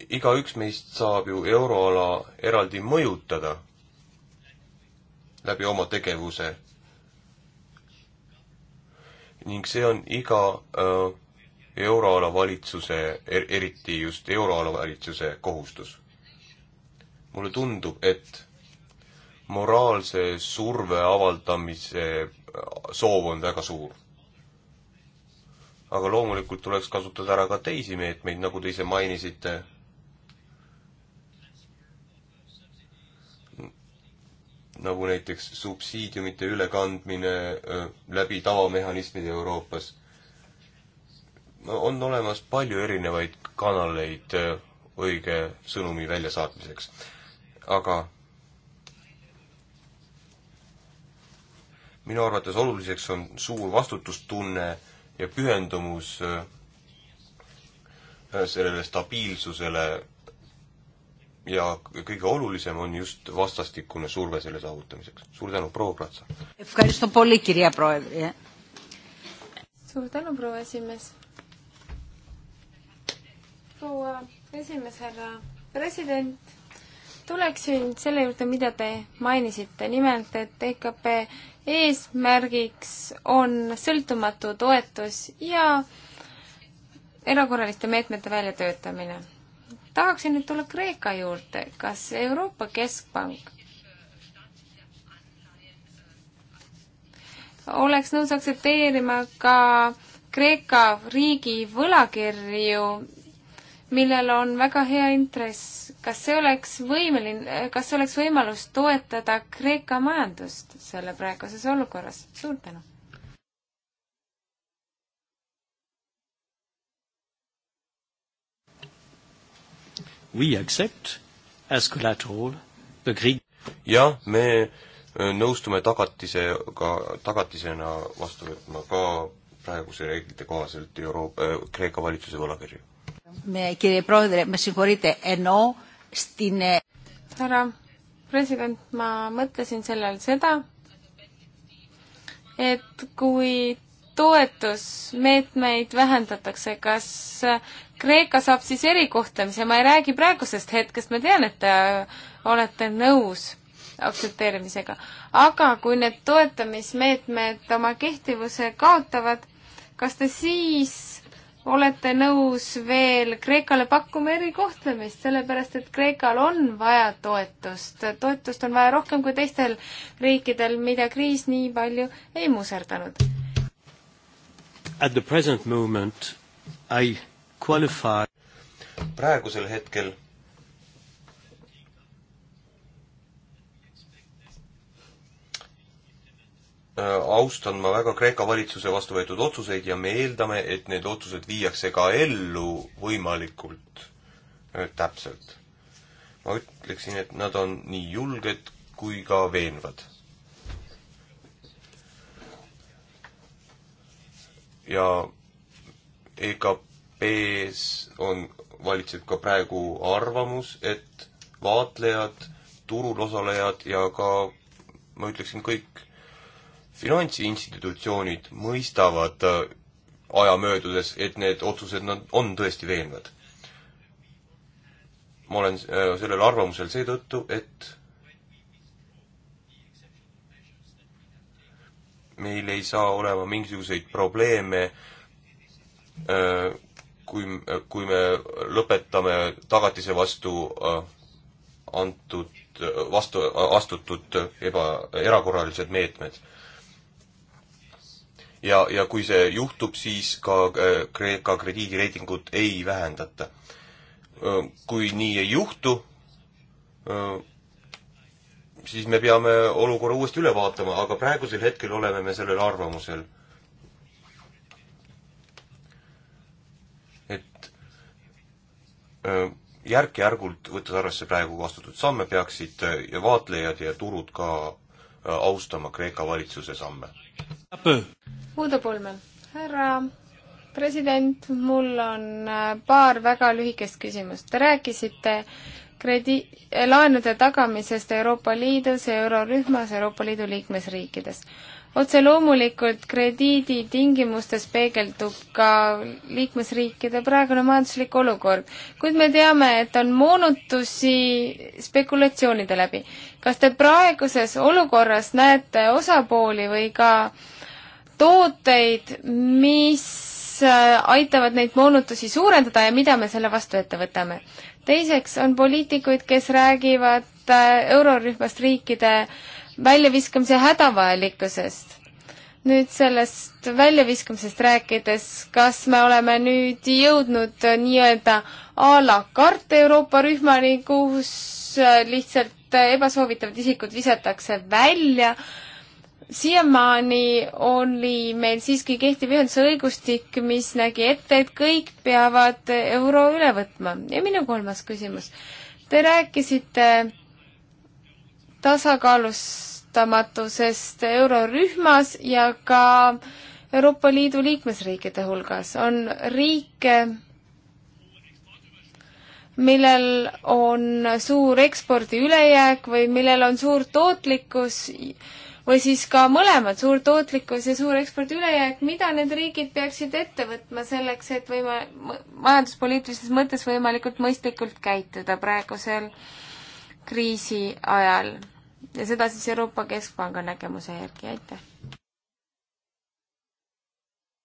igaüks meist saab ju euroala eraldi mõjutada läbi oma tegevuse. ning see on iga öö, äh, euroala valitsuse, er-, eriti just euroala valitsuse kohustus. mulle tundub, et moraalse surve avaldamise äh, soov on väga suur. aga loomulikult tuleks kasutada ära ka teisi meetmeid, nagu te ise mainisite, nagu näiteks subsiidiumite ülekandmine läbi tavamehhanismide Euroopas. on olemas palju erinevaid kanaleid õige sõnumi väljasaatmiseks, aga minu arvates oluliseks on suur vastutustunne ja pühendumus sellele stabiilsusele ja kõige olulisem on just vastastikune surve selle saavutamiseks. suur tänu, proua Kratsa! suur tänu, proua esimees! proua esimees, härra president, tuleksin selle juurde, mida te mainisite, nimelt et EKP eesmärgiks on sõltumatu toetus ja erakorraliste meetmete väljatöötamine tahaksin nüüd tulla Kreeka juurde. kas Euroopa Keskpank oleks nõus aktsepteerima ka Kreeka riigi võlakirju, millel on väga hea intress. kas see oleks võimeline, kas oleks võimalus toetada Kreeka majandust selle praeguses olukorras? suur tänu! we accept as collateral the Greek jah, me äh, nõustume tagatisega, tagatisena vastu võtma ka praeguse reeglite kohaselt Euroopa äh,, Kreeka valitsuse võlakirju. Eh, eh, härra president, ma mõtlesin selle all seda, et kui toetusmeetmeid vähendatakse, kas Kreeka saab siis erikohtlemise, ma ei räägi praegusest hetkest, ma tean, et te olete nõus aktsepteerimisega. aga kui need toetamismeetmed oma kehtivuse kaotavad, kas te siis olete nõus veel Kreekale pakkuma erikohtlemist, sellepärast et Kreekal on vaja toetust. toetust on vaja rohkem kui teistel riikidel, mida kriis nii palju ei muserdanud At the present moment I qualify praegusel hetkel äh, austan ma väga Kreeka valitsuse vastu võetud otsuseid ja me eeldame, et need otsused viiakse ka ellu võimalikult äh, täpselt. ma ütleksin, et nad on nii julged kui ka veenvad ja EKP-s on, valitseb ka praegu arvamus, et vaatlejad, turul osalejad ja ka ma ütleksin, kõik finantsinstitutsioonid mõistavad äh, aja möödudes, et need otsused nad on tõesti veenvad. ma olen äh, sellel arvamusel seetõttu, et meil ei saa olema mingisuguseid probleeme, äh, kui, äh, kui me lõpetame tagatise vastu äh, antud, vastu astutud eba, erakorralised meetmed. ja, ja kui see juhtub, siis ka Kreeka krediidireitingut ei vähendata. kui nii ei juhtu, siis me peame olukorra uuesti üle vaatama, aga praegusel hetkel oleme me sellel arvamusel. et järk-järgult, võttes arvesse praegu astutud samme, peaksid ja vaatlejad ja turud ka austama Kreeka valitsuse samme. Uudo Pulmel, härra president, mul on paar väga lühikest küsimust. Te rääkisite kredi-, laenude tagamisest Euroopa Liidus, eurorühmas, Euroopa Liidu liikmesriikides. otse loomulikult krediiditingimustes peegeldub ka liikmesriikide praegune majanduslik olukord, kuid me teame, et on moonutusi spekulatsioonide läbi. kas te praeguses olukorras näete osapooli või ka tooteid, mis Äh, aitavad neid moonutusi suurendada ja mida me selle vastu ette võtame. teiseks on poliitikuid, kes räägivad äh, eurorühmast riikide väljaviskamise hädavajalikkusest. nüüd sellest väljaviskamisest rääkides, kas me oleme nüüd jõudnud äh, nii-öelda a la carte Euroopa rühmani, kus lihtsalt ebasoovitavad isikud visatakse välja äh, siiamaani oli meil siiski kehtiv ühenduse õigustik, mis nägi ette, et kõik peavad euro üle võtma. ja minu kolmas küsimus. Te rääkisite tasakaalustamatusest eurorühmas ja ka Euroopa Liidu liikmesriikide hulgas. on riike, millel on suur ekspordi ülejääk või millel on suur tootlikkus või siis ka mõlemad, suur tootlikkus ja suur ekspordi ülejääk, mida need riigid peaksid ette võtma selleks, et võima-, majanduspoliitilises mõttes võimalikult mõistlikult käituda praegusel kriisi ajal? ja seda siis Euroopa Keskpanga nägemuse järgi, aitäh!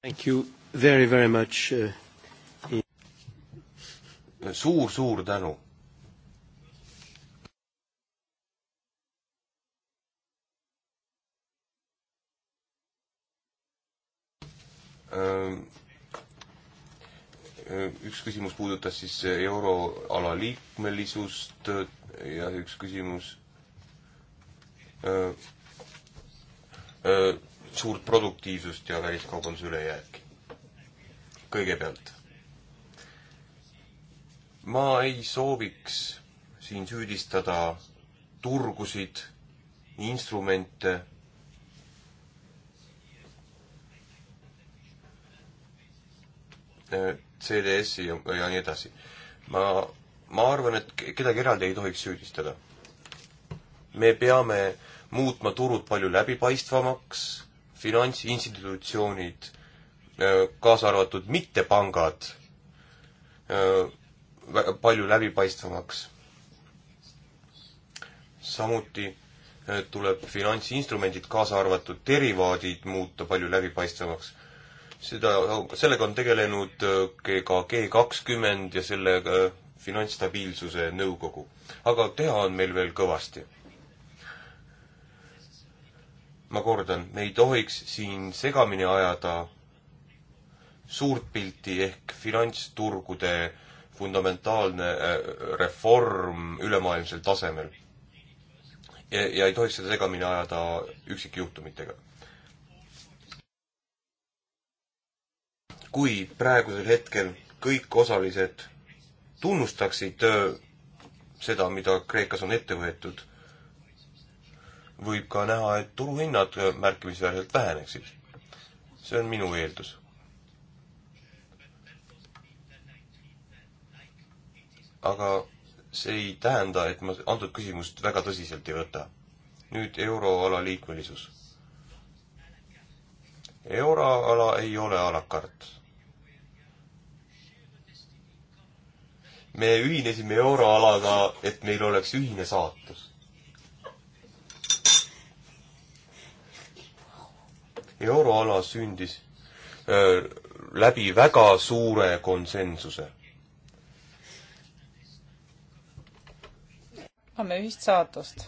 Thank you very, very much uh,. suur-suur tänu üks küsimus puudutas siis euroala liikmelisust ja üks küsimus äh, äh, suurt produktiivsust ja väliskaubanduse ülejääki. kõigepealt, ma ei sooviks siin süüdistada turgusid, instrumente Äh, CDS-i ja, ja nii edasi. ma, ma arvan, et kedagi eraldi ei tohiks süüdistada. me peame muutma turud palju läbipaistvamaks, finantsinstitutsioonid, äh, kaasa arvatud mittepangad, äh, palju läbipaistvamaks. samuti tuleb finantsinstrumendid, kaasa arvatud derivaadid, muuta palju läbipaistvamaks seda, sellega on tegelenud äh, ka G kakskümmend ja selle äh, finantsstabiilsuse nõukogu. aga teha on meil veel kõvasti. ma kordan, me ei tohiks siin segamini ajada suurt pilti ehk finantsturgude fundamentaalne äh, reform ülemaailmsel tasemel. ja ei tohiks seda segamini ajada üksikjuhtumitega kui praegusel hetkel kõik osalised tunnustaksid äh, seda, mida Kreekas on ette võetud, võib ka näha, et turuhinnad äh, märkimisväärselt väheneksid. see on minu eeldus. aga see ei tähenda, et ma antud küsimust väga tõsiselt ei võta. nüüd euroala liikmelisus. euroala ei ole alakart me ühinesime euroalaga, et meil oleks ühine saatus. euroala sündis öö, äh, läbi väga suure konsensuse. jagame ühist saatust.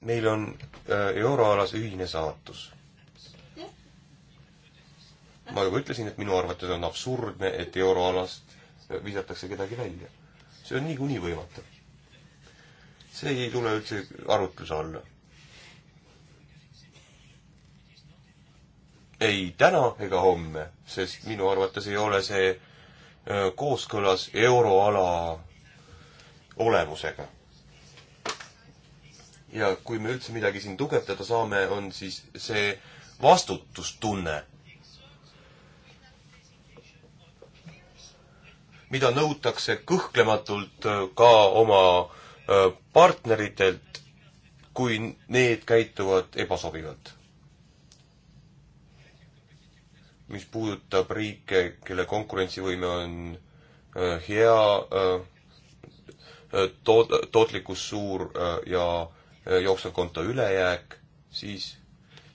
meil on öö, äh, euroalas ühine saatus ma juba ütlesin, et minu arvates on absurdne, et euroalast äh, visatakse kedagi välja. see on niikuinii võimatu. see ei tule üldse arutluse alla. ei täna ega homme, sest minu arvates ei ole see äh, kooskõlas euroala olemusega. ja kui me üldse midagi siin tugevdada saame, on siis see vastutustunne mida nõutakse kõhklematult äh, ka oma äh, partneritelt, kui need käituvad ebasobivalt. mis puudutab riike, kelle konkurentsivõime on äh, hea, tood-, tootlikkus suur ja jooksev konto ülejääk, siis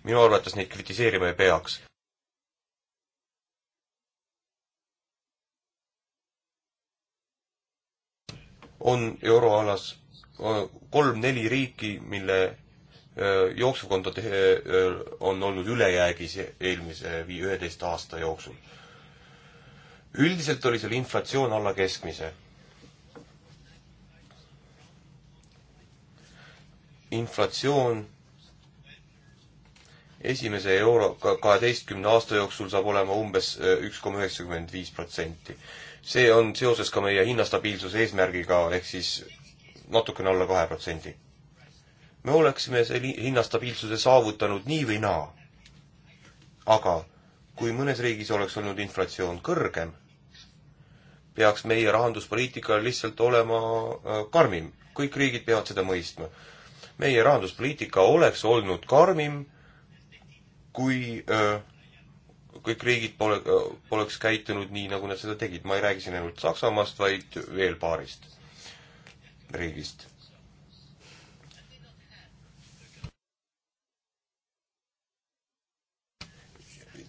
minu arvates neid kritiseerima ei peaks. on euroalas äh, kolm-neli riiki, mille äh, jooksuvkontod äh, on olnud ülejäägis eelmise vii-, üheteist aasta jooksul. üldiselt oli seal inflatsioon alla keskmise. inflatsioon esimese euro, kaheteistkümne aasta jooksul saab olema umbes äh, üks koma üheksakümmend viis protsenti. see on seoses ka meie hinnastabiilsuse eesmärgiga, ehk siis natukene alla kahe protsendi. me oleksime selle hinnastabiilsuse saavutanud nii või naa. aga kui mõnes riigis oleks olnud inflatsioon kõrgem, peaks meie rahanduspoliitika lihtsalt olema äh, karmim. kõik riigid peavad seda mõistma. meie rahanduspoliitika oleks olnud karmim kui öö, äh, kõik riigid pole, äh, poleks käitunud nii, nagu nad seda tegid. ma ei räägi siin ainult Saksamaast, vaid veel paarist riigist.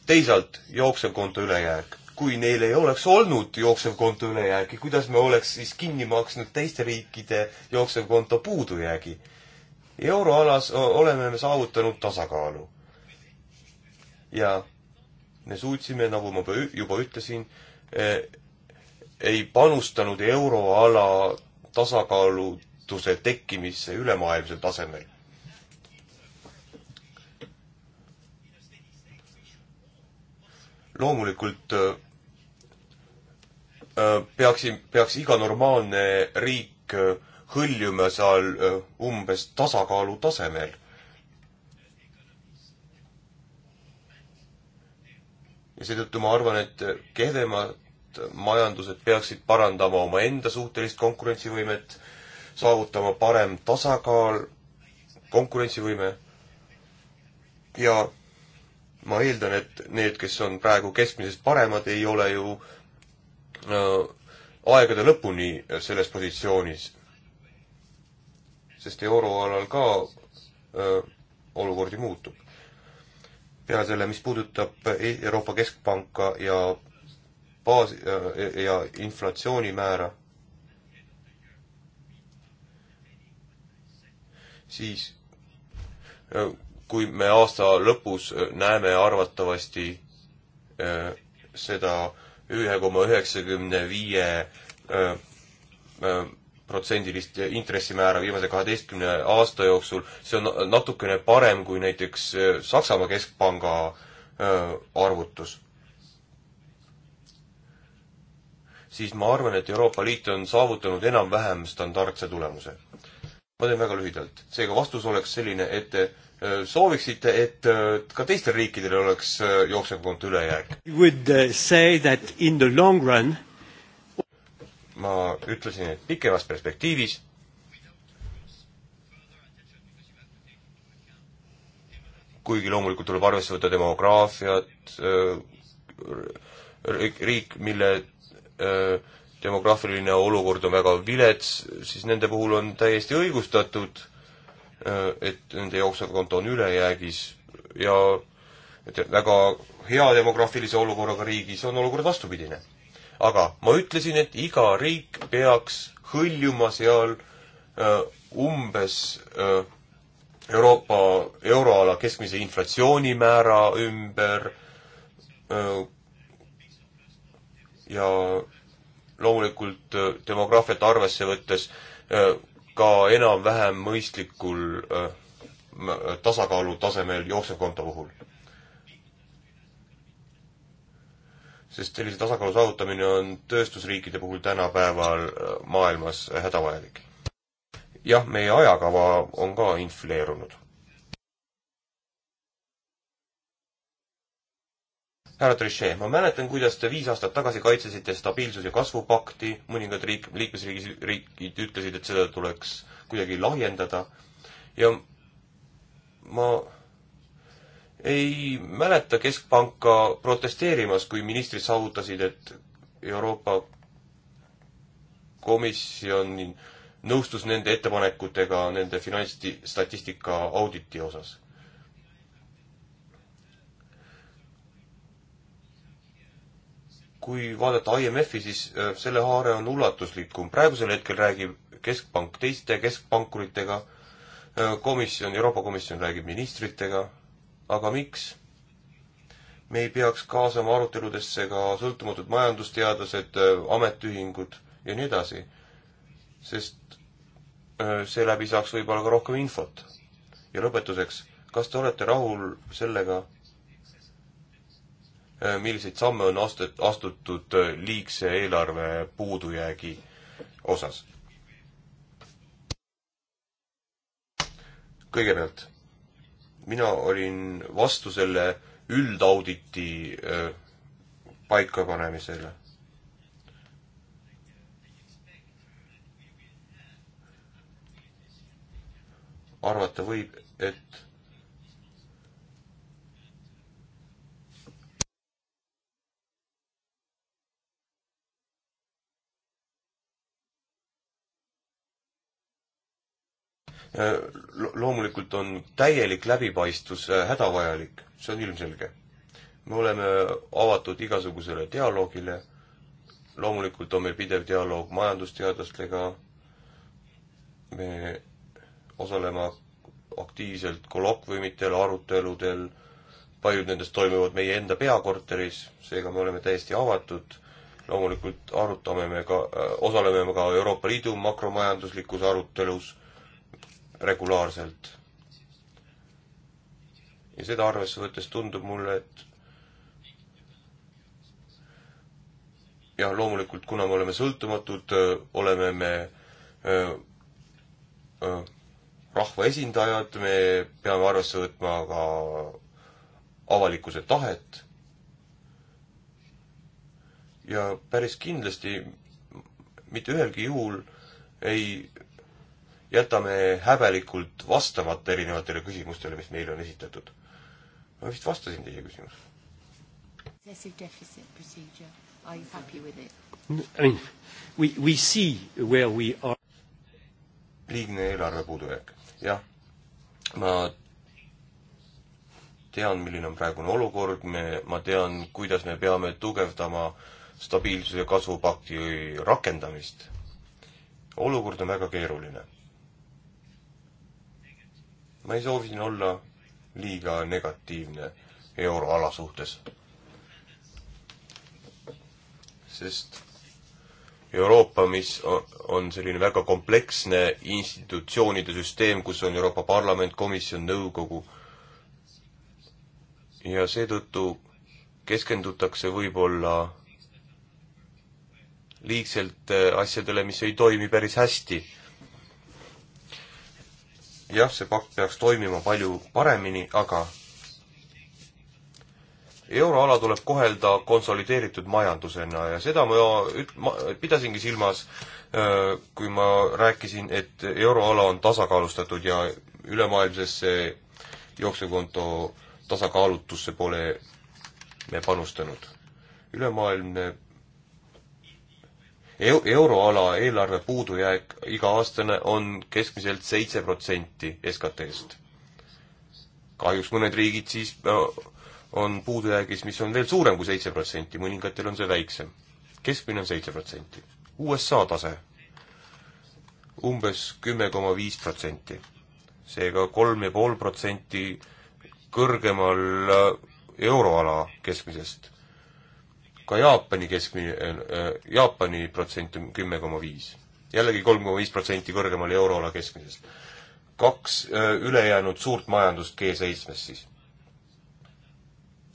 teisalt, jooksevkonto ülejääk. kui neil ei oleks olnud jooksevkonto ülejääki, kuidas me oleks siis kinni maksnud teiste riikide jooksevkonto puudujäägi? euroalas oleme me saavutanud tasakaalu ja me suutsime, nagu ma juba ütlesin, e, ei panustanud euroala tasakaalutuse tekkimisse ülemaailmsel tasemel. loomulikult e, e, peaksin, peaks iga normaalne riik hõljuma seal umbes tasakaalu tasemel ja seetõttu ma arvan, et kehvemad majandused peaksid parandama omaenda suhtelist konkurentsivõimet, saavutama parem tasakaal, konkurentsivõime ja ma eeldan, et need, kes on praegu keskmisest paremad, ei ole ju äh, aegade lõpuni selles positsioonis. sest euroalal ka äh, olukordi muutub peale selle, mis puudutab e-, Euroopa Keskpanka ja baas- ja, ja inflatsioonimäära, siis äh, kui me aasta lõpus äh, näeme arvatavasti äh, seda ühe koma üheksakümne viie protsendilist intressimäära viimase kaheteistkümne aasta jooksul, see on natukene parem kui näiteks äh, Saksamaa keskpanga äh, arvutus. siis ma arvan, et Euroopa Liit on saavutanud enam-vähem standardse tulemuse. ma teen väga lühidalt, seega vastus oleks selline, et te äh, sooviksite, et ka teistel riikidel oleks jooksevkonto ülejääk? Would say that in the long run ma ütlesin, et pikemas perspektiivis kuigi loomulikult tuleb arvesse võtta demograafiat, äh, riik, mille äh, demograafiline olukord on väga vilets, siis nende puhul on täiesti õigustatud, äh, et nende jooksev konto on ülejäägis ja et väga hea demograafilise olukorraga riigis on olukord vastupidine aga ma ütlesin, et iga riik peaks hõljuma seal öö, äh, umbes öö, äh, Euroopa euroala keskmise inflatsioonimäära ümber öö, äh, ja loomulikult demograafiat arvesse võttes ka enam-vähem mõistlikul tasakaalutasemel jooksevkonto puhul sest sellise tasakaalu saavutamine on tööstusriikide puhul tänapäeval äh, maailmas äh, hädavajalik. jah, meie ajakava on ka infleerunud. härra Trichet, ma mäletan, kuidas te viis aastat tagasi kaitsesite stabiilsus- ja kasvupakti, mõningad riik, liikmesriigis, riigid ütlesid, et seda tuleks kuidagi lahjendada ja ma ei mäleta keskpanka protesteerimas, kui ministrid saavutasid, et Euroopa Komisjon nõustus nende ettepanekutega nende finantsstatistika auditi osas. kui vaadata IMF-i, siis äh, selle haare on ulatuslikum. praegusel hetkel räägib keskpank teiste keskpankuritega, äh, komisjon, Euroopa Komisjon räägib ministritega aga miks me ei peaks kaasama aruteludesse ka sõltumatud majandusteadlased, äh, ametiühingud ja nii edasi? sest äh, seeläbi saaks võib-olla ka rohkem infot. ja lõpetuseks, kas te olete rahul sellega, äh, milliseid samme on astet, astutud liigse eelarve puudujäägi osas? kõigepealt mina olin vastu selle üldauditi paikapanemisele. arvata võib, et Äh, loomulikult on täielik läbipaistvus äh, hädavajalik, see on ilmselge. me oleme avatud igasugusele dialoogile, loomulikult on meil pidev dialoog majandusteadlastega, me osaleme aktiivselt kolokviumitel, aruteludel, paljud nendest toimuvad meie enda peakorteris, seega me oleme täiesti avatud. loomulikult arutame me ka, äh, osaleme me ka Euroopa Liidu makromajanduslikus arutelus regulaarselt. ja seda arvesse võttes tundub mulle, et jah, loomulikult, kuna me oleme sõltumatud, oleme me öö, öö, rahvaesindajad, me peame arvesse võtma ka avalikkuse tahet. ja päris kindlasti mitte ühelgi juhul ei jätame häbelikult vastamata erinevatele küsimustele, mis meile on esitatud. ma vist vastasin teie küsimusele. Excessive deficit procedure, are you happy with it? I mean, we, we see where we are. liigne eelarve puudujääk, jah. ma tean, milline on praegune olukord, me, ma tean, kuidas me peame tugevdama stabiilsuse kasvupakti rakendamist. olukord on väga keeruline ma ei soovi siin olla liiga negatiivne euroala suhtes. sest Euroopa, mis on selline väga kompleksne institutsioonide süsteem, kus on Euroopa Parlament, Komisjon, Nõukogu ja seetõttu keskendutakse võib-olla liigselt äh, asjadele, mis ei toimi päris hästi jah, see pakt peaks toimima palju paremini, aga euroala tuleb kohelda konsolideeritud majandusena ja seda ma, üt-, ma pidasingi silmas, kui ma rääkisin, et euroala on tasakaalustatud ja ülemaailmsesse jooksukonto tasakaalutusse pole me panustanud. ülemaailmne euroala eelarve puudujääk iga-aastane on keskmiselt seitse protsenti SKT-st. kahjuks mõned riigid siis äh, on puudujäägis, mis on veel suurem kui seitse protsenti, mõningatel on see väiksem. keskmine on seitse protsenti. USA tase umbes kümme koma viis protsenti. seega kolm ja pool protsenti kõrgemal äh, euroala keskmisest ka Jaapani keskmine, äh, äh, Jaapani protsent on kümme koma viis. jällegi kolm koma viis protsenti kõrgemal euroala keskmisest. kaks äh, ülejäänud suurt majandust G7-s siis.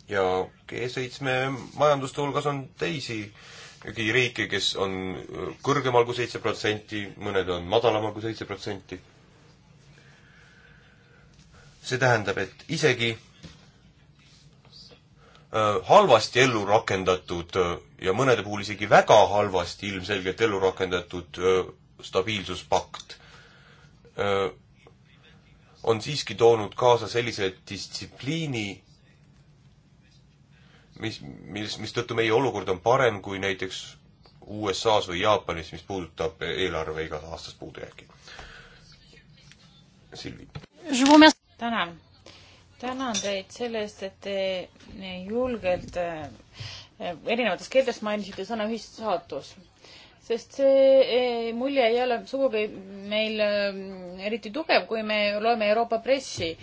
ja G7 majanduste hulgas on teisi riike, kes on kõrgemal kui seitse protsenti, mõned on madalamal kui seitse protsenti. see tähendab, et isegi Äh, halvasti ellu rakendatud äh, ja mõnede puhul isegi väga halvasti ilmselgelt ellu rakendatud äh, stabiilsuspakt on siiski toonud kaasa sellise distsipliini, mis, mis, mistõttu meie olukord on parem kui näiteks USA-s või Jaapanis, mis puudutab eelarve iga-aastast puudujääki. Silvi. tänan tänan teid selle eest, et te julgelt äh, erinevates keeltes mainisite sõna ühissaatus, sest see eh, mulje ei ole sugugi meil äh, eriti tugev, kui me loeme Euroopa pressi.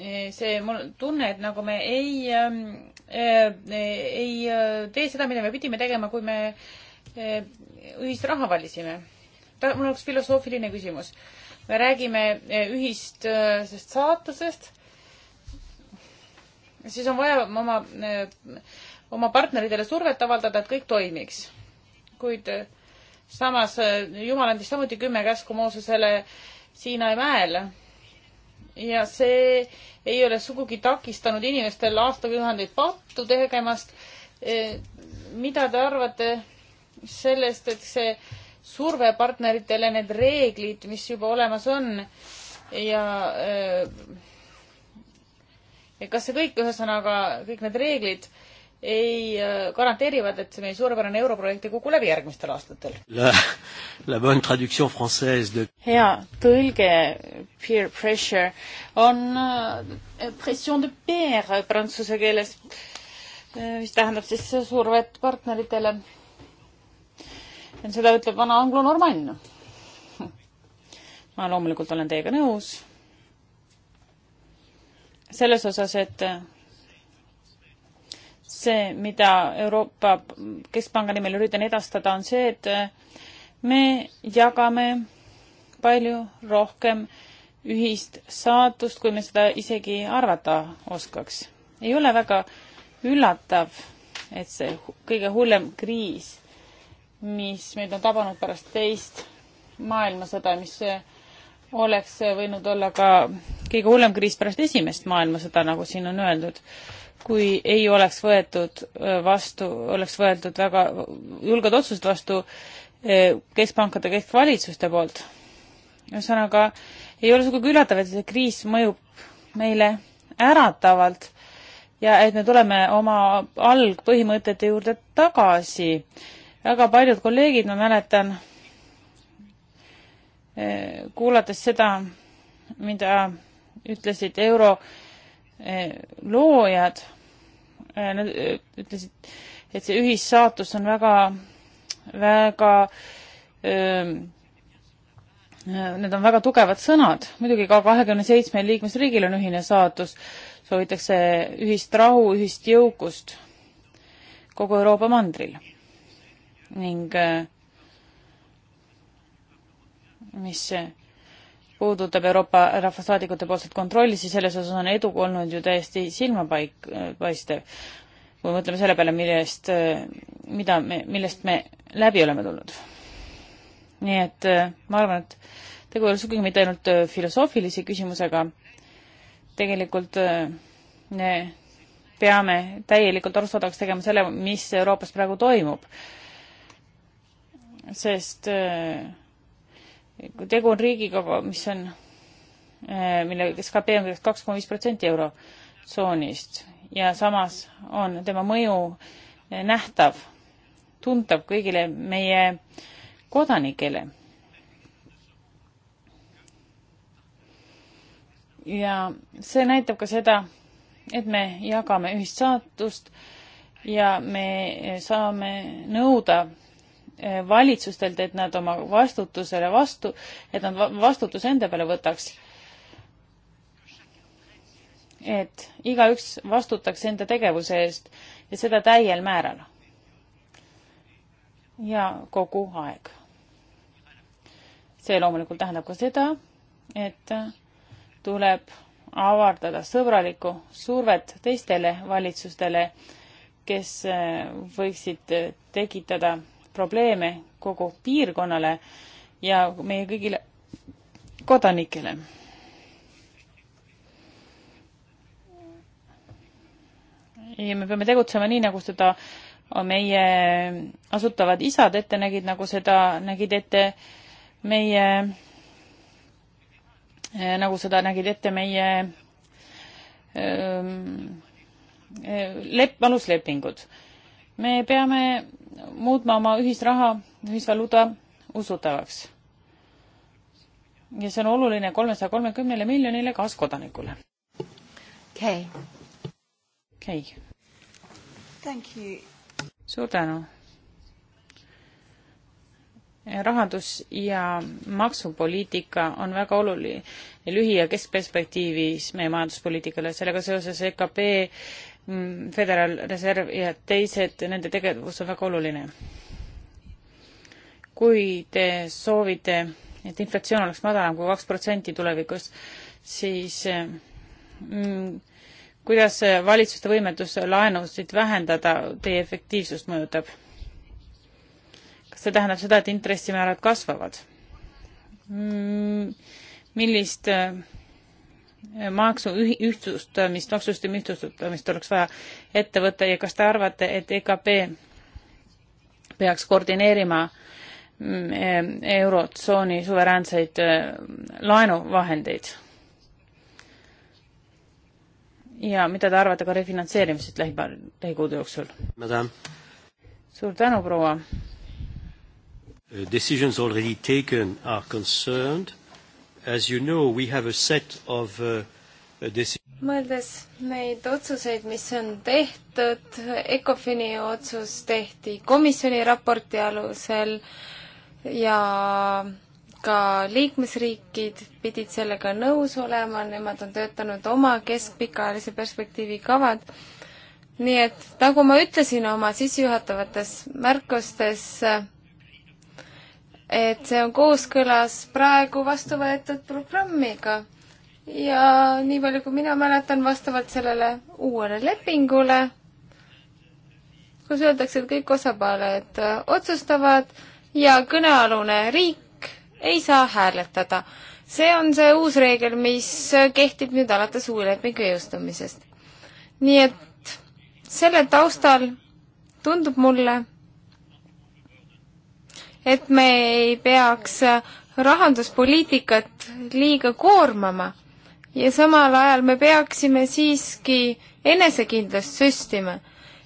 Eh, see mul tunne, et nagu me ei, ähm, eh, ei äh, tee seda, mida me pidime tegema, kui me ühisraha valisime. ta, mul oleks filosoofiline küsimus me räägime ühist sest saatusest siis on vaja oma, oma partneritele survet avaldada, et kõik toimiks. kuid eh, samas eh, Jumal andis samuti kümme käsku Moosesele Siinai mäel ja see ei ole sugugi takistanud inimestel aastakümneid pattu tegemast. Eh, mida te arvate sellest, et see surve partneritele, need reeglid, mis juba olemas on ja öö, kas see kõik, ühesõnaga kõik need reeglid ei äh, garanteerivad, et see meie suurepärane europrojekt ei kuku läbi järgmistel aastatel? De... hea tõlge peer pressure on äh, pression de peer prantsuse keeles, äh, mis tähendab siis survet partneritele. seda ütleb vana anglonormann. [laughs] ma loomulikult olen teiega nõus selles osas, et see, mida Euroopa Keskpanga nimel üritan edastada, on see, et me jagame palju rohkem ühist saatust, kui me seda isegi arvata oskaks. ei ole väga üllatav, et see kõige hullem kriis, mis meid on tabanud pärast teist maailmasõda, mis oleks võinud olla ka kõige hullem kriis pärast esimest maailmasõda, nagu siin on öeldud, kui ei oleks võetud äh, vastu, oleks võetud väga julged otsused vastu äh, keskpankade, keskvalitsuste poolt. ühesõnaga, ei ole sugugi üllatav, et see kriis mõjub meile äratavalt ja et me tuleme oma algpõhimõtete juurde tagasi. väga paljud kolleegid, ma mäletan, Eh, kuulates seda, mida ütlesid euro eh, loojad, eh, nad ütlesid, et see ühissaatus on väga, väga ehm, Need on väga tugevad sõnad, muidugi ka kahekümne seitsmel liikmesriigil on ühine saatus, soovitakse ühist rahu, ühist jõukust kogu Euroopa mandril. ning äh, mis puudutab Euroopa rahvasaadikute poolset kontrolli, siis selles osas on edu olnud ju täiesti silmapaik-, paistev. kui mõtleme selle peale, millest, mida me, millest me läbi oleme tulnud. nii et ma arvan, et tegu ei ole sugugi mitte ainult äh, filosoofilise küsimusega, tegelikult äh, me peame täielikult arusaadavaks tegema selle, mis Euroopas praegu toimub. sest äh, kui tegu on riigiga, mis on, eh, mille skp on kaks koma viis protsenti eurotsoonist ja samas on tema mõju eh, nähtav, tuntav kõigile meie kodanikele. ja see näitab ka seda, et me jagame ühist saatust ja me saame nõuda Eh, valitsustelt, et nad oma vastutusele vastu, et nad vastutuse enda peale võtaks. et igaüks vastutaks enda tegevuse eest ja seda täiel määral. ja kogu aeg. see loomulikult tähendab ka seda, et tuleb avardada sõbralikku survet teistele valitsustele, kes eh, võiksid eh, tekitada probleeme kogu piirkonnale ja meie kõigile kodanikele. ja me peame tegutsema nii, nagu seda meie asutavad isad ette nägid, nagu seda nägid ette meie, nagu seda nägid ette meie öö, lep-, aluslepingud. me peame muutma oma ühisraha, ühisvaluuta usutavaks. ja see on oluline kolmesaja kolmekümnele miljonile kaaskodanikule. okei okay.. okei okay.. suur tänu. rahandus ja maksupoliitika on väga oluline lühi- ja keskperspektiivis meie majanduspoliitikale, sellega seoses EKP Mm, Föderaalreserv ja teised, nende tegevus on väga oluline. kui te soovite, et inflatsioon oleks madalam kui kaks protsenti tulevikus, siis mm, kuidas valitsuste võimetus laenusid vähendada teie efektiivsust mõjutab? kas see tähendab seda, et intressimäärad kasvavad mm,? millist maksu ühtsustamist, maksusüsteemi ühtsustamist oleks vaja ette võtta ja kas te arvate, et EKP peaks koordineerima mm, e, eurotsooni suveräänseid e, laenuvahendeid? ja mida te arvate ka refinantseerimisest lähima, lähikuude jooksul? suur tänu, proua! Decisions already taken are concerned as you know, we have a set of uh, uh mõeldes neid otsuseid, mis on tehtud, ECOFIN-i otsus tehti komisjoni raporti alusel ja ka liikmesriigid pidid sellega nõus olema, nemad on töötanud oma keskpikaajalise perspektiivi kavad. nii et nagu ma ütlesin oma sissejuhatavates märkustes, et see on kooskõlas praegu vastu võetud programmiga. ja nii palju, kui mina mäletan, vastavalt sellele uuele lepingule, kus öeldakse, et kõik osapooled otsustavad ja kõnealune riik ei saa hääletada. see on see uus reegel, mis kehtib nüüd alates uue lepingu jõustumisest. nii et selle taustal tundub mulle, et me ei peaks rahanduspoliitikat liiga koormama ja samal ajal me peaksime siiski enesekindlust süstima.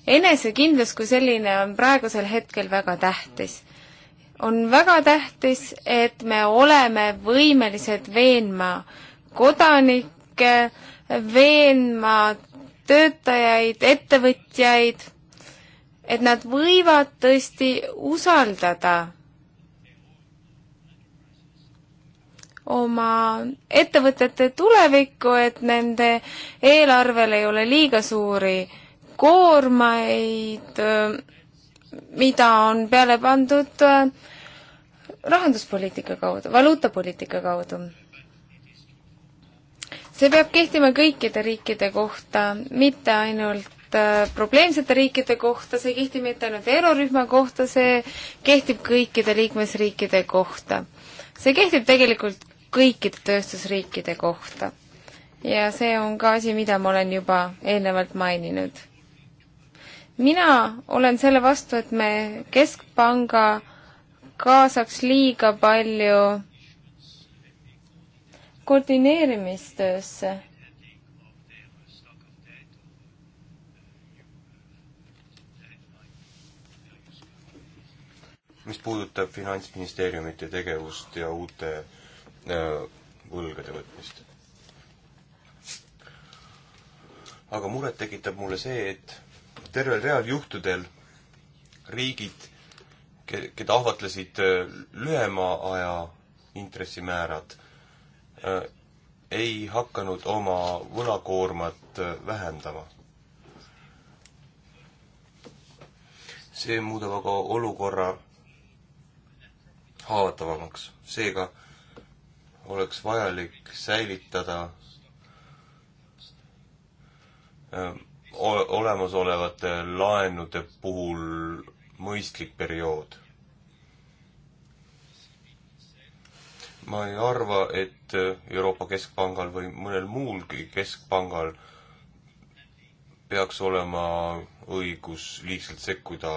enesekindlus kui selline on praegusel hetkel väga tähtis. on väga tähtis, et me oleme võimelised veenma kodanikke, veenma töötajaid, ettevõtjaid, et nad võivad tõesti usaldada oma ettevõtete tulevikku, et nende eelarvel ei ole liiga suuri koormaid, mida on peale pandud rahanduspoliitika kaudu, valuutapoliitika kaudu. see peab kehtima kõikide riikide kohta, mitte ainult probleemsete riikide kohta, see ei kehti mitte ainult eurorühma kohta, see kehtib kõikide liikmesriikide kohta. see kehtib tegelikult kõikide tööstusriikide kohta. ja see on ka asi, mida ma olen juba eelnevalt maininud. mina olen selle vastu, et me Keskpanga kaasaks liiga palju koordineerimistöösse mis puudutab Finantsministeeriumite tegevust ja uute Äh, võlgade võtmist. aga muret tekitab mulle see, et tervel real juhtudel riigid, keda ahvatlesid äh, lühema aja intressimäärad, äh, ei hakanud oma võlakoormat vähendama. see muudab aga olukorra haavatavamaks, seega oleks vajalik säilitada ähm, olemasolevate laenude puhul mõistlik periood. ma ei arva, et äh, Euroopa Keskpangal või mõnel muulgi keskpangal peaks olema õigus liigselt sekkuda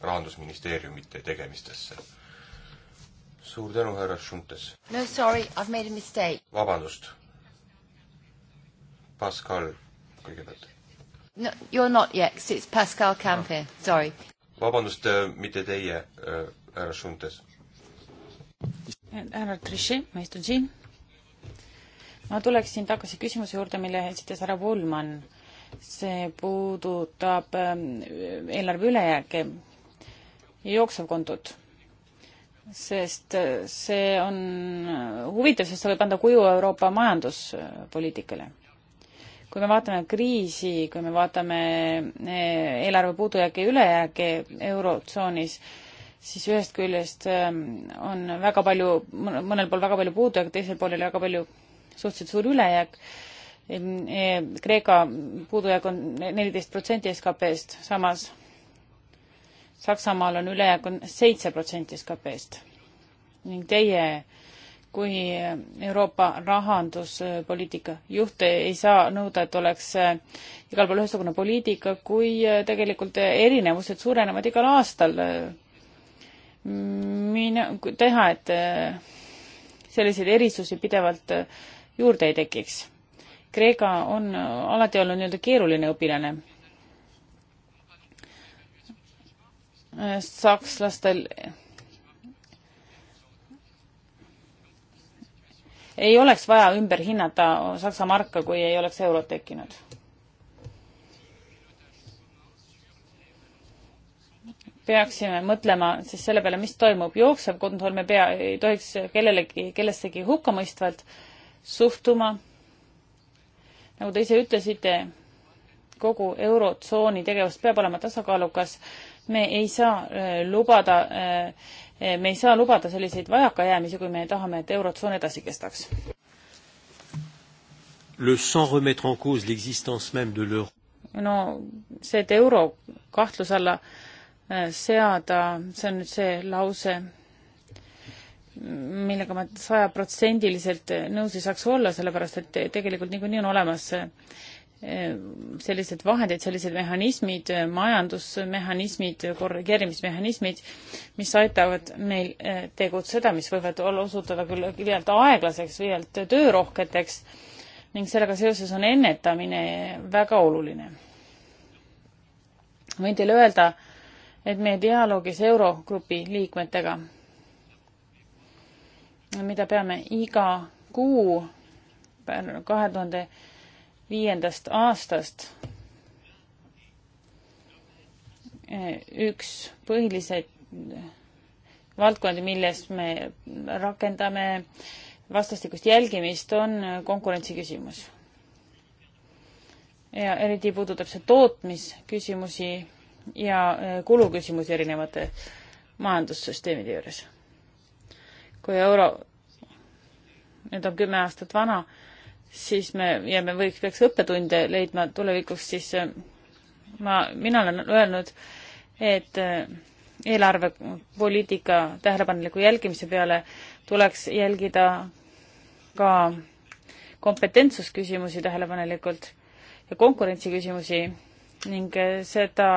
rahandusministeeriumite tegemistesse suur tänu, härra Šuntes. no sorry, I have made a mistake. vabandust. Pascal kõigepealt. No you are not yet, it's Pascal Campier ah. no., sorry. vabandust, äh, mitte teie, äh, härra Šuntes. härra Trichet, ma istun siin. ma tuleksin tagasi küsimuse juurde, mille esitas härra Pullmann. see puudutab ähm, eelarve ülejääke, jooksevkontot sest äh, see on huvitav, sest see võib anda kuju Euroopa majanduspoliitikale. kui me vaatame kriisi, kui me vaatame äh, eelarve puudujääki ja ülejääki Eurotsoonis, siis ühest küljest ähm, on väga palju, mõnel pool väga palju puudujääk, teisel pool oli väga palju suhteliselt suur ülejääk. E, Kreeka puudujääk on neliteist protsenti SKP-st, samas Saksamaal on ülejääk on seitse protsenti SKP-st ning teie kui Euroopa rahanduspoliitika juht ei saa nõuda, et oleks äh, igal pool ühesugune poliitika, kui äh, tegelikult erinevused suurenevad igal aastal. mina, teha, et äh, selliseid erisusi pidevalt juurde ei tekiks. Kreeka on alati olnud nii-öelda keeruline õpilane sakslastel ei oleks vaja ümber hinnata Saksa marka, kui ei oleks eurot tekkinud. peaksime mõtlema siis selle peale, mis toimub. jooksev kontroll me pea, ei tohiks kellelegi, kellessegi hukkamõistvalt suhtuma. nagu te ise ütlesite, kogu Eurotsooni tegevus peab olema tasakaalukas me ei saa äh, lubada, äh, äh, me ei saa lubada selliseid vajakajäämisi, kui me tahame, et Eurotsoon edasi kestaks. Le sans remettre en cause l'existence même de l'euro. no see, et euro kahtluse alla seada, see on nüüd see lause, millega ma sajaprotsendiliselt nõus ei saaks olla, sellepärast et tegelikult niikuinii on olemas sellised vahendid, sellised mehhanismid, majandusmehhanismid, korrigeerimismehhanismid, mis aitavad meil eh, tegutseda, mis võivad olla, osutuda küll liialt aeglaseks, liialt töörohketeks ning sellega seoses on ennetamine väga oluline. võin teile öelda, et meie dialoogis Eurogrupi liikmetega, mida peame iga kuu kahe tuhande 2000 viiendast aastast üks põhilised valdkondi, milles me rakendame vastastikust jälgimist, on konkurentsi küsimus. ja eriti puudutab see tootmisküsimusi ja äh, kuluküsimusi erinevate majandussüsteemide juures. kui euro nüüd on kümme aastat vana, siis me ja me võiks, peaks õppetunde leidma tulevikuks, siis äh, ma, mina olen öelnud, et äh, eelarvepoliitika tähelepaneliku jälgimise peale tuleks jälgida ka kompetentsusküsimusi tähelepanelikult ja konkurentsiküsimusi ning äh, seda,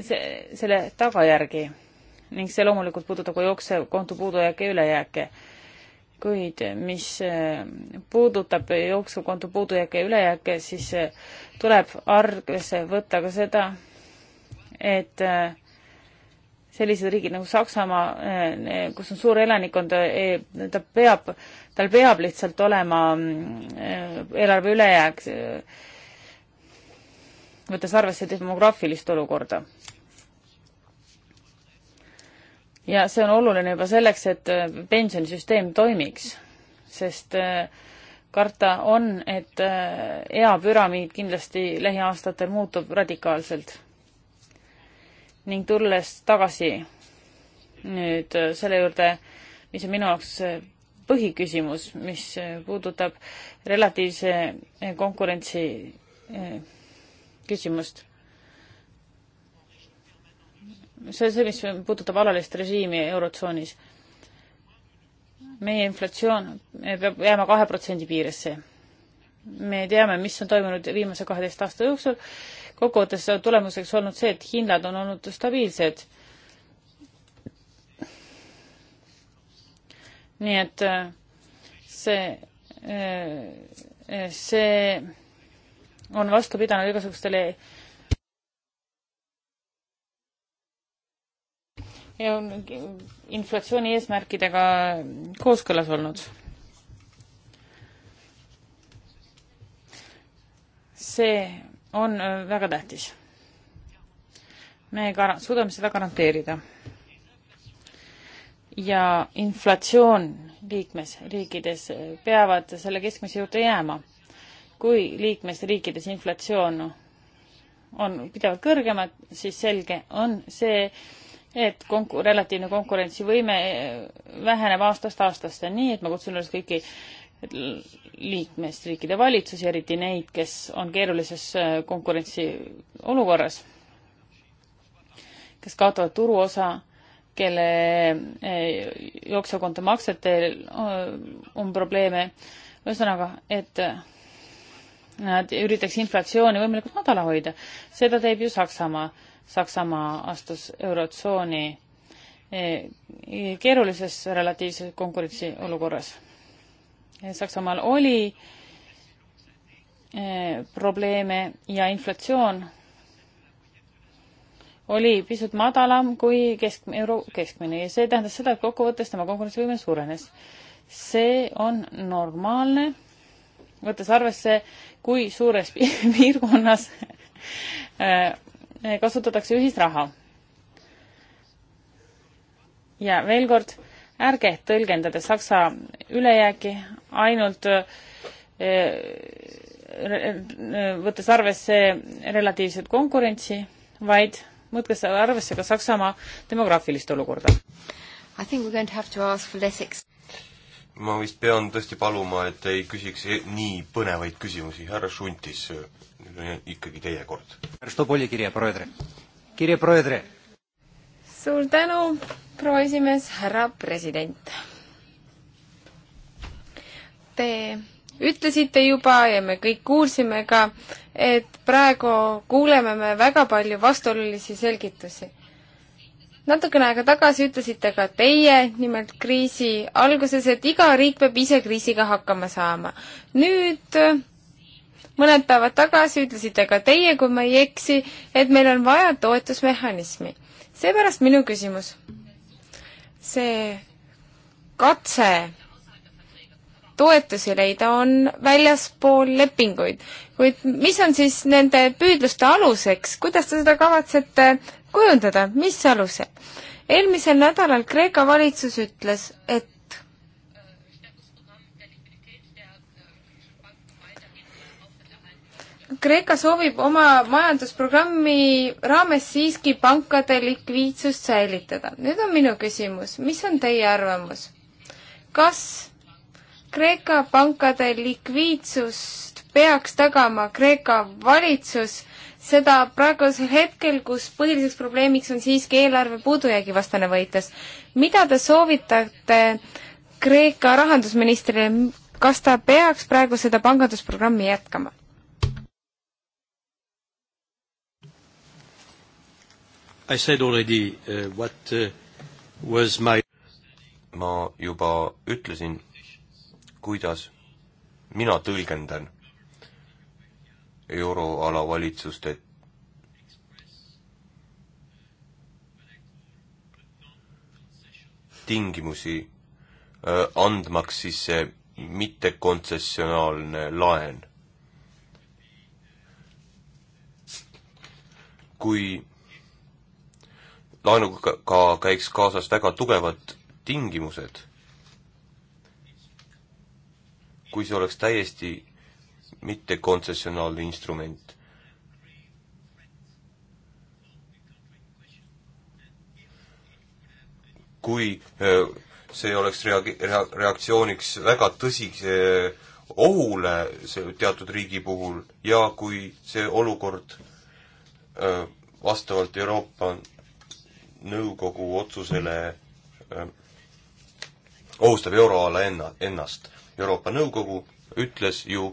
see, selle tagajärgi ning see loomulikult puudutab ka jooksev konto puudujääke ja ülejääke kuid mis eh, puudutab jooksukonto puudujääke ja ülejääke, siis eh, tuleb arvesse võtta ka seda, et eh, sellised riigid nagu Saksamaa, kus on suur elanikkond, ta peab, tal peab lihtsalt olema mm, eelarve ülejääk, võttes arvesse demograafilist olukorda ja see on oluline juba selleks, et äh, pensionisüsteem toimiks, sest äh, karta on, et äh, eapüramiid kindlasti lähiaastatel muutub radikaalselt. ning tulles tagasi nüüd selle juurde, mis on minu jaoks põhiküsimus, mis puudutab relatiivse konkurentsi küsimust see on see, mis puudutab alalist režiimi Eurotsoonis. meie inflatsioon peab jääma kahe protsendi piiresse. me teame, mis on toimunud viimase kaheteist aasta jooksul, kokkuvõttes on tulemuseks olnud see, et hinnad on olnud stabiilsed. nii et äh, see, äh, see on vastupidanud igasugustele inflatsiooni eesmärkidega kooskõlas olnud. see on äh, väga tähtis. me gar-, suudame seda garanteerida. ja inflatsioon liikmesriikides äh, peavad selle keskmise juurde jääma. kui liikmesriikides inflatsioon on pidevalt kõrgemad, siis selge on see, et konku-, relatiivne konkurentsivõime väheneb aastast aastasse, nii et ma kutsun üles kõiki liikmesriikide valitsusi, eriti neid, kes on keerulises äh, konkurentsiolukorras, kes kaotavad turuosa, kelle äh, jooksevkonto maksetel äh, on probleeme, ühesõnaga, et nad üritaks inflatsiooni võimalikult madala hoida. seda teeb ju Saksamaa Saksamaa astus Eurotsooni eh, keerulises relatiivses konkurentsiolukorras. Eh, Saksamaal oli eh, probleeme ja inflatsioon oli pisut madalam kui kesk, euro keskmine ja see tähendas seda, et kokkuvõttes tema konkurentsivõime suurenes. see on normaalne, võttes arvesse, kui suures [laughs] piirkonnas Eh, kasutatakse ühisraha. ja veel kord, ärge tõlgendage Saksa ülejääki ainult eh, eh, võttes arvesse relatiivset konkurentsi, vaid võttes arvesse ka Saksamaa demograafilist olukorda. I think we are going to have to ask for less ex- ma vist pean tõesti paluma, et ei küsiks e-, nii põnevaid küsimusi, härra Šuntis, nüüd on ikkagi teie kord. suur tänu, proua esimees, härra president. Te ütlesite juba ja me kõik kuulsime ka, et praegu kuuleme me väga palju vastuolulisi selgitusi natukene aega tagasi ütlesite ka teie, nimelt kriisi alguses, et iga riik peab ise kriisiga hakkama saama. nüüd mõned päevad tagasi ütlesite ka teie, kui ma ei eksi, et meil on vaja toetusmehhanismi. seepärast minu küsimus. see katse toetusi leida on väljaspool lepinguid, kuid mis on siis nende püüdluste aluseks, kuidas te seda kavatsete kujundada, mis alusel. eelmisel nädalal Kreeka valitsus ütles, et Kreeka soovib oma majandusprogrammi raames siiski pankade likviidsust säilitada. nüüd on minu küsimus, mis on teie arvamus? kas Kreeka pankade likviidsust peaks tagama Kreeka valitsus seda praegusel hetkel, kus põhiliseks probleemiks on siiski eelarve puudujäägi vastane võitlus. mida te soovitate Kreeka rahandusministrile, kas ta peaks praegu seda pangandusprogrammi jätkama? I said already uh, what uh, was my ma juba ütlesin, kuidas mina tõlgendan euroala valitsuste tingimusi äh, andmaks siis see mittekontsessionaalne laen. kui laenuga ka käiks kaasas väga tugevad tingimused, kui see oleks täiesti mitte kontsessionaalne instrument. kui äh, see oleks reage-, rea-, reaktsiooniks väga tõsise äh, ohule see teatud riigi puhul ja kui see olukord äh, vastavalt Euroopa Nõukogu otsusele ohustab euroala enna, ennast. Euroopa Nõukogu ütles ju,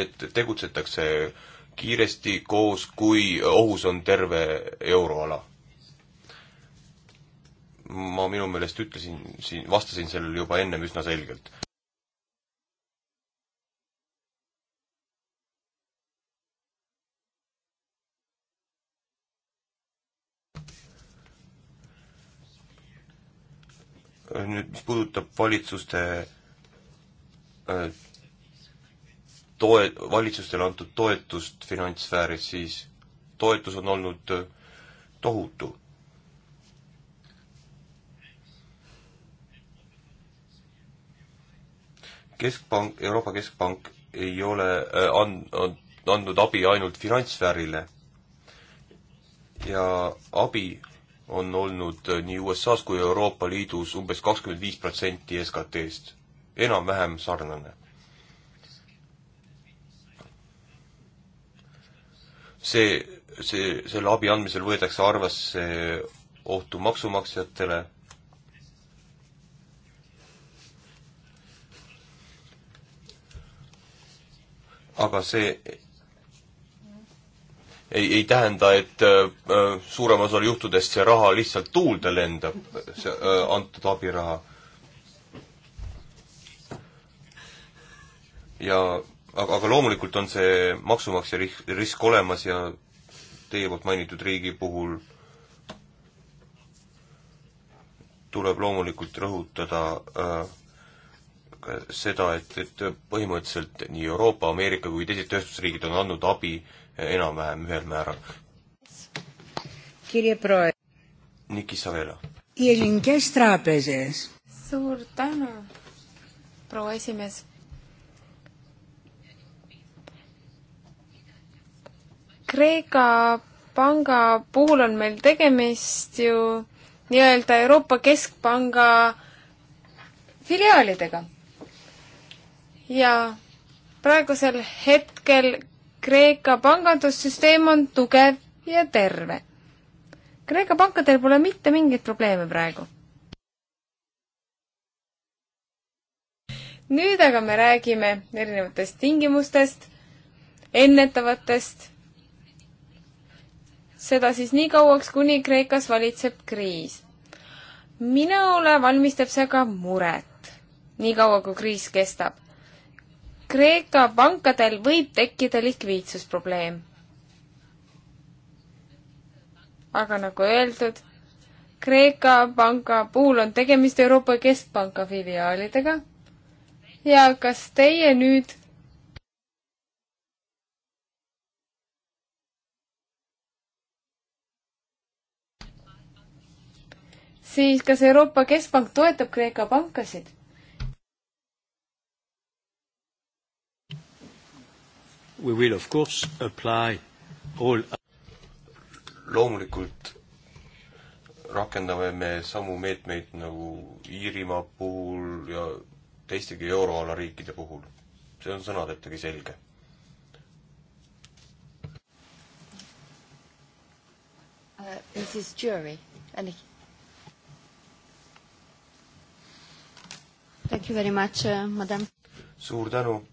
et tegutsetakse kiiresti koos, kui ohus on terve euroala. ma minu meelest ütlesin siin, vastasin sellele juba ennem üsna selgelt. nüüd, mis puudutab valitsuste äh, toe-, valitsustele antud toetust finantssfääris, siis toetus on olnud äh, tohutu. keskpank, Euroopa Keskpank ei ole and-, äh, and, andnud abi ainult finantssfäärile ja abi on olnud äh, nii USA-s kui Euroopa Liidus umbes kakskümmend viis protsenti SKT-st, enam-vähem sarnane see, see, selle abi andmisel võetakse arvesse ohtu maksumaksjatele, aga see ei, ei tähenda, et äh, suurem osa juhtudest see raha lihtsalt tuulde lendab, see äh, antud abiraha. ja aga, aga loomulikult on see maksumaksja risk, risk olemas ja teie poolt mainitud riigi puhul tuleb loomulikult rõhutada äh, seda, et, et põhimõtteliselt nii Euroopa, Ameerika kui teised tööstusriigid on andnud abi enam-vähem ühel määral. Niki Savela. suur tänu, proua esimees. Kreeka panga puhul on meil tegemist ju nii-öelda Euroopa Keskpanga filiaalidega. ja praegusel hetkel Kreeka pangandussüsteem on tugev ja terve. Kreeka pankadel pole mitte mingeid probleeme praegu. nüüd aga me räägime erinevatest tingimustest, ennetavatest seda siis nii kauaks, kuni Kreekas valitseb kriis. minule valmistab see ka muret, niikaua kui kriis kestab. Kreeka pankadel võib tekkida likviidsusprobleem. aga nagu öeldud, Kreeka panga puhul on tegemist Euroopa Keskpanga filiaalidega ja kas teie nüüd siis kas Euroopa Keskpank toetab Kreeka pankasid? We will of course apply all loomulikult rakendame me samu meetmeid nagu Iirimaa puhul ja teistegi euroala riikide puhul. see on sõnadetagi selge. Uh, this is jury. Annika. Thank you very much, uh, madam. suur tänu.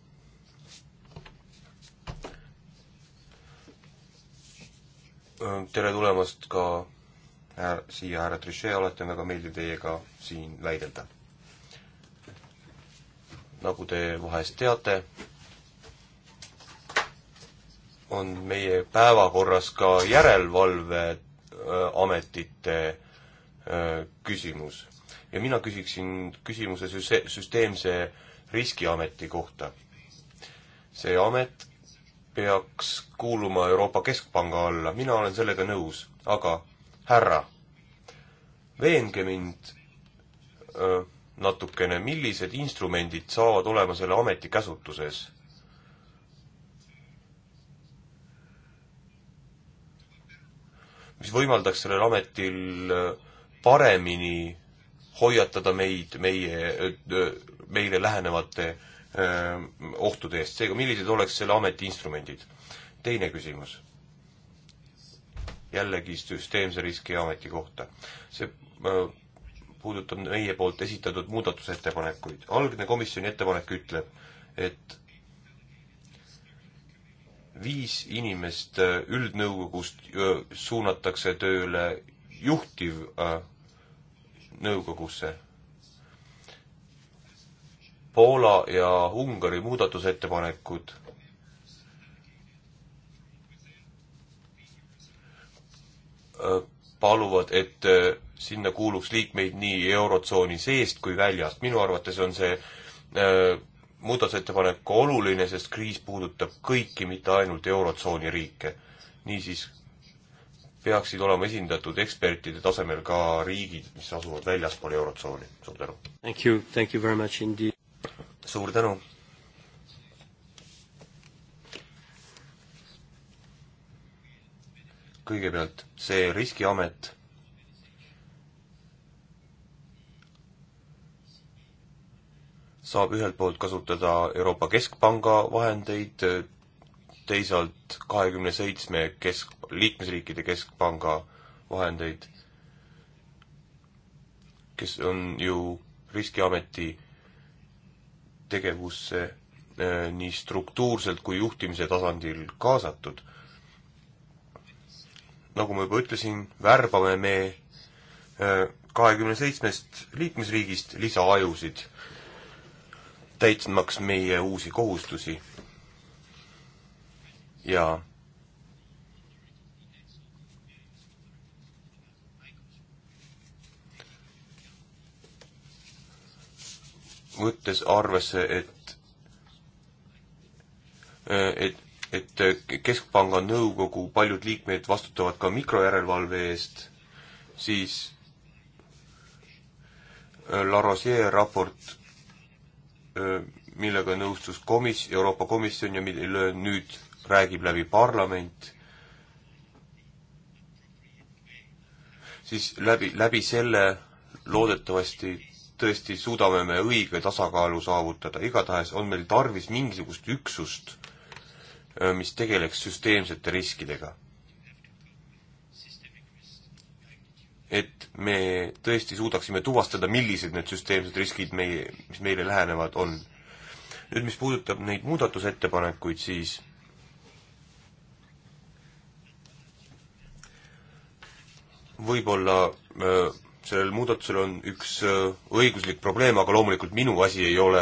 Äh, tere tulemast ka siia, härra Trichet, alati on väga meeldiv teiega siin väidelda. nagu te vahest teate, on meie päevakorras ka järelevalveametite äh, äh, küsimus ja mina küsiksin küsimuse süsteemse riskiameti kohta. see amet peaks kuuluma Euroopa Keskpanga alla, mina olen sellega nõus, aga härra, veenge mind öö, natukene, millised instrumendid saavad olema selle ameti käsutuses? mis võimaldaks sellel ametil paremini hoiatada meid meie, meile lähenevate öö, ohtude eest. seega, millised oleks selle ameti instrumendid? teine küsimus. jällegi süsteemse riski ameti kohta. see öö, puudutab meie poolt esitatud muudatusettepanekuid. algne komisjoni ettepanek ütleb, et viis inimest üldnõukogust öö, suunatakse tööle juhtiv äh, nõukogusse. Poola ja Ungari muudatusettepanekud paluvad, et sinna kuuluks liikmeid nii Eurotsooni seest kui väljast. minu arvates on see äh, muudatusettepanek oluline, sest kriis puudutab kõiki, mitte ainult Eurotsooni riike. niisiis peaksid olema esindatud ekspertide tasemel ka riigid, mis asuvad väljaspool Eurotsooni. suur tänu! Thank you, thank you very much indeed! suur tänu! kõigepealt see riskiamet saab ühelt poolt kasutada Euroopa Keskpanga vahendeid, teisalt kahekümne seitsme kesk, liikmesriikide keskpanga vahendeid, kes on ju riskiameti tegevusse äh, nii struktuurselt kui juhtimise tasandil kaasatud. nagu ma juba ütlesin, värbame me äh, kahekümne seitsmest liikmesriigist lisaajusid, täitmaks meie uusi kohustusi ja võttes arvesse, et et, et Keskpanga nõukogu paljud liikmed vastutavad ka mikrojärelevalve eest, siis La Rosier raport, millega nõustus komis-, Euroopa Komisjon ja mille nüüd räägib läbi parlament, siis läbi, läbi selle loodetavasti tõesti suudame me õige tasakaalu saavutada, igatahes on meil tarvis mingisugust üksust, mis tegeleks süsteemsete riskidega. et me tõesti suudaksime tuvastada, millised need süsteemsed riskid meie, mis meile lähenevad, on. nüüd, mis puudutab neid muudatusettepanekuid, siis võib-olla öö, sellel muudatusel on üks äh, õiguslik probleem, aga loomulikult minu asi ei ole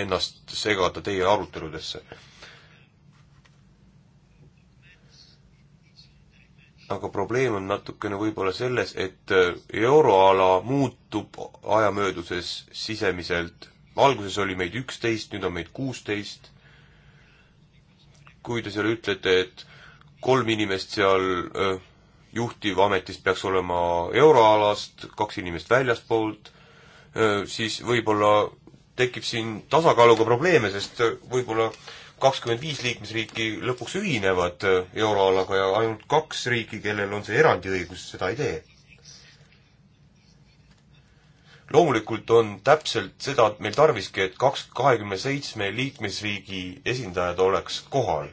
ennast segada teie aruteludesse. aga probleem on natukene võib-olla selles, et äh, euroala muutub aja mööduses sisemiselt. alguses oli meid üksteist, nüüd on meid kuusteist. kui te seal ütlete, et kolm inimest seal öö, äh, juhtiv ametist peaks olema euroalast, kaks inimest väljaspoolt, siis võib-olla tekib siin tasakaaluga probleeme, sest võib-olla kakskümmend viis liikmesriiki lõpuks ühinevad euroalaga ja ainult kaks riiki, kellel on see erandiõigus, seda ei tee. loomulikult on täpselt seda meil tarviski, et kaks, kahekümne seitsme liikmesriigi esindajad oleks kohal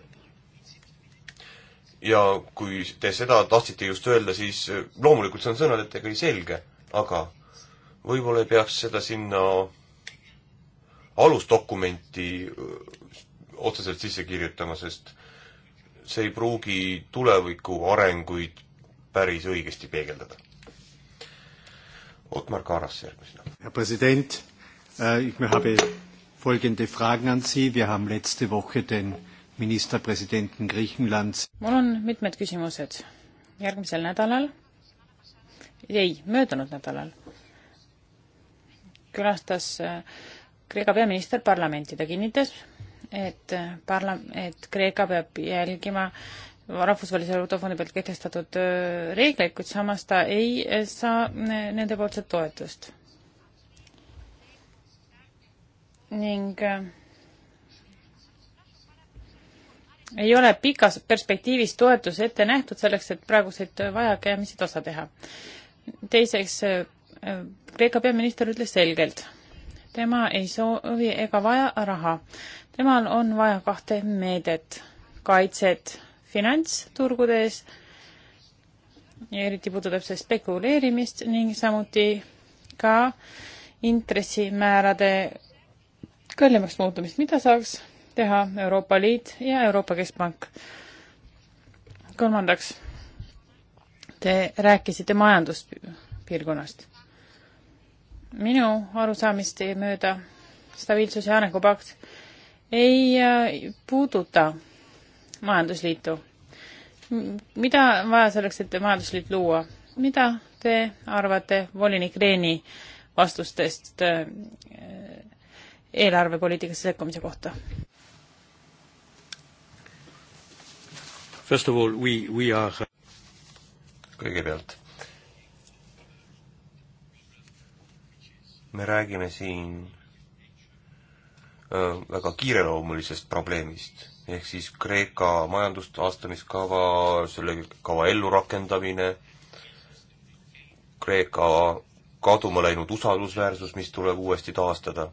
ja kui te seda tahtsite just öelda, siis äh, loomulikult see on sõnadetega selge, aga võib-olla ei peaks seda sinna alusdokumenti äh, otseselt sisse kirjutama, sest see ei pruugi tuleviku arenguid päris õigesti peegeldada. Ottmar Kaaras järgmisena. härra president, äh, ma tahan folgende fragen an Sie, me haben letzte woche den ministerpresidenten Griechenlands. mul on mitmed küsimused. järgmisel nädalal, ei, möödunud nädalal külastas äh, Kreeka peaminister parlamenti, ta kinnitas, et äh, parla-, et Kreeka peab jälgima rahvusvahelise autofooni pealt kehtestatud äh, reegleid, kuid samas ta ei saa nendepoolset toetust. ning ei ole pikas perspektiivis toetus ette nähtud selleks, et praeguseid vajakajäämisi tasa teha. teiseks, Kreeka peaminister ütles selgelt, tema ei soovi ega vaja raha. temal on vaja kahte meedet, kaitset finantsturgudes, eriti puudutab see spekuleerimist ning samuti ka intressimäärade kallimaks muutumist, mida saaks teha Euroopa Liit ja Euroopa Keskpank. kolmandaks, te rääkisite majanduspiirkonnast. minu arusaamist mööda stabiilsus- ja arengupakt ei äh, puuduta majandusliitu. mida on vaja selleks, et majandusliit luua? mida te arvate volinik Reeni vastustest äh, eelarvepoliitikasse sekkumise kohta? First of all, we, we are kõigepealt, me räägime siin öö, väga kiireloomulisest probleemist, ehk siis Kreeka majandustaastamiskava, selle kava ellurakendamine, Kreeka kaduma läinud usaldusväärsus, mis tuleb uuesti taastada.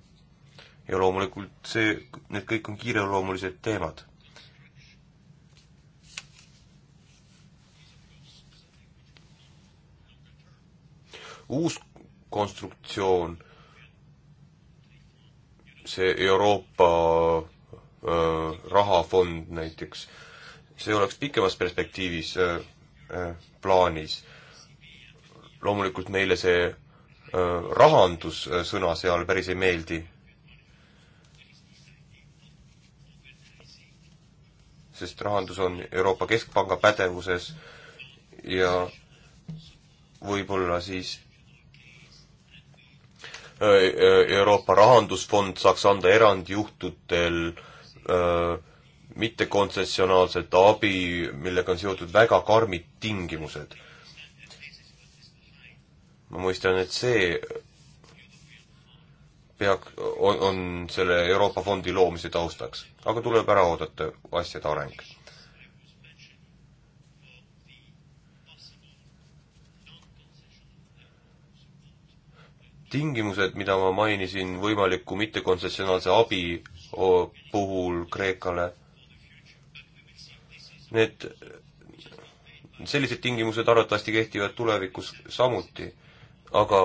ja loomulikult see, need kõik on kiireloomulised teemad uus konstruktsioon, see Euroopa öö, rahafond näiteks, see oleks pikemas perspektiivis öö, öö, plaanis. loomulikult meile see öö, rahandussõna seal päris ei meeldi. sest rahandus on Euroopa Keskpanga pädevuses ja võib-olla siis Äh, Euroopa Rahandusfond saaks anda erandjuhtudel äh, mittekontsessionaalset abi, millega on seotud väga karmid tingimused. ma mõistan, et see peaks, on, on selle Euroopa fondi loomise taustaks, aga tuleb ära oodata asjade areng tingimused, mida ma mainisin võimaliku mittekontsessionaalse abi puhul Kreekale, need, sellised tingimused arvatavasti kehtivad tulevikus samuti, aga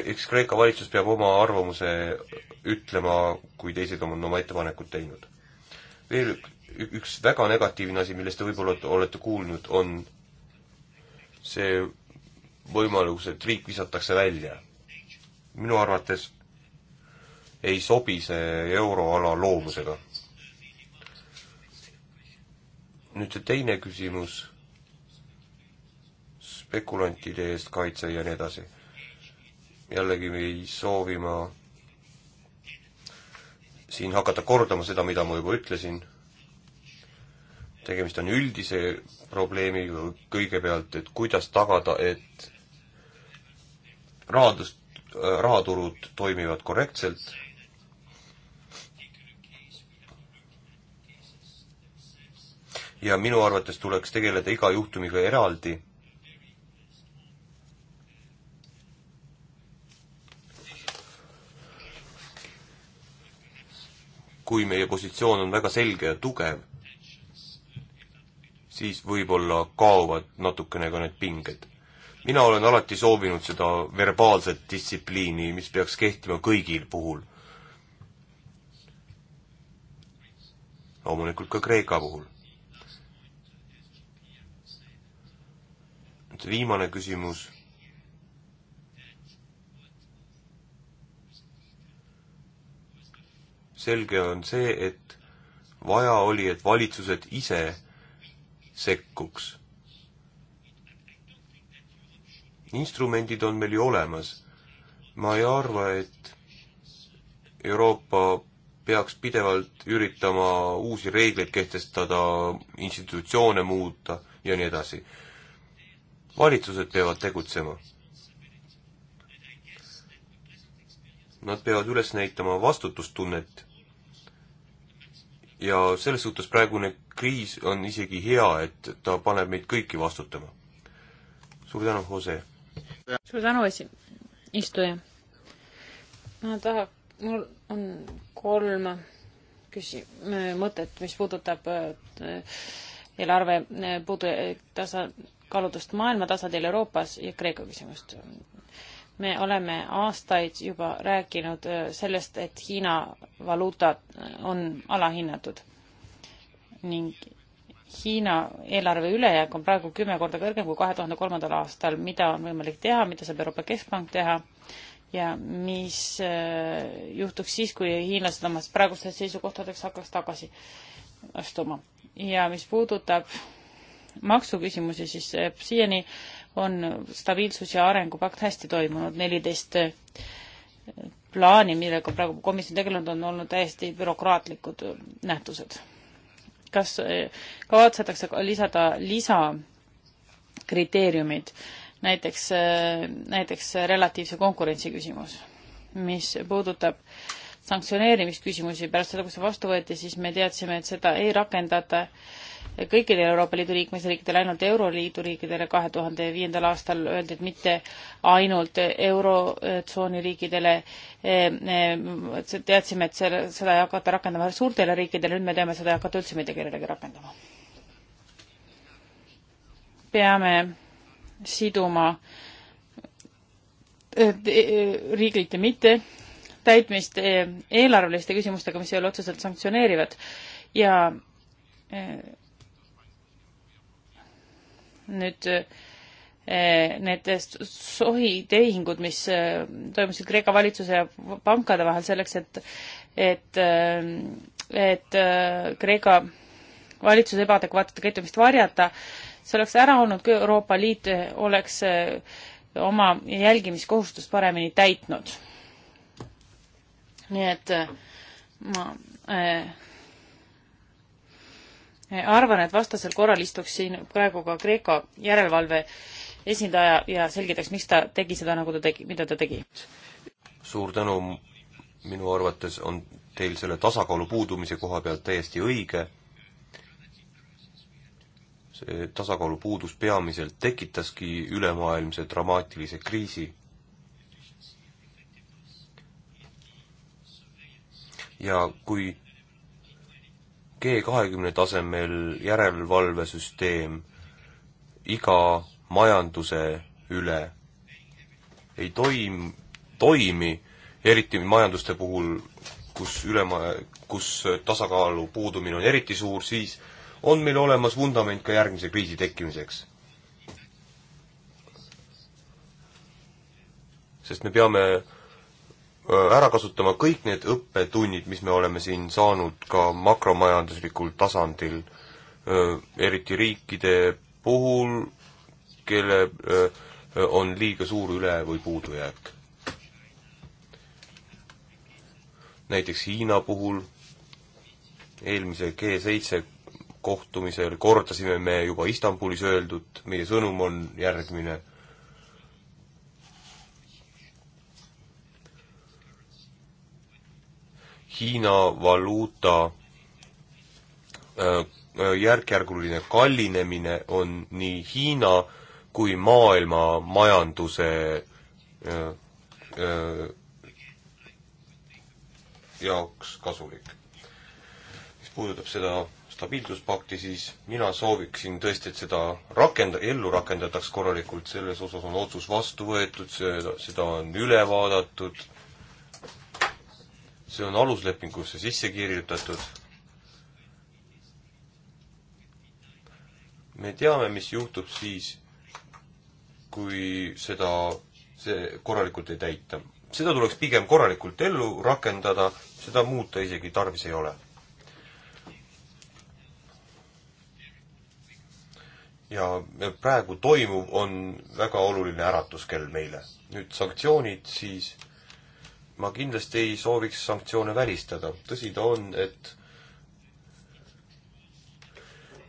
eks Kreeka valitsus peab oma arvamuse ütlema, kui teised on oma ettepanekud teinud. veel üks väga negatiivne asi, millest te võib-olla olete kuulnud, on see võimalus, et riik visatakse välja. minu arvates ei sobi see euroala loomusega. nüüd see teine küsimus, spekulantide eest kaitse ja nii edasi. jällegi ei soovi ma siin hakata kordama seda, mida ma juba ütlesin tegemist on üldise probleemiga kõigepealt, et kuidas tagada, et rahandus, rahaturud toimivad korrektselt, ja minu arvates tuleks tegeleda iga juhtumiga eraldi kui meie positsioon on väga selge ja tugev, siis võib-olla kaovad natukene ka need pinged. mina olen alati soovinud seda verbaalset distsipliini, mis peaks kehtima kõigil puhul. loomulikult ka Kreeka puhul. nüüd viimane küsimus. selge on see, et vaja oli, et valitsused ise sekkuks. instrumendid on meil ju olemas. ma ei arva, et Euroopa peaks pidevalt üritama uusi reegleid kehtestada, institutsioone muuta ja nii edasi. valitsused peavad tegutsema. Nad peavad üles näitama vastutustunnet ja selles suhtes praegune kriis on isegi hea, et ta paneb meid kõiki vastutama. suur tänu, Jose! suur tänu, esi-, istuja! ma taha, mul on kolm küsi-, mõtet, mis puudutab äh, eelarve äh, puudu- tasa-, kaalutust maailma tasandil Euroopas ja Kreeka küsimust me oleme aastaid juba rääkinud äh, sellest, et Hiina valuuta äh, on alahinnatud ning Hiina eelarve ülejääk on praegu kümme korda kõrgem kui kahe tuhande kolmandal aastal, mida on võimalik teha, mida saab Euroopa Keskpank teha ja mis äh, juhtuks siis, kui hiinlased oma praegustest seisukohtadeks hakkaks tagasi astuma. ja mis puudutab maksuküsimusi, siis siiani äh, on stabiilsus ja arengupakt hästi toimunud, neliteist äh, plaani, millega praegu komisjon tegelenud on, olnud täiesti bürokraatlikud äh, nähtused. kas äh, kavatsetakse lisada lisakriteeriumid, näiteks, näiteks relatiivse konkurentsi küsimus, mis puudutab sanktsioneerimisküsimusi, pärast seda, kui see vastu võeti, siis me teadsime, et seda ei rakendata äh, kõigile Euroopa Liidu liikmesriikidele, ainult Euroliidu riikidele kahe tuhande viiendal aastal öeldi, et mitte ainult Eurotsooni riikidele. E, e, teadsime, et selle, seda ei hakata rakendama suurtele riikidele, nüüd me teame, seda ei hakata üldse mitte kellelegi rakendama. peame siduma e, riigilt ja mitte täitmist eelarveliste küsimustega, mis ei ole otseselt sanktsioneerivad ja nüüd eh, need sohitehingud, mis eh, toimusid Kreeka valitsuse ja pankade vahel selleks, et, et, eh, et Kreeka valitsuse ebaadekvaatset käitumist varjata, see oleks ära olnud, kui Euroopa Liit oleks oma jälgimiskohustust paremini täitnud. nii et ma äh, Eh, arvan, et vastasel korral istuks siin praegu ka Kreeka järelevalve esindaja ja selgitaks, miks ta tegi seda, nagu ta tegi, mida ta tegi. suur tänu, minu arvates on teil selle tasakaalu puudumise koha pealt täiesti õige, see tasakaalu puudus peamiselt tekitaski ülemaailmse dramaatilise kriisi. ja kui G kahekümne tasemel järelevalvesüsteem iga majanduse üle ei toim-, toimi, eriti majanduste puhul, kus ülema-, kus tasakaalu puudumine on eriti suur, siis on meil olemas vundament ka järgmise kriisi tekkimiseks. sest me peame Äh, ära kasutama kõik need õppetunnid, mis me oleme siin saanud ka makromajanduslikul tasandil, äh, eriti riikide puhul, kelle äh, on liiga suur üle- või puudujääk. näiteks Hiina puhul eelmise G7 kohtumisel kordasime me juba Istanbulis öeldut, meie sõnum on järgmine Hiina valuuta äh, äh, järk-järguline kallinemine on nii Hiina kui maailma majanduse äh, jaoks kasulik. mis puudutab seda stabiilsuspakti, siis mina sooviksin tõesti, et seda rakenda-, ellu rakendataks korralikult, selles osas on otsus vastu võetud, seda on üle vaadatud see on aluslepingusse sisse kirjutatud. me teame, mis juhtub siis, kui seda, see korralikult ei täita. seda tuleks pigem korralikult ellu rakendada, seda muuta isegi tarvis ei ole. ja praegu toimuv on väga oluline äratuskell meile. nüüd sanktsioonid siis ma kindlasti ei sooviks sanktsioone välistada. tõsi ta on, et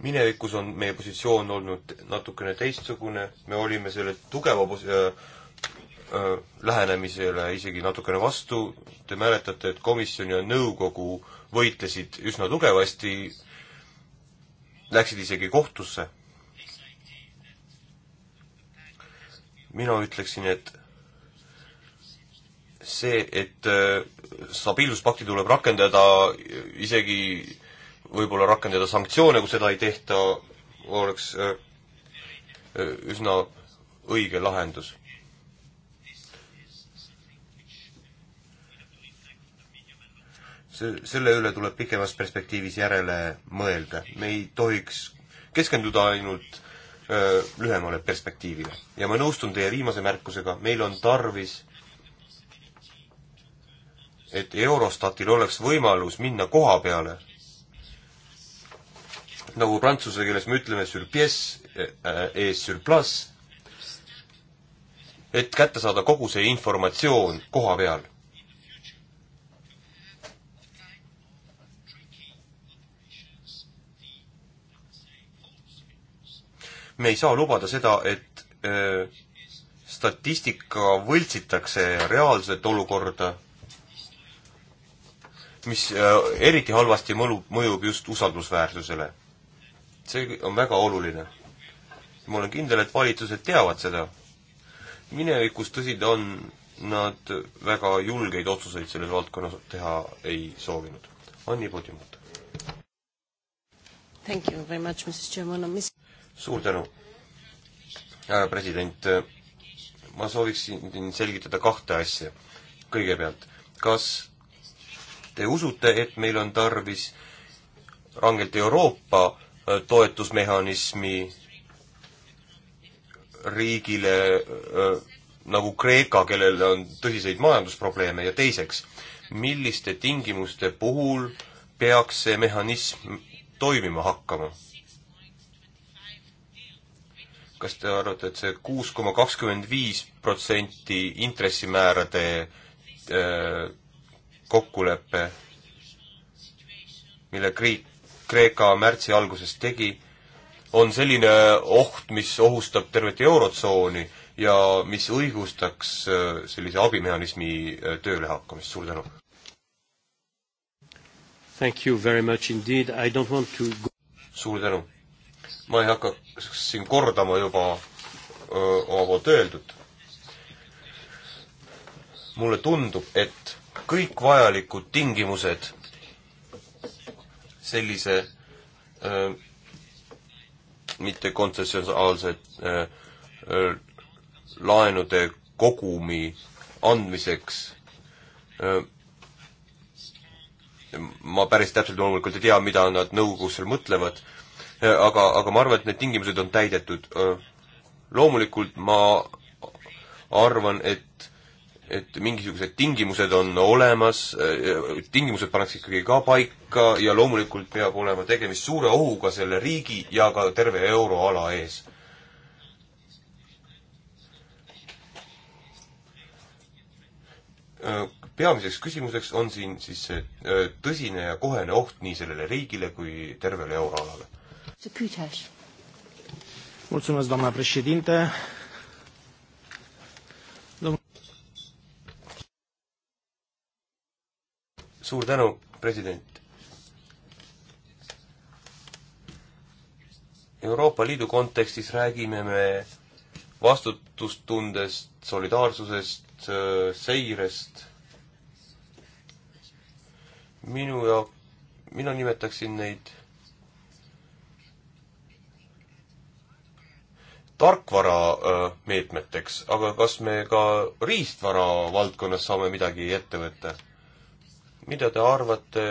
minevikus on meie positsioon olnud natukene teistsugune, me olime selle tugeva pos-, äh, äh, lähenemisele isegi natukene vastu, te mäletate, et komisjon ja nõukogu võitlesid üsna tugevasti, läksid isegi kohtusse. mina ütleksin, et see, et äh, stabiilsuspakti tuleb rakendada, isegi võib-olla rakendada sanktsioone, kui seda ei tehta, oleks äh, äh, üsna õige lahendus. see, selle üle tuleb pikemas perspektiivis järele mõelda, me ei tohiks keskenduda ainult öö, lühemale perspektiivile. ja ma nõustun teie viimase märkusega, meil on tarvis et Eurostatil oleks võimalus minna koha peale. nagu prantsuse keeles me ütleme surpies, ees eh, eh, surplas, et kätte saada kogu see informatsioon koha peal. me ei saa lubada seda, et öö, eh, statistika võltsitakse reaalset olukorda mis äh, eriti halvasti mõlu, mõjub just usaldusväärsusele. see on väga oluline. ma olen kindel, et valitsused teavad seda. minevikus, tõsi ta on, nad väga julgeid otsuseid selles valdkonnas teha ei soovinud. Anni Pudimata. Thank you very much, Mrs Chairman. Mis... suur tänu. härra president, ma sooviksin selgitada kahte asja. kõigepealt, kas te usute, et meil on tarvis rangelt Euroopa äh, toetusmehhanismi riigile äh, nagu Kreeka, kellel on tõsiseid majandusprobleeme ja teiseks, milliste tingimuste puhul peaks see mehhanism toimima hakkama? kas te arvate, et see kuus koma kakskümmend viis protsenti intressimäärade äh, kokkulepe, mille Kriik, Kreeka märtsi alguses tegi, on selline oht, mis ohustab tervet Eurotsooni ja mis õigustaks äh, sellise abimehhanismi äh, tööle hakkamist, suur tänu! Thank you very much indeed, I don't want to go suur tänu! ma ei hakka siin kordama juba öö, äh, oma poolt öeldut. mulle tundub, et kõik vajalikud tingimused sellise äh, mitte kontsessionaalse äh, äh, laenude kogumi andmiseks äh, ma päris täpselt loomulikult ei tea, mida nad nõukogul mõtlevad, äh, aga, aga ma arvan, et need tingimused on täidetud. Äh, loomulikult ma arvan, et et mingisugused tingimused on olemas, äh, tingimused pannakse ikkagi ka paika ja loomulikult peab olema tegemist suure ohuga selle riigi ja ka terve euroala ees. Äh, peamiseks küsimuseks on siin siis see äh, tõsine ja kohene oht nii sellele riigile kui tervele euroalale. mulțumesc, doamna președinte suur tänu, president. Euroopa Liidu kontekstis räägime me vastutustundest, solidaarsusest, seirest. minu ja, mina nimetaksin neid tarkvarameetmeteks, aga kas me ka riistvara valdkonnas saame midagi ette võtta? mida te arvate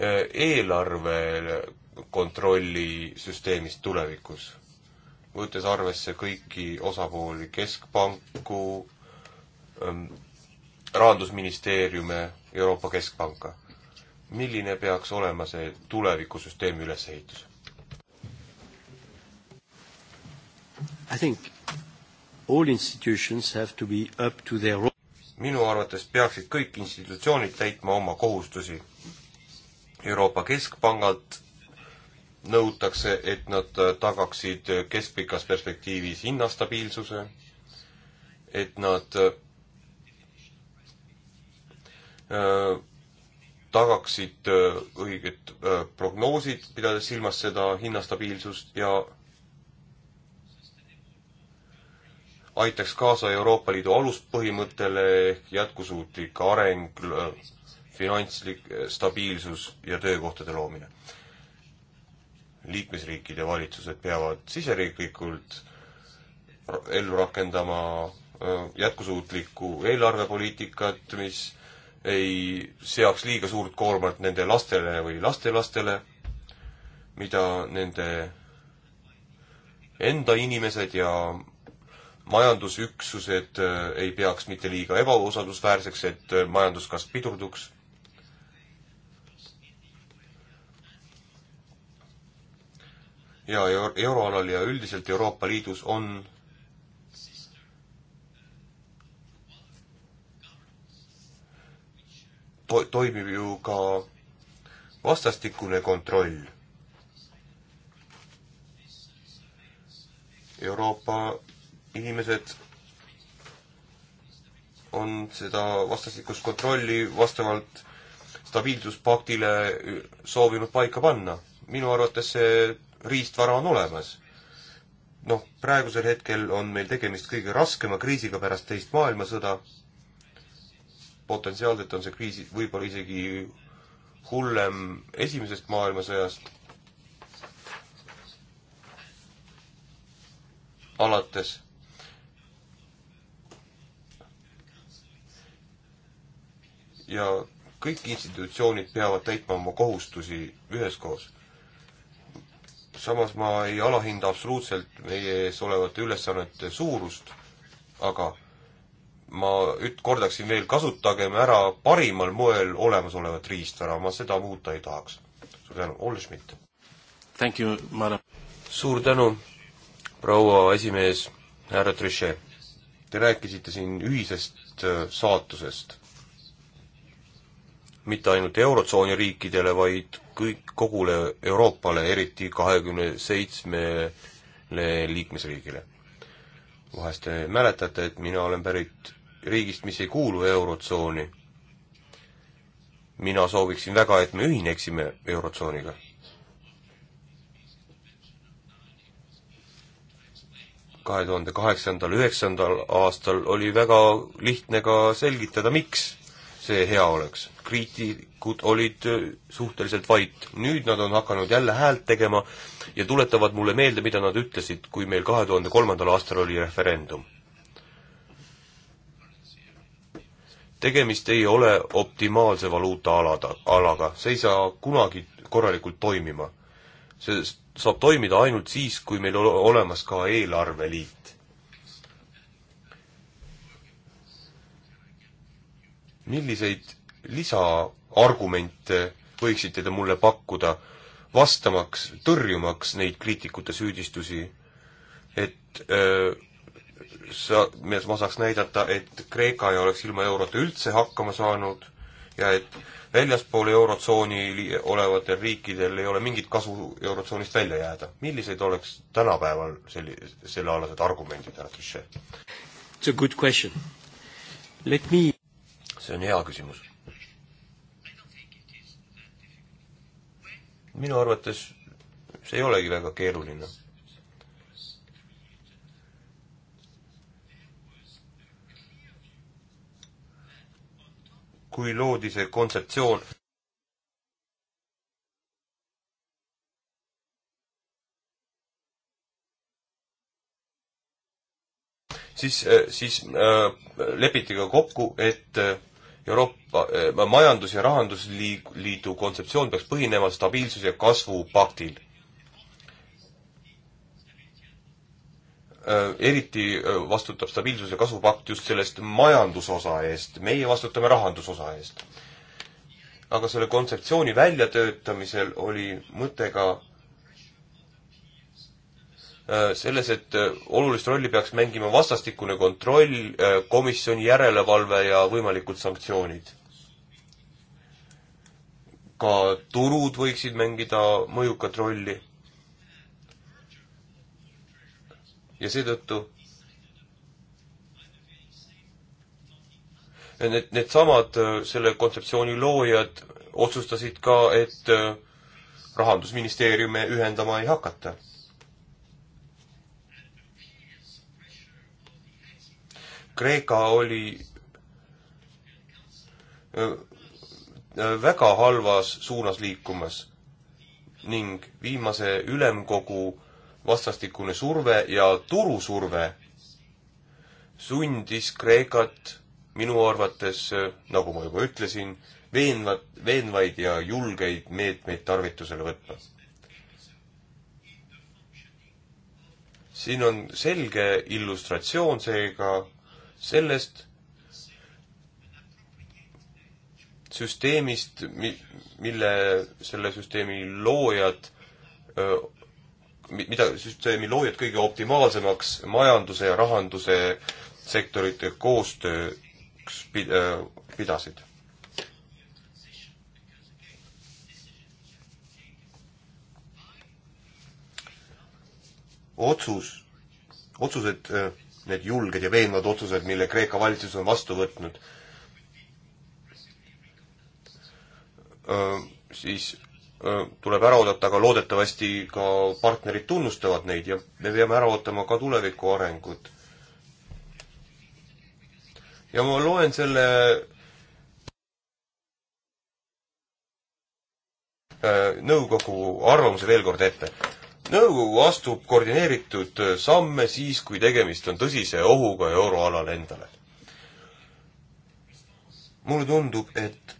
eh, eelarve kontrollisüsteemist tulevikus? võttes arvesse kõiki osapooli, keskpanku, ehm, rahandusministeeriume, Euroopa Keskpanka. milline peaks olema see tulevikusüsteemi ülesehitus? I think all institutions have to be up to their minu arvates peaksid kõik institutsioonid täitma oma kohustusi. Euroopa Keskpangalt nõutakse, et nad tagaksid keskpikas perspektiivis hinnastabiilsuse, et nad äh, tagaksid äh, õiged äh, prognoosid, pidades silmas seda hinnastabiilsust ja aitaks kaasa Euroopa Liidu aluspõhimõttele ehk jätkusuutlik areng, finantslik stabiilsus ja töökohtade loomine. liikmesriikide valitsused peavad siseriiklikult ellu rakendama jätkusuutlikku eelarvepoliitikat, mis ei seaks liiga suurt koormat nende lastele või lastelastele, mida nende enda inimesed ja majandusüksused äh, ei peaks mitte liiga ebausaldusväärseks, et äh, majanduskasv pidurduks. ja euroalal ja üldiselt Euroopa Liidus on to-, toimib ju ka vastastikune kontroll. Euroopa inimesed on seda vastastikust kontrolli vastavalt stabiilsuspaktile soovinud paika panna. minu arvates see riistvara on olemas. noh, praegusel hetkel on meil tegemist kõige raskema kriisiga pärast teist maailmasõda. potentsiaalselt on see kriis võib-olla isegi hullem esimesest maailmasõjast alates ja kõik institutsioonid peavad täitma oma kohustusi üheskoos. samas ma ei alahinda absoluutselt meie ees olevate ülesannete suurust, aga ma üt-, kordaksin veel, kasutagem ära parimal moel olemasolevat riistvara, ma seda muuta ei tahaks. suur tänu, Olle Schmidt! Thank you, madam! suur tänu, proua esimees, härra Trichet! Te rääkisite siin ühisest äh, saatusest mitte ainult Eurotsooni riikidele, vaid kõik, kogule Euroopale, eriti kahekümne seitsmele liikmesriigile. vahest te mäletate, et mina olen pärit riigist, mis ei kuulu Eurotsooni. mina sooviksin väga, et me ühineksime Eurotsooniga. kahe tuhande kaheksandal, üheksandal aastal oli väga lihtne ka selgitada, miks see hea oleks. kriitikud olid äh, suhteliselt vait, nüüd nad on hakanud jälle häält tegema ja tuletavad mulle meelde, mida nad ütlesid, kui meil kahe tuhande kolmandal aastal oli referendum. tegemist ei ole optimaalse valuutaalada, alaga, see ei saa kunagi korralikult toimima. see saab toimida ainult siis, kui meil on olemas ka eelarveliit milliseid lisaargumente võiksite te mulle pakkuda, vastamaks, tõrjumaks neid kriitikute süüdistusi, et öö, äh, sa, ma saaks näidata, et Kreeka ei oleks ilma eurota üldse hakkama saanud ja et väljaspool Eurotsooni olevatel riikidel ei ole mingit kasu Eurotsoonist välja jääda. millised oleks tänapäeval selli-, sellealased argumendid, härra Trichet? It's a good question. Let me see on hea küsimus. minu arvates see ei olegi väga keeruline. kui loodi see kontseptsioon, siis, äh, siis äh, lepiti ka kokku, et äh, Euroopa äh, Majandus- ja Rahandusliidu kontseptsioon peaks põhinema stabiilsuse ja kasvu paktil äh,. Eh, eriti eh, vastutab stabiilsuse ja kasvu pakt just sellest majandusosa eest, meie vastutame rahandusosa eest. aga selle kontseptsiooni väljatöötamisel oli mõte ka Äh, selles, et äh, olulist rolli peaks mängima vastastikune kontroll, äh, komisjoni järelevalve ja võimalikud sanktsioonid. ka turud võiksid mängida mõjukat rolli. ja seetõttu need, needsamad selle kontseptsiooni loojad otsustasid ka, et rahandusministeeriume ühendama ei hakata Kreeka oli väga halvas suunas liikumas ning viimase ülemkogu vastastikune surve ja turusurve sundis Kreekat minu arvates, nagu ma juba ütlesin, veenvat, veenvaid ja julgeid meetmeid tarvitusele võtma. siin on selge illustratsioon seega sellest süsteemist, mi-, mille selle süsteemi loojad, mida süsteemi loojad kõige optimaalsemaks majanduse ja rahanduse sektorite koostööks pid-, pidasid. otsus, otsused need julged ja veenvad otsused, mille Kreeka valitsus on vastu võtnud, siis tuleb ära oodata, aga loodetavasti ka partnerid tunnustavad neid ja me peame ära ootama ka tuleviku arengut. ja ma loen selle nõukogu arvamuse veel kord ette nõukogu astub koordineeritud äh, samme siis, kui tegemist on tõsise ohuga euroalale endale. mulle tundub, et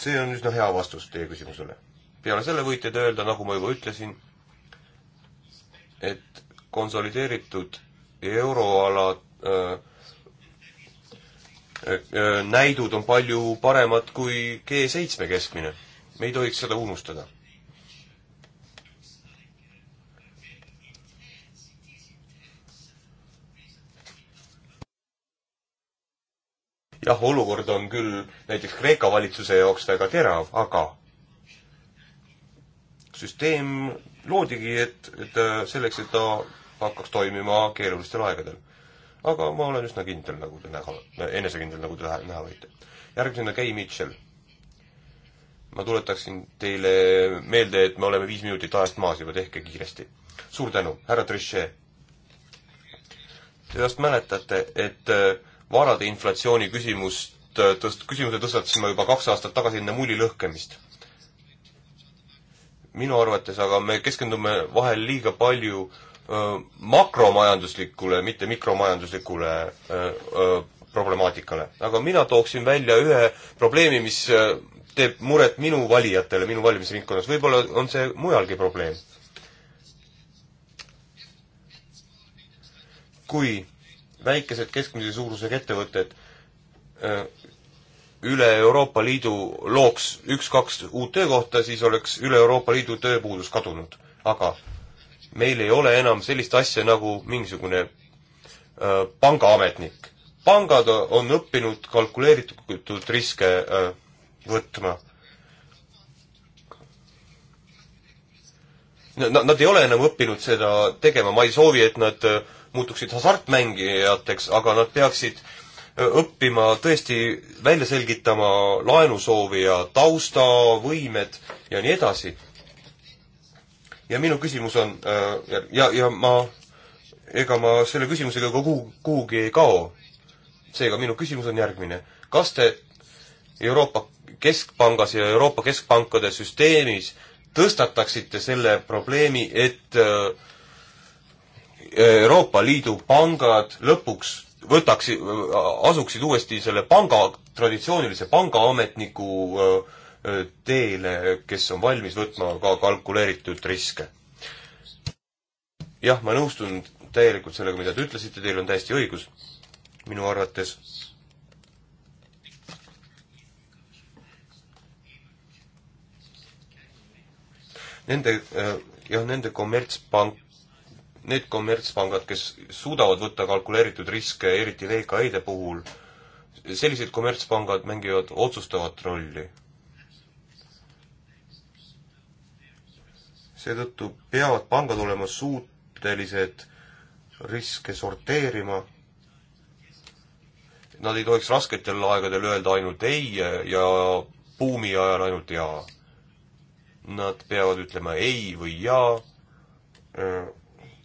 see on üsna hea vastus teie küsimusele. peale selle võite te öelda, nagu ma juba ütlesin, et konsolideeritud euroala äh, äh, äh näidud on palju paremad kui G7 keskmine. me ei tohiks seda unustada jah, olukord on küll näiteks Kreeka valitsuse jaoks väga terav, aga süsteem loodigi, et, et äh, selleks, et ta hakkaks toimima keerulistel aegadel. aga ma olen üsna kindel, nagu te näha, enesekindel, nagu te näha võite. järgmisena Kay Mitchell. ma tuletaksin teile meelde, et me oleme viis minutit ajast maas juba, tehke kiiresti. suur tänu, härra Trichet. Te vast mäletate, et äh, varade inflatsiooni küsimust tõst-, küsimuse tõstatasime juba kaks aastat tagasi enne mulli lõhkemist. minu arvates aga me keskendume vahel liiga palju öö, makromajanduslikule, mitte mikromajanduslikule öö, öö, problemaatikale. aga mina tooksin välja ühe probleemi, mis teeb muret minu valijatele minu valimisringkonnas, võib-olla on see mujalgi probleem. kui väikesed keskmise suurusega ettevõtted äh, üle Euroopa Liidu looks üks-kaks uut töökohta, siis oleks üle Euroopa Liidu tööpuudus kadunud. aga meil ei ole enam sellist asja nagu mingisugune öö, äh, pangaametnik. pangad on õppinud kalkuleeritud riske öö, äh, võtma nad, nad ei ole enam õppinud seda tegema, ma ei soovi, et nad muutuksid hasartmängijateks, aga nad peaksid äh, õppima tõesti välja selgitama laenusoovija tausta, võimed ja nii edasi. ja minu küsimus on äh, ja, ja ma, ega ma selle küsimusega ka kuhu, kuhugi ei kao. seega minu küsimus on järgmine. kas te Euroopa Keskpangas ja Euroopa Keskpankade süsteemis tõstataksite selle probleemi, et äh, Euroopa Liidu pangad lõpuks võtaks, asuksid uuesti selle panga, traditsioonilise pangaametniku teele, kes on valmis võtma ka kalkuleeritud riske. jah, ma nõustun täielikult sellega, mida te ütlesite, teil on täiesti õigus minu arvates. Nende, jah, nende kommertspank need kommertspangad, kes suudavad võtta kalkuleeritud riske, eriti VKI-de puhul, sellised kommertspangad mängivad otsustavat rolli. seetõttu peavad pangad olema suutelised riske sorteerima, nad ei tohiks rasketel aegadel öelda ainult ei ja buumi ajal ainult jaa. Nad peavad ütlema ei või jaa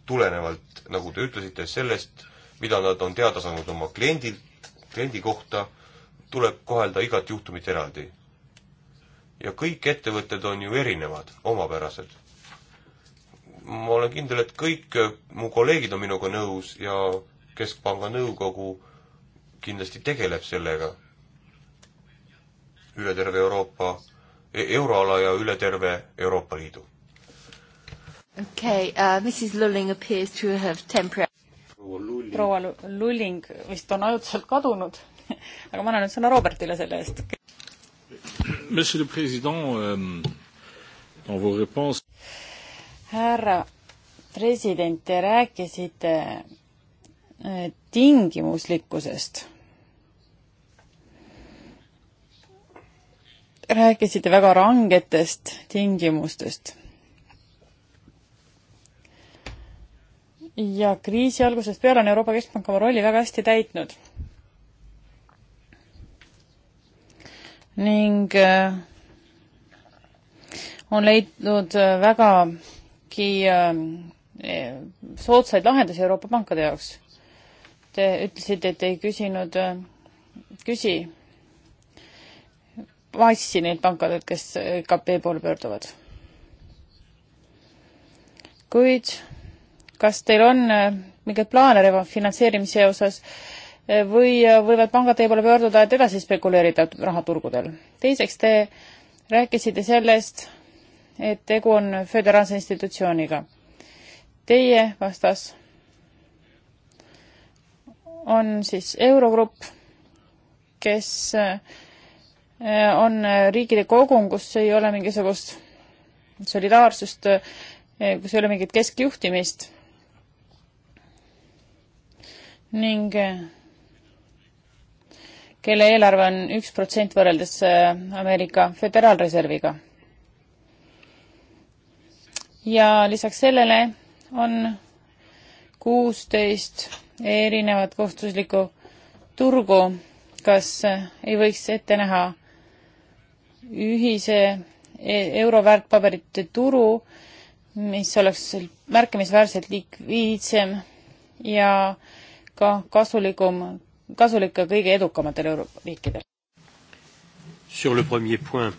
tulenevalt, nagu te ütlesite, sellest, mida nad on teada saanud oma kliendilt, kliendi kohta, tuleb kohelda igat juhtumit eraldi. ja kõik ettevõtted on ju erinevad, omapärased. ma olen kindel, et kõik mu kolleegid on minuga nõus ja Keskpanga nõukogu kindlasti tegeleb sellega üle terve Euroopa, e-, euroala ja üle terve Euroopa Liidu okei okay, uh,, Mrs Lulling appears to have temporary proua Lulling vist on ajutiselt kadunud [laughs] aga ma annan nüüd sõna Robertile selle eest. Monsieur le Président euh,, dans vos réponses. härra president, te rääkisite äh, tingimuslikkusest. rääkisite väga rangetest tingimustest ja kriisi algusest peale on Euroopa Keskpank oma rolli väga hästi täitnud. ning äh, on leidnud äh, vägagi äh, e, soodsaid lahendusi Euroopa pankade jaoks. Te ütlesite, et ei küsinud, küsi massi neid pankadelt, kes KP poole pöörduvad. kuid kas teil on äh, mingeid plaane finantseerimise osas äh, või äh, võivad pangad teie poole pöörduda, et edasi spekuleerida rahaturgudel? teiseks, te rääkisite sellest, et tegu on föderaalse institutsiooniga. Teie vastas on siis Eurogrupp, kes on riikide kogum, kus ei ole mingisugust solidaarsust, kus ei ole mingit keskjuhtimist ning eh, kelle eelarve on üks protsent võrreldes eh, Ameerika Föderaalreserviga. ja lisaks sellele on kuusteist erinevat kohtuslikku turgu, kas eh, ei võiks ette näha ühise euro väärtpaberite turu, mis oleks märkimisväärselt likviidsem ja äh, ka kasulikum, kasulik ka kõige edukamatel Euroopa riikidel. Sur le premier point,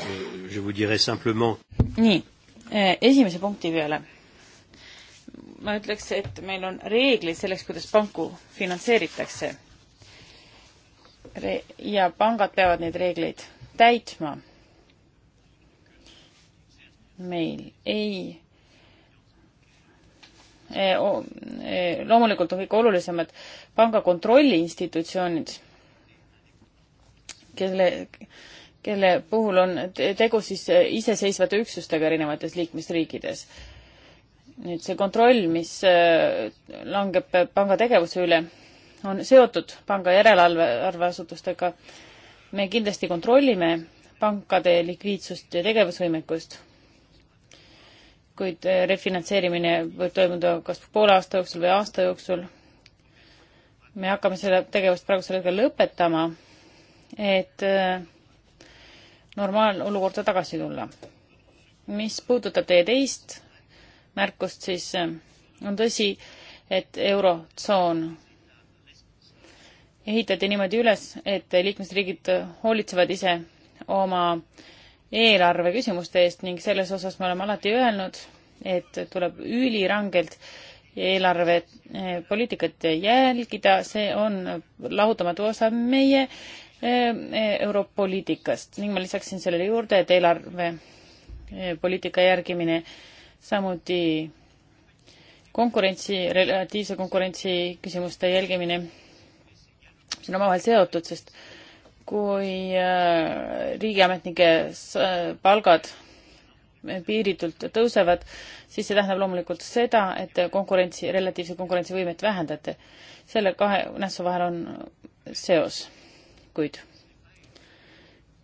euh, je vous dirai simplement. nii, eh, esimese punkti peale. ma ütleks, et meil on reeglid selleks, kuidas panku finantseeritakse Re. ja pangad peavad neid reegleid täitma. meil ei E, e, loomulikult on kõige olulisemad panga kontrolliinstitutsioonid, kelle, kelle puhul on tegu siis iseseisvate üksustega erinevates liikmesriikides. nüüd see kontroll, mis e, langeb panga tegevuse üle, on seotud panga järelevalveasutustega. me kindlasti kontrollime pankade likviidsust ja tegevusvõimekust kuid äh, refinantseerimine võib toimuda kas poole aasta jooksul või aasta jooksul. me hakkame seda tegevust praegusel hetkel lõpetama, et äh, normaalne olukorda tagasi tulla. mis puudutab teie teist märkust, siis äh, on tõsi, et eurotsoon ehitati niimoodi üles, et liikmesriigid hoolitsevad ise oma äh, eelarve küsimuste eest ning selles osas me oleme alati öelnud, et tuleb ülirangelt eelarvepoliitikat eh, jälgida, see on lahutamatu osa meie eh, europoliitikast ning ma lisaksin sellele juurde, et eelarvepoliitika eh, järgimine samuti konkurentsi, relatiivse konkurentsi küsimuste jälgimine, mis on omavahel seotud, sest äh, kui äh, riigiametnike äh, palgad piiritult tõusevad, siis see tähendab loomulikult seda, et konkurentsi, relatiivse konkurentsivõimet vähendate. selle kahe nähtuse vahel on seos, kuid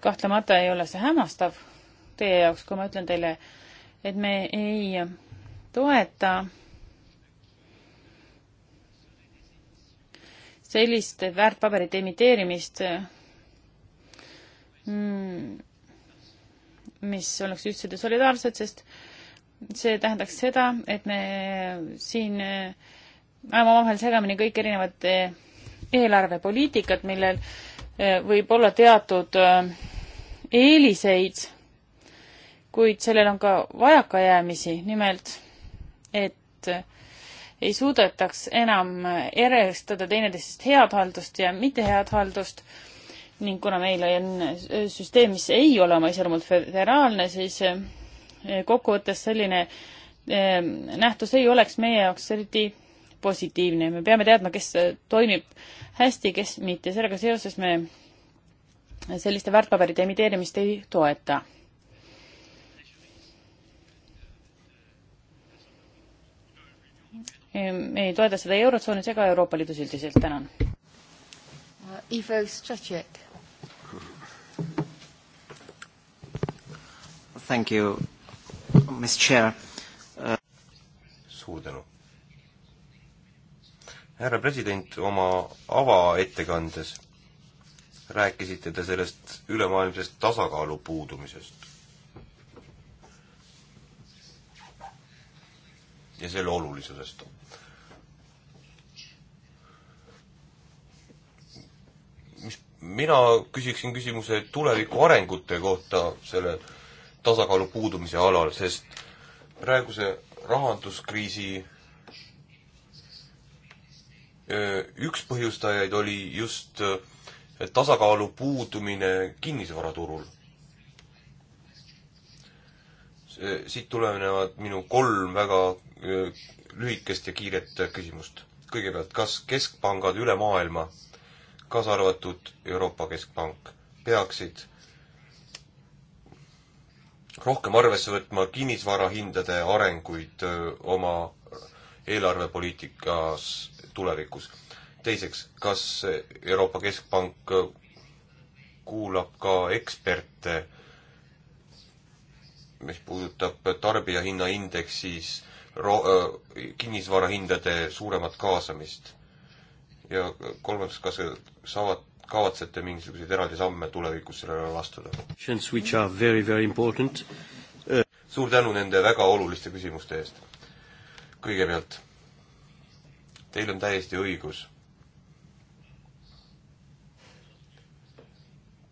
kahtlemata ei ole see hämmastav teie jaoks, kui ma ütlen teile, et me ei toeta selliste väärtpaberite emiteerimist, Hmm. mis oleks ühtsed ja solidaarsed, sest see tähendaks seda, et me siin äh, ajame omavahel segamini kõik erinevad äh, eelarvepoliitikad, millel äh, võib olla teatud eeliseid, kuid sellel on ka vajakajäämisi, nimelt et ei suudetaks enam järjestada teineteisest head haldust ja mitte head haldust ning kuna meil on süsteem, mis ei ole oma iseloomult föderaalne, siis eh, kokkuvõttes selline eh, nähtus ei oleks meie jaoks eriti positiivne. me peame teadma, kes eh, toimib hästi, kes mitte. sellega seoses me selliste väärtpaberite emiteerimist ei toeta. me ei toeta seda Eurotsooni ega Euroopa Liidus üldiselt. tänan. Uh, Ivo Strachek. Thank you, Miss Chair uh.... suur tänu. härra president, oma avaettekandes rääkisite te sellest ülemaailmsest tasakaalu puudumisest. ja selle olulisusest. mis, mina küsiksin küsimuse tuleviku arengute kohta selle tasakaalu puudumise alal, sest praeguse rahanduskriisi üks põhjustajaid oli just tasakaalu puudumine kinnisvaraturul. siit tulenevad minu kolm väga lühikest ja kiiret küsimust. kõigepealt, kas keskpangad üle maailma, kaasa arvatud Euroopa Keskpank, peaksid rohkem arvesse võtma kinnisvarahindade arenguid oma eelarvepoliitikas tulevikus. teiseks, kas Euroopa Keskpank kuulab ka eksperte, mis puudutab tarbijahinnaindeksis ro-, kinnisvarahindade suuremat kaasamist? ja kolmandaks, kas saavad kavatsete mingisuguseid eraldi samme tulevikus sellele astuda? Uh, suur tänu nende väga oluliste küsimuste eest. kõigepealt, teil on täiesti õigus.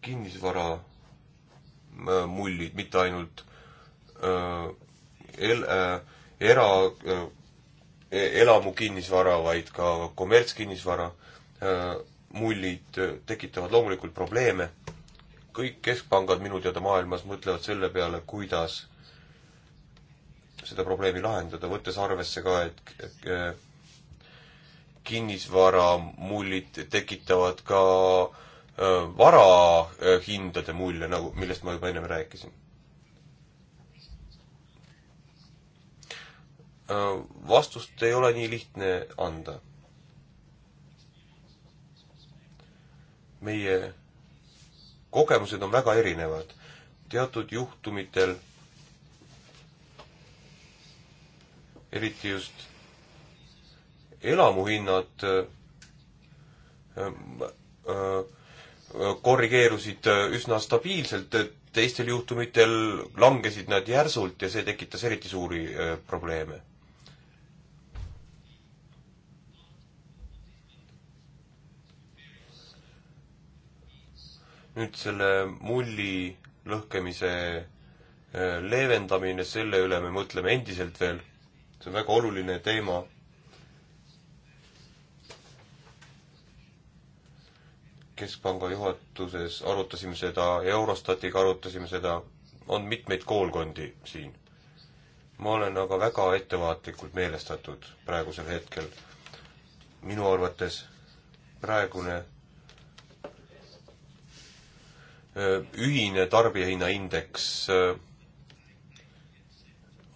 kinnisvara äh, mullid, mitte ainult äh, el- äh,, era äh,, e-, elamu kinnisvara, vaid ka kommertskinnisvara äh, mullid äh, tekitavad loomulikult probleeme. kõik keskpangad minu teada maailmas mõtlevad selle peale, kuidas seda probleemi lahendada, võttes arvesse ka, et äh, kinnisvaramullid tekitavad ka äh, varahindade mulje, nagu, millest ma juba ennem rääkisin. vastust ei ole nii lihtne anda meie kogemused on väga erinevad. teatud juhtumitel, eriti just elamuhinnad äh, äh, korrigeerusid äh, üsna stabiilselt, teistel juhtumitel langesid nad järsult ja see tekitas eriti suuri probleeme nüüd selle mulli lõhkemise äh, leevendamine, selle üle me mõtleme endiselt veel. see on väga oluline teema. keskpanga juhatuses arutasime seda, Eurostatiga arutasime seda, on mitmeid koolkondi siin. ma olen aga väga ettevaatlikult meelestatud praegusel hetkel. minu arvates praegune Äh, ühine tarbijahinnaindeks äh,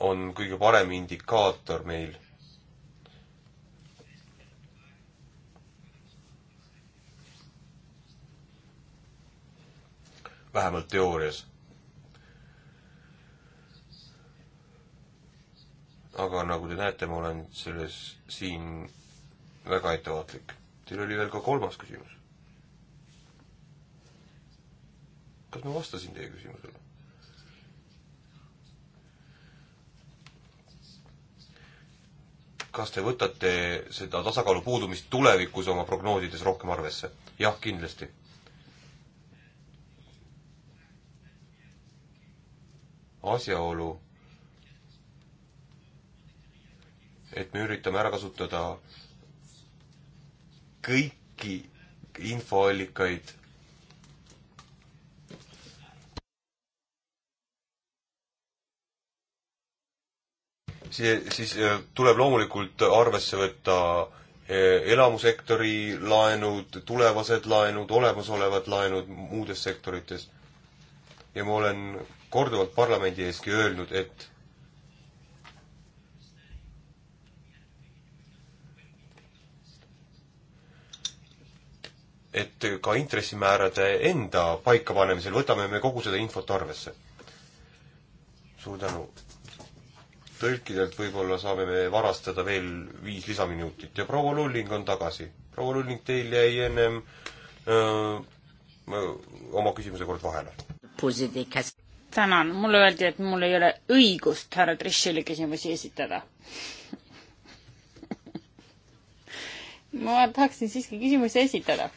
on kõige parem indikaator meil. vähemalt teoorias. aga nagu te näete, ma olen selles siin väga ettevaatlik. Teil oli veel ka kolmas küsimus. kas ma vastasin teie küsimusele? kas te võtate seda tasakaalu puudumist tulevikus oma prognoosides rohkem arvesse? jah, kindlasti. asjaolu, et me üritame ära kasutada kõiki infoallikaid see, siis äh, tuleb loomulikult arvesse võtta äh, elamusektori laenud, tulevased laenud, olemasolevad laenud muudes sektorites. ja ma olen korduvalt parlamendi eeski öelnud, et et ka intressimäärade enda paikapanemisel võtame me kogu seda infot arvesse. suur tänu tõlkidelt võib-olla saame me varastada veel viis lisaminutit ja proua Lulling on tagasi. proua Lulling, teil jäi ennem öö, oma küsimuse kord vahele. tänan, mulle öeldi, et mul ei ole õigust härra Trishile küsimusi esitada [laughs] ma tahaksin siiski küsimusi esitada.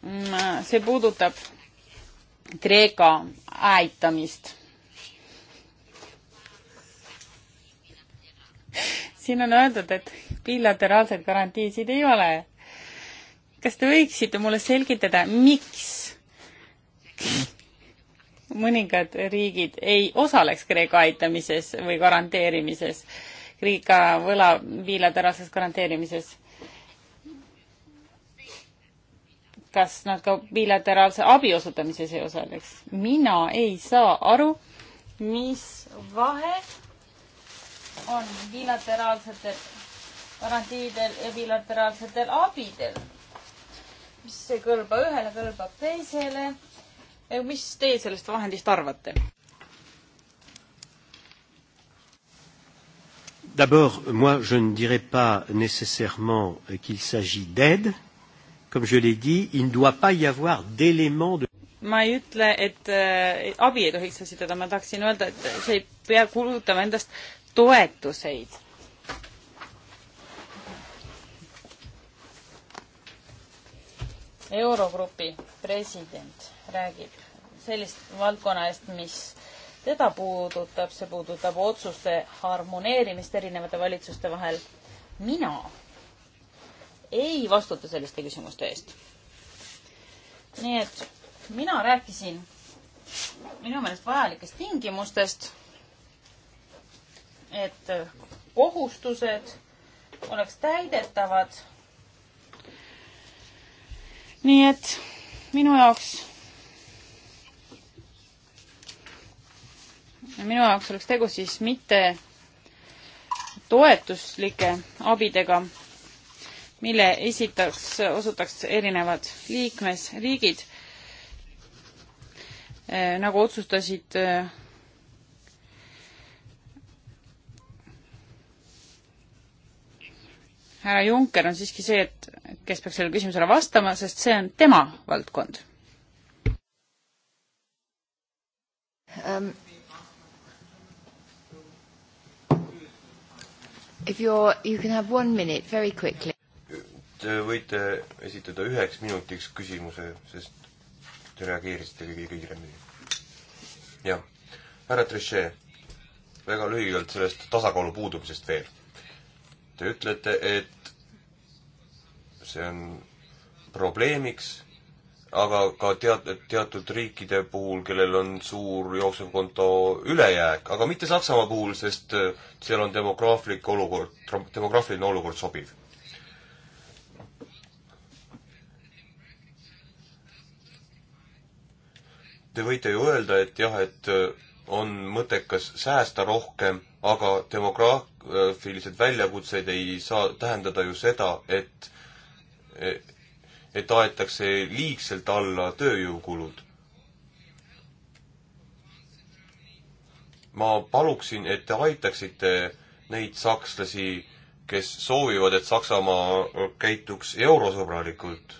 Mm, see puudutab Kreeka aitamist siin on öeldud, et bilateraalseid garantiisid ei ole. kas te võiksite mulle selgitada, miks mõningad riigid ei osaleks Kreeka aitamises või garanteerimises, Kreeka võla bilateraalses garanteerimises? kas nad ka bilateraalse abi osutamises ei osaleks? mina ei saa aru, mis vahe on bilateraalsetel garantiidel ja bilateraalsetel abidel, mis ei kõlba ühele, kõlbab teisele. mis teie sellest vahendist arvate? D'abord, moi, je ne dirais pas nécessairement qu'il s'agit d'aide. Comme je l'ai dit, il ne doit pas y avoir d'éléments de ma ei ütle, et äh, abi ei tohiks esitada, ma tahaksin öelda, et see ei pea kulutama endast toetuseid. eurogrupi president räägib sellist valdkonna eest, mis teda puudutab, see puudutab otsuste harmoneerimist erinevate valitsuste vahel. mina ei vastuta selliste küsimuste eest. nii et mina rääkisin minu meelest vajalikest tingimustest et kohustused oleks täidetavad. nii et minu jaoks, minu jaoks oleks tegu siis mitte toetuslike abidega, mille esitaks, osutaks erinevad liikmesriigid, nagu otsustasid äh, härra Juncker on siiski see, et kes peaks sellele küsimusele vastama, sest see on tema valdkond um,. If you're, you can have one minute very quickly. Te võite esitada üheks minutiks küsimuse, sest te reageerisite kõige kiiremini. jah, härra Trichet, väga lühidalt sellest tasakaalu puudumisest veel te ütlete, et see on probleemiks, aga ka teat-, teatud riikide puhul, kellel on suur jooksevkonto ülejääk, aga mitte Saksamaa puhul, sest äh, seal on demograaflik olukord, demograafiline olukord sobiv. Te võite ju öelda, et jah, et äh, on mõttekas säästa rohkem, aga demograafilised äh, väljakutsed ei saa tähendada ju seda, et et aetakse liigselt alla tööjõukulud. ma paluksin, et te aitaksite neid sakslasi, kes soovivad, et Saksamaa käituks eurosõbralikult.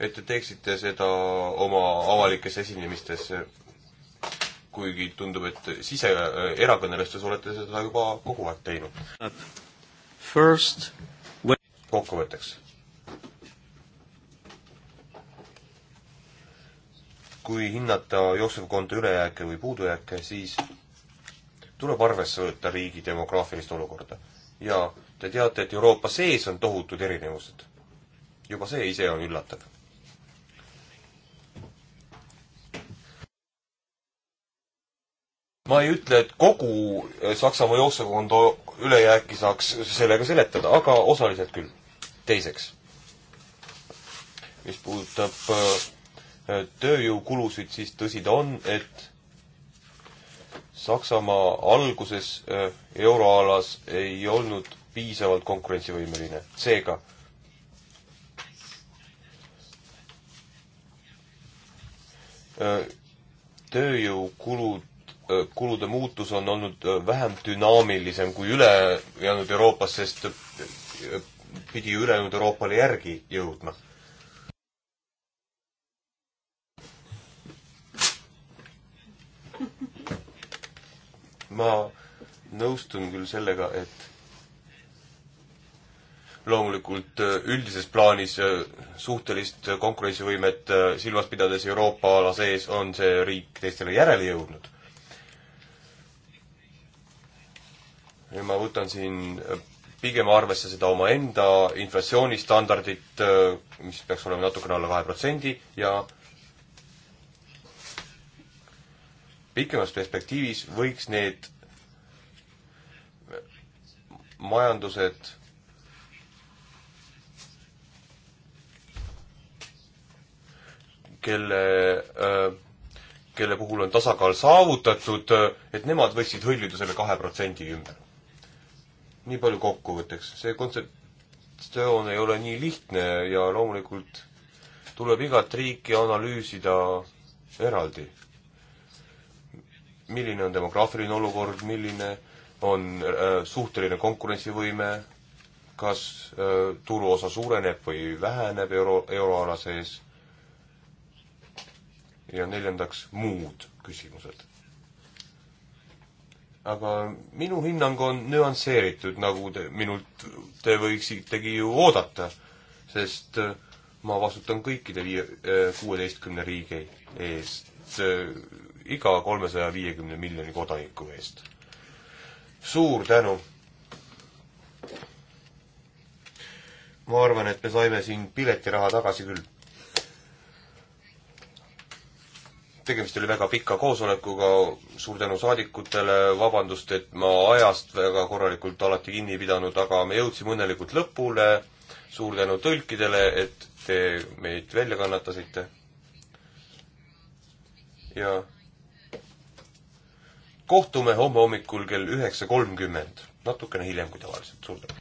et te teeksite seda oma avalikes esinemistes kuigi tundub, et sise, erakonnalistes olete seda juba kogu aeg teinud. First... kokkuvõtteks. kui hinnata jooksevkonto ülejääke või puudujääke, siis tuleb arvesse võtta riigi demograafilist olukorda. ja te teate, et Euroopa sees on tohutud erinevused. juba see ise on üllatav ma ei ütle, et kogu äh, Saksamaa jooksukonto ülejääki saaks sellega seletada, aga osaliselt küll. teiseks, mis puudutab äh, tööjõukulusid, siis tõsi ta on, et Saksamaa alguses äh, euroalas ei olnud piisavalt konkurentsivõimeline, seega tööjõukulud Äh, kulude muutus on olnud äh, vähem dünaamilisem kui ülejäänud Euroopas, sest äh, pidi ülejäänud Euroopale järgi jõudma. ma nõustun küll sellega, et loomulikult üldises plaanis suhtelist konkurentsivõimet silmas pidades Euroopa ala sees on see riik teistele järele jõudnud ja ma võtan siin äh, pigem arvesse seda omaenda inflatsioonistandardit, äh, mis peaks olema natukene alla kahe protsendi ja pikemas perspektiivis võiks need majandused kelle, äh, kelle puhul on tasakaal saavutatud, et nemad võiksid hõljuda selle kahe protsendi ümber nii palju kokkuvõtteks, see kontseptsioon ei ole nii lihtne ja loomulikult tuleb igat riiki analüüsida eraldi. milline on demograafiline olukord, milline on äh, suhteline konkurentsivõime, kas äh, turuosa suureneb või väheneb euro, euroala sees. ja neljandaks, muud küsimused aga minu hinnang on nüansseeritud, nagu te, minult te võiksitegi ju oodata, sest äh, ma vastutan kõikide viie, äh, kuueteistkümne riigi eest, äh, iga kolmesaja viiekümne miljoni kodaniku eest. suur tänu! ma arvan, et me saime siin piletiraha tagasi küll tegemist oli väga pika koosolekuga, suur tänu saadikutele, vabandust, et ma ajast väga korralikult alati kinni ei pidanud, aga me jõudsime õnnelikult lõpule, suur tänu tõlkidele, et te meid välja kannatasite. ja kohtume homme hommikul kell üheksa kolmkümmend, natukene hiljem kui tavaliselt, suur tänu!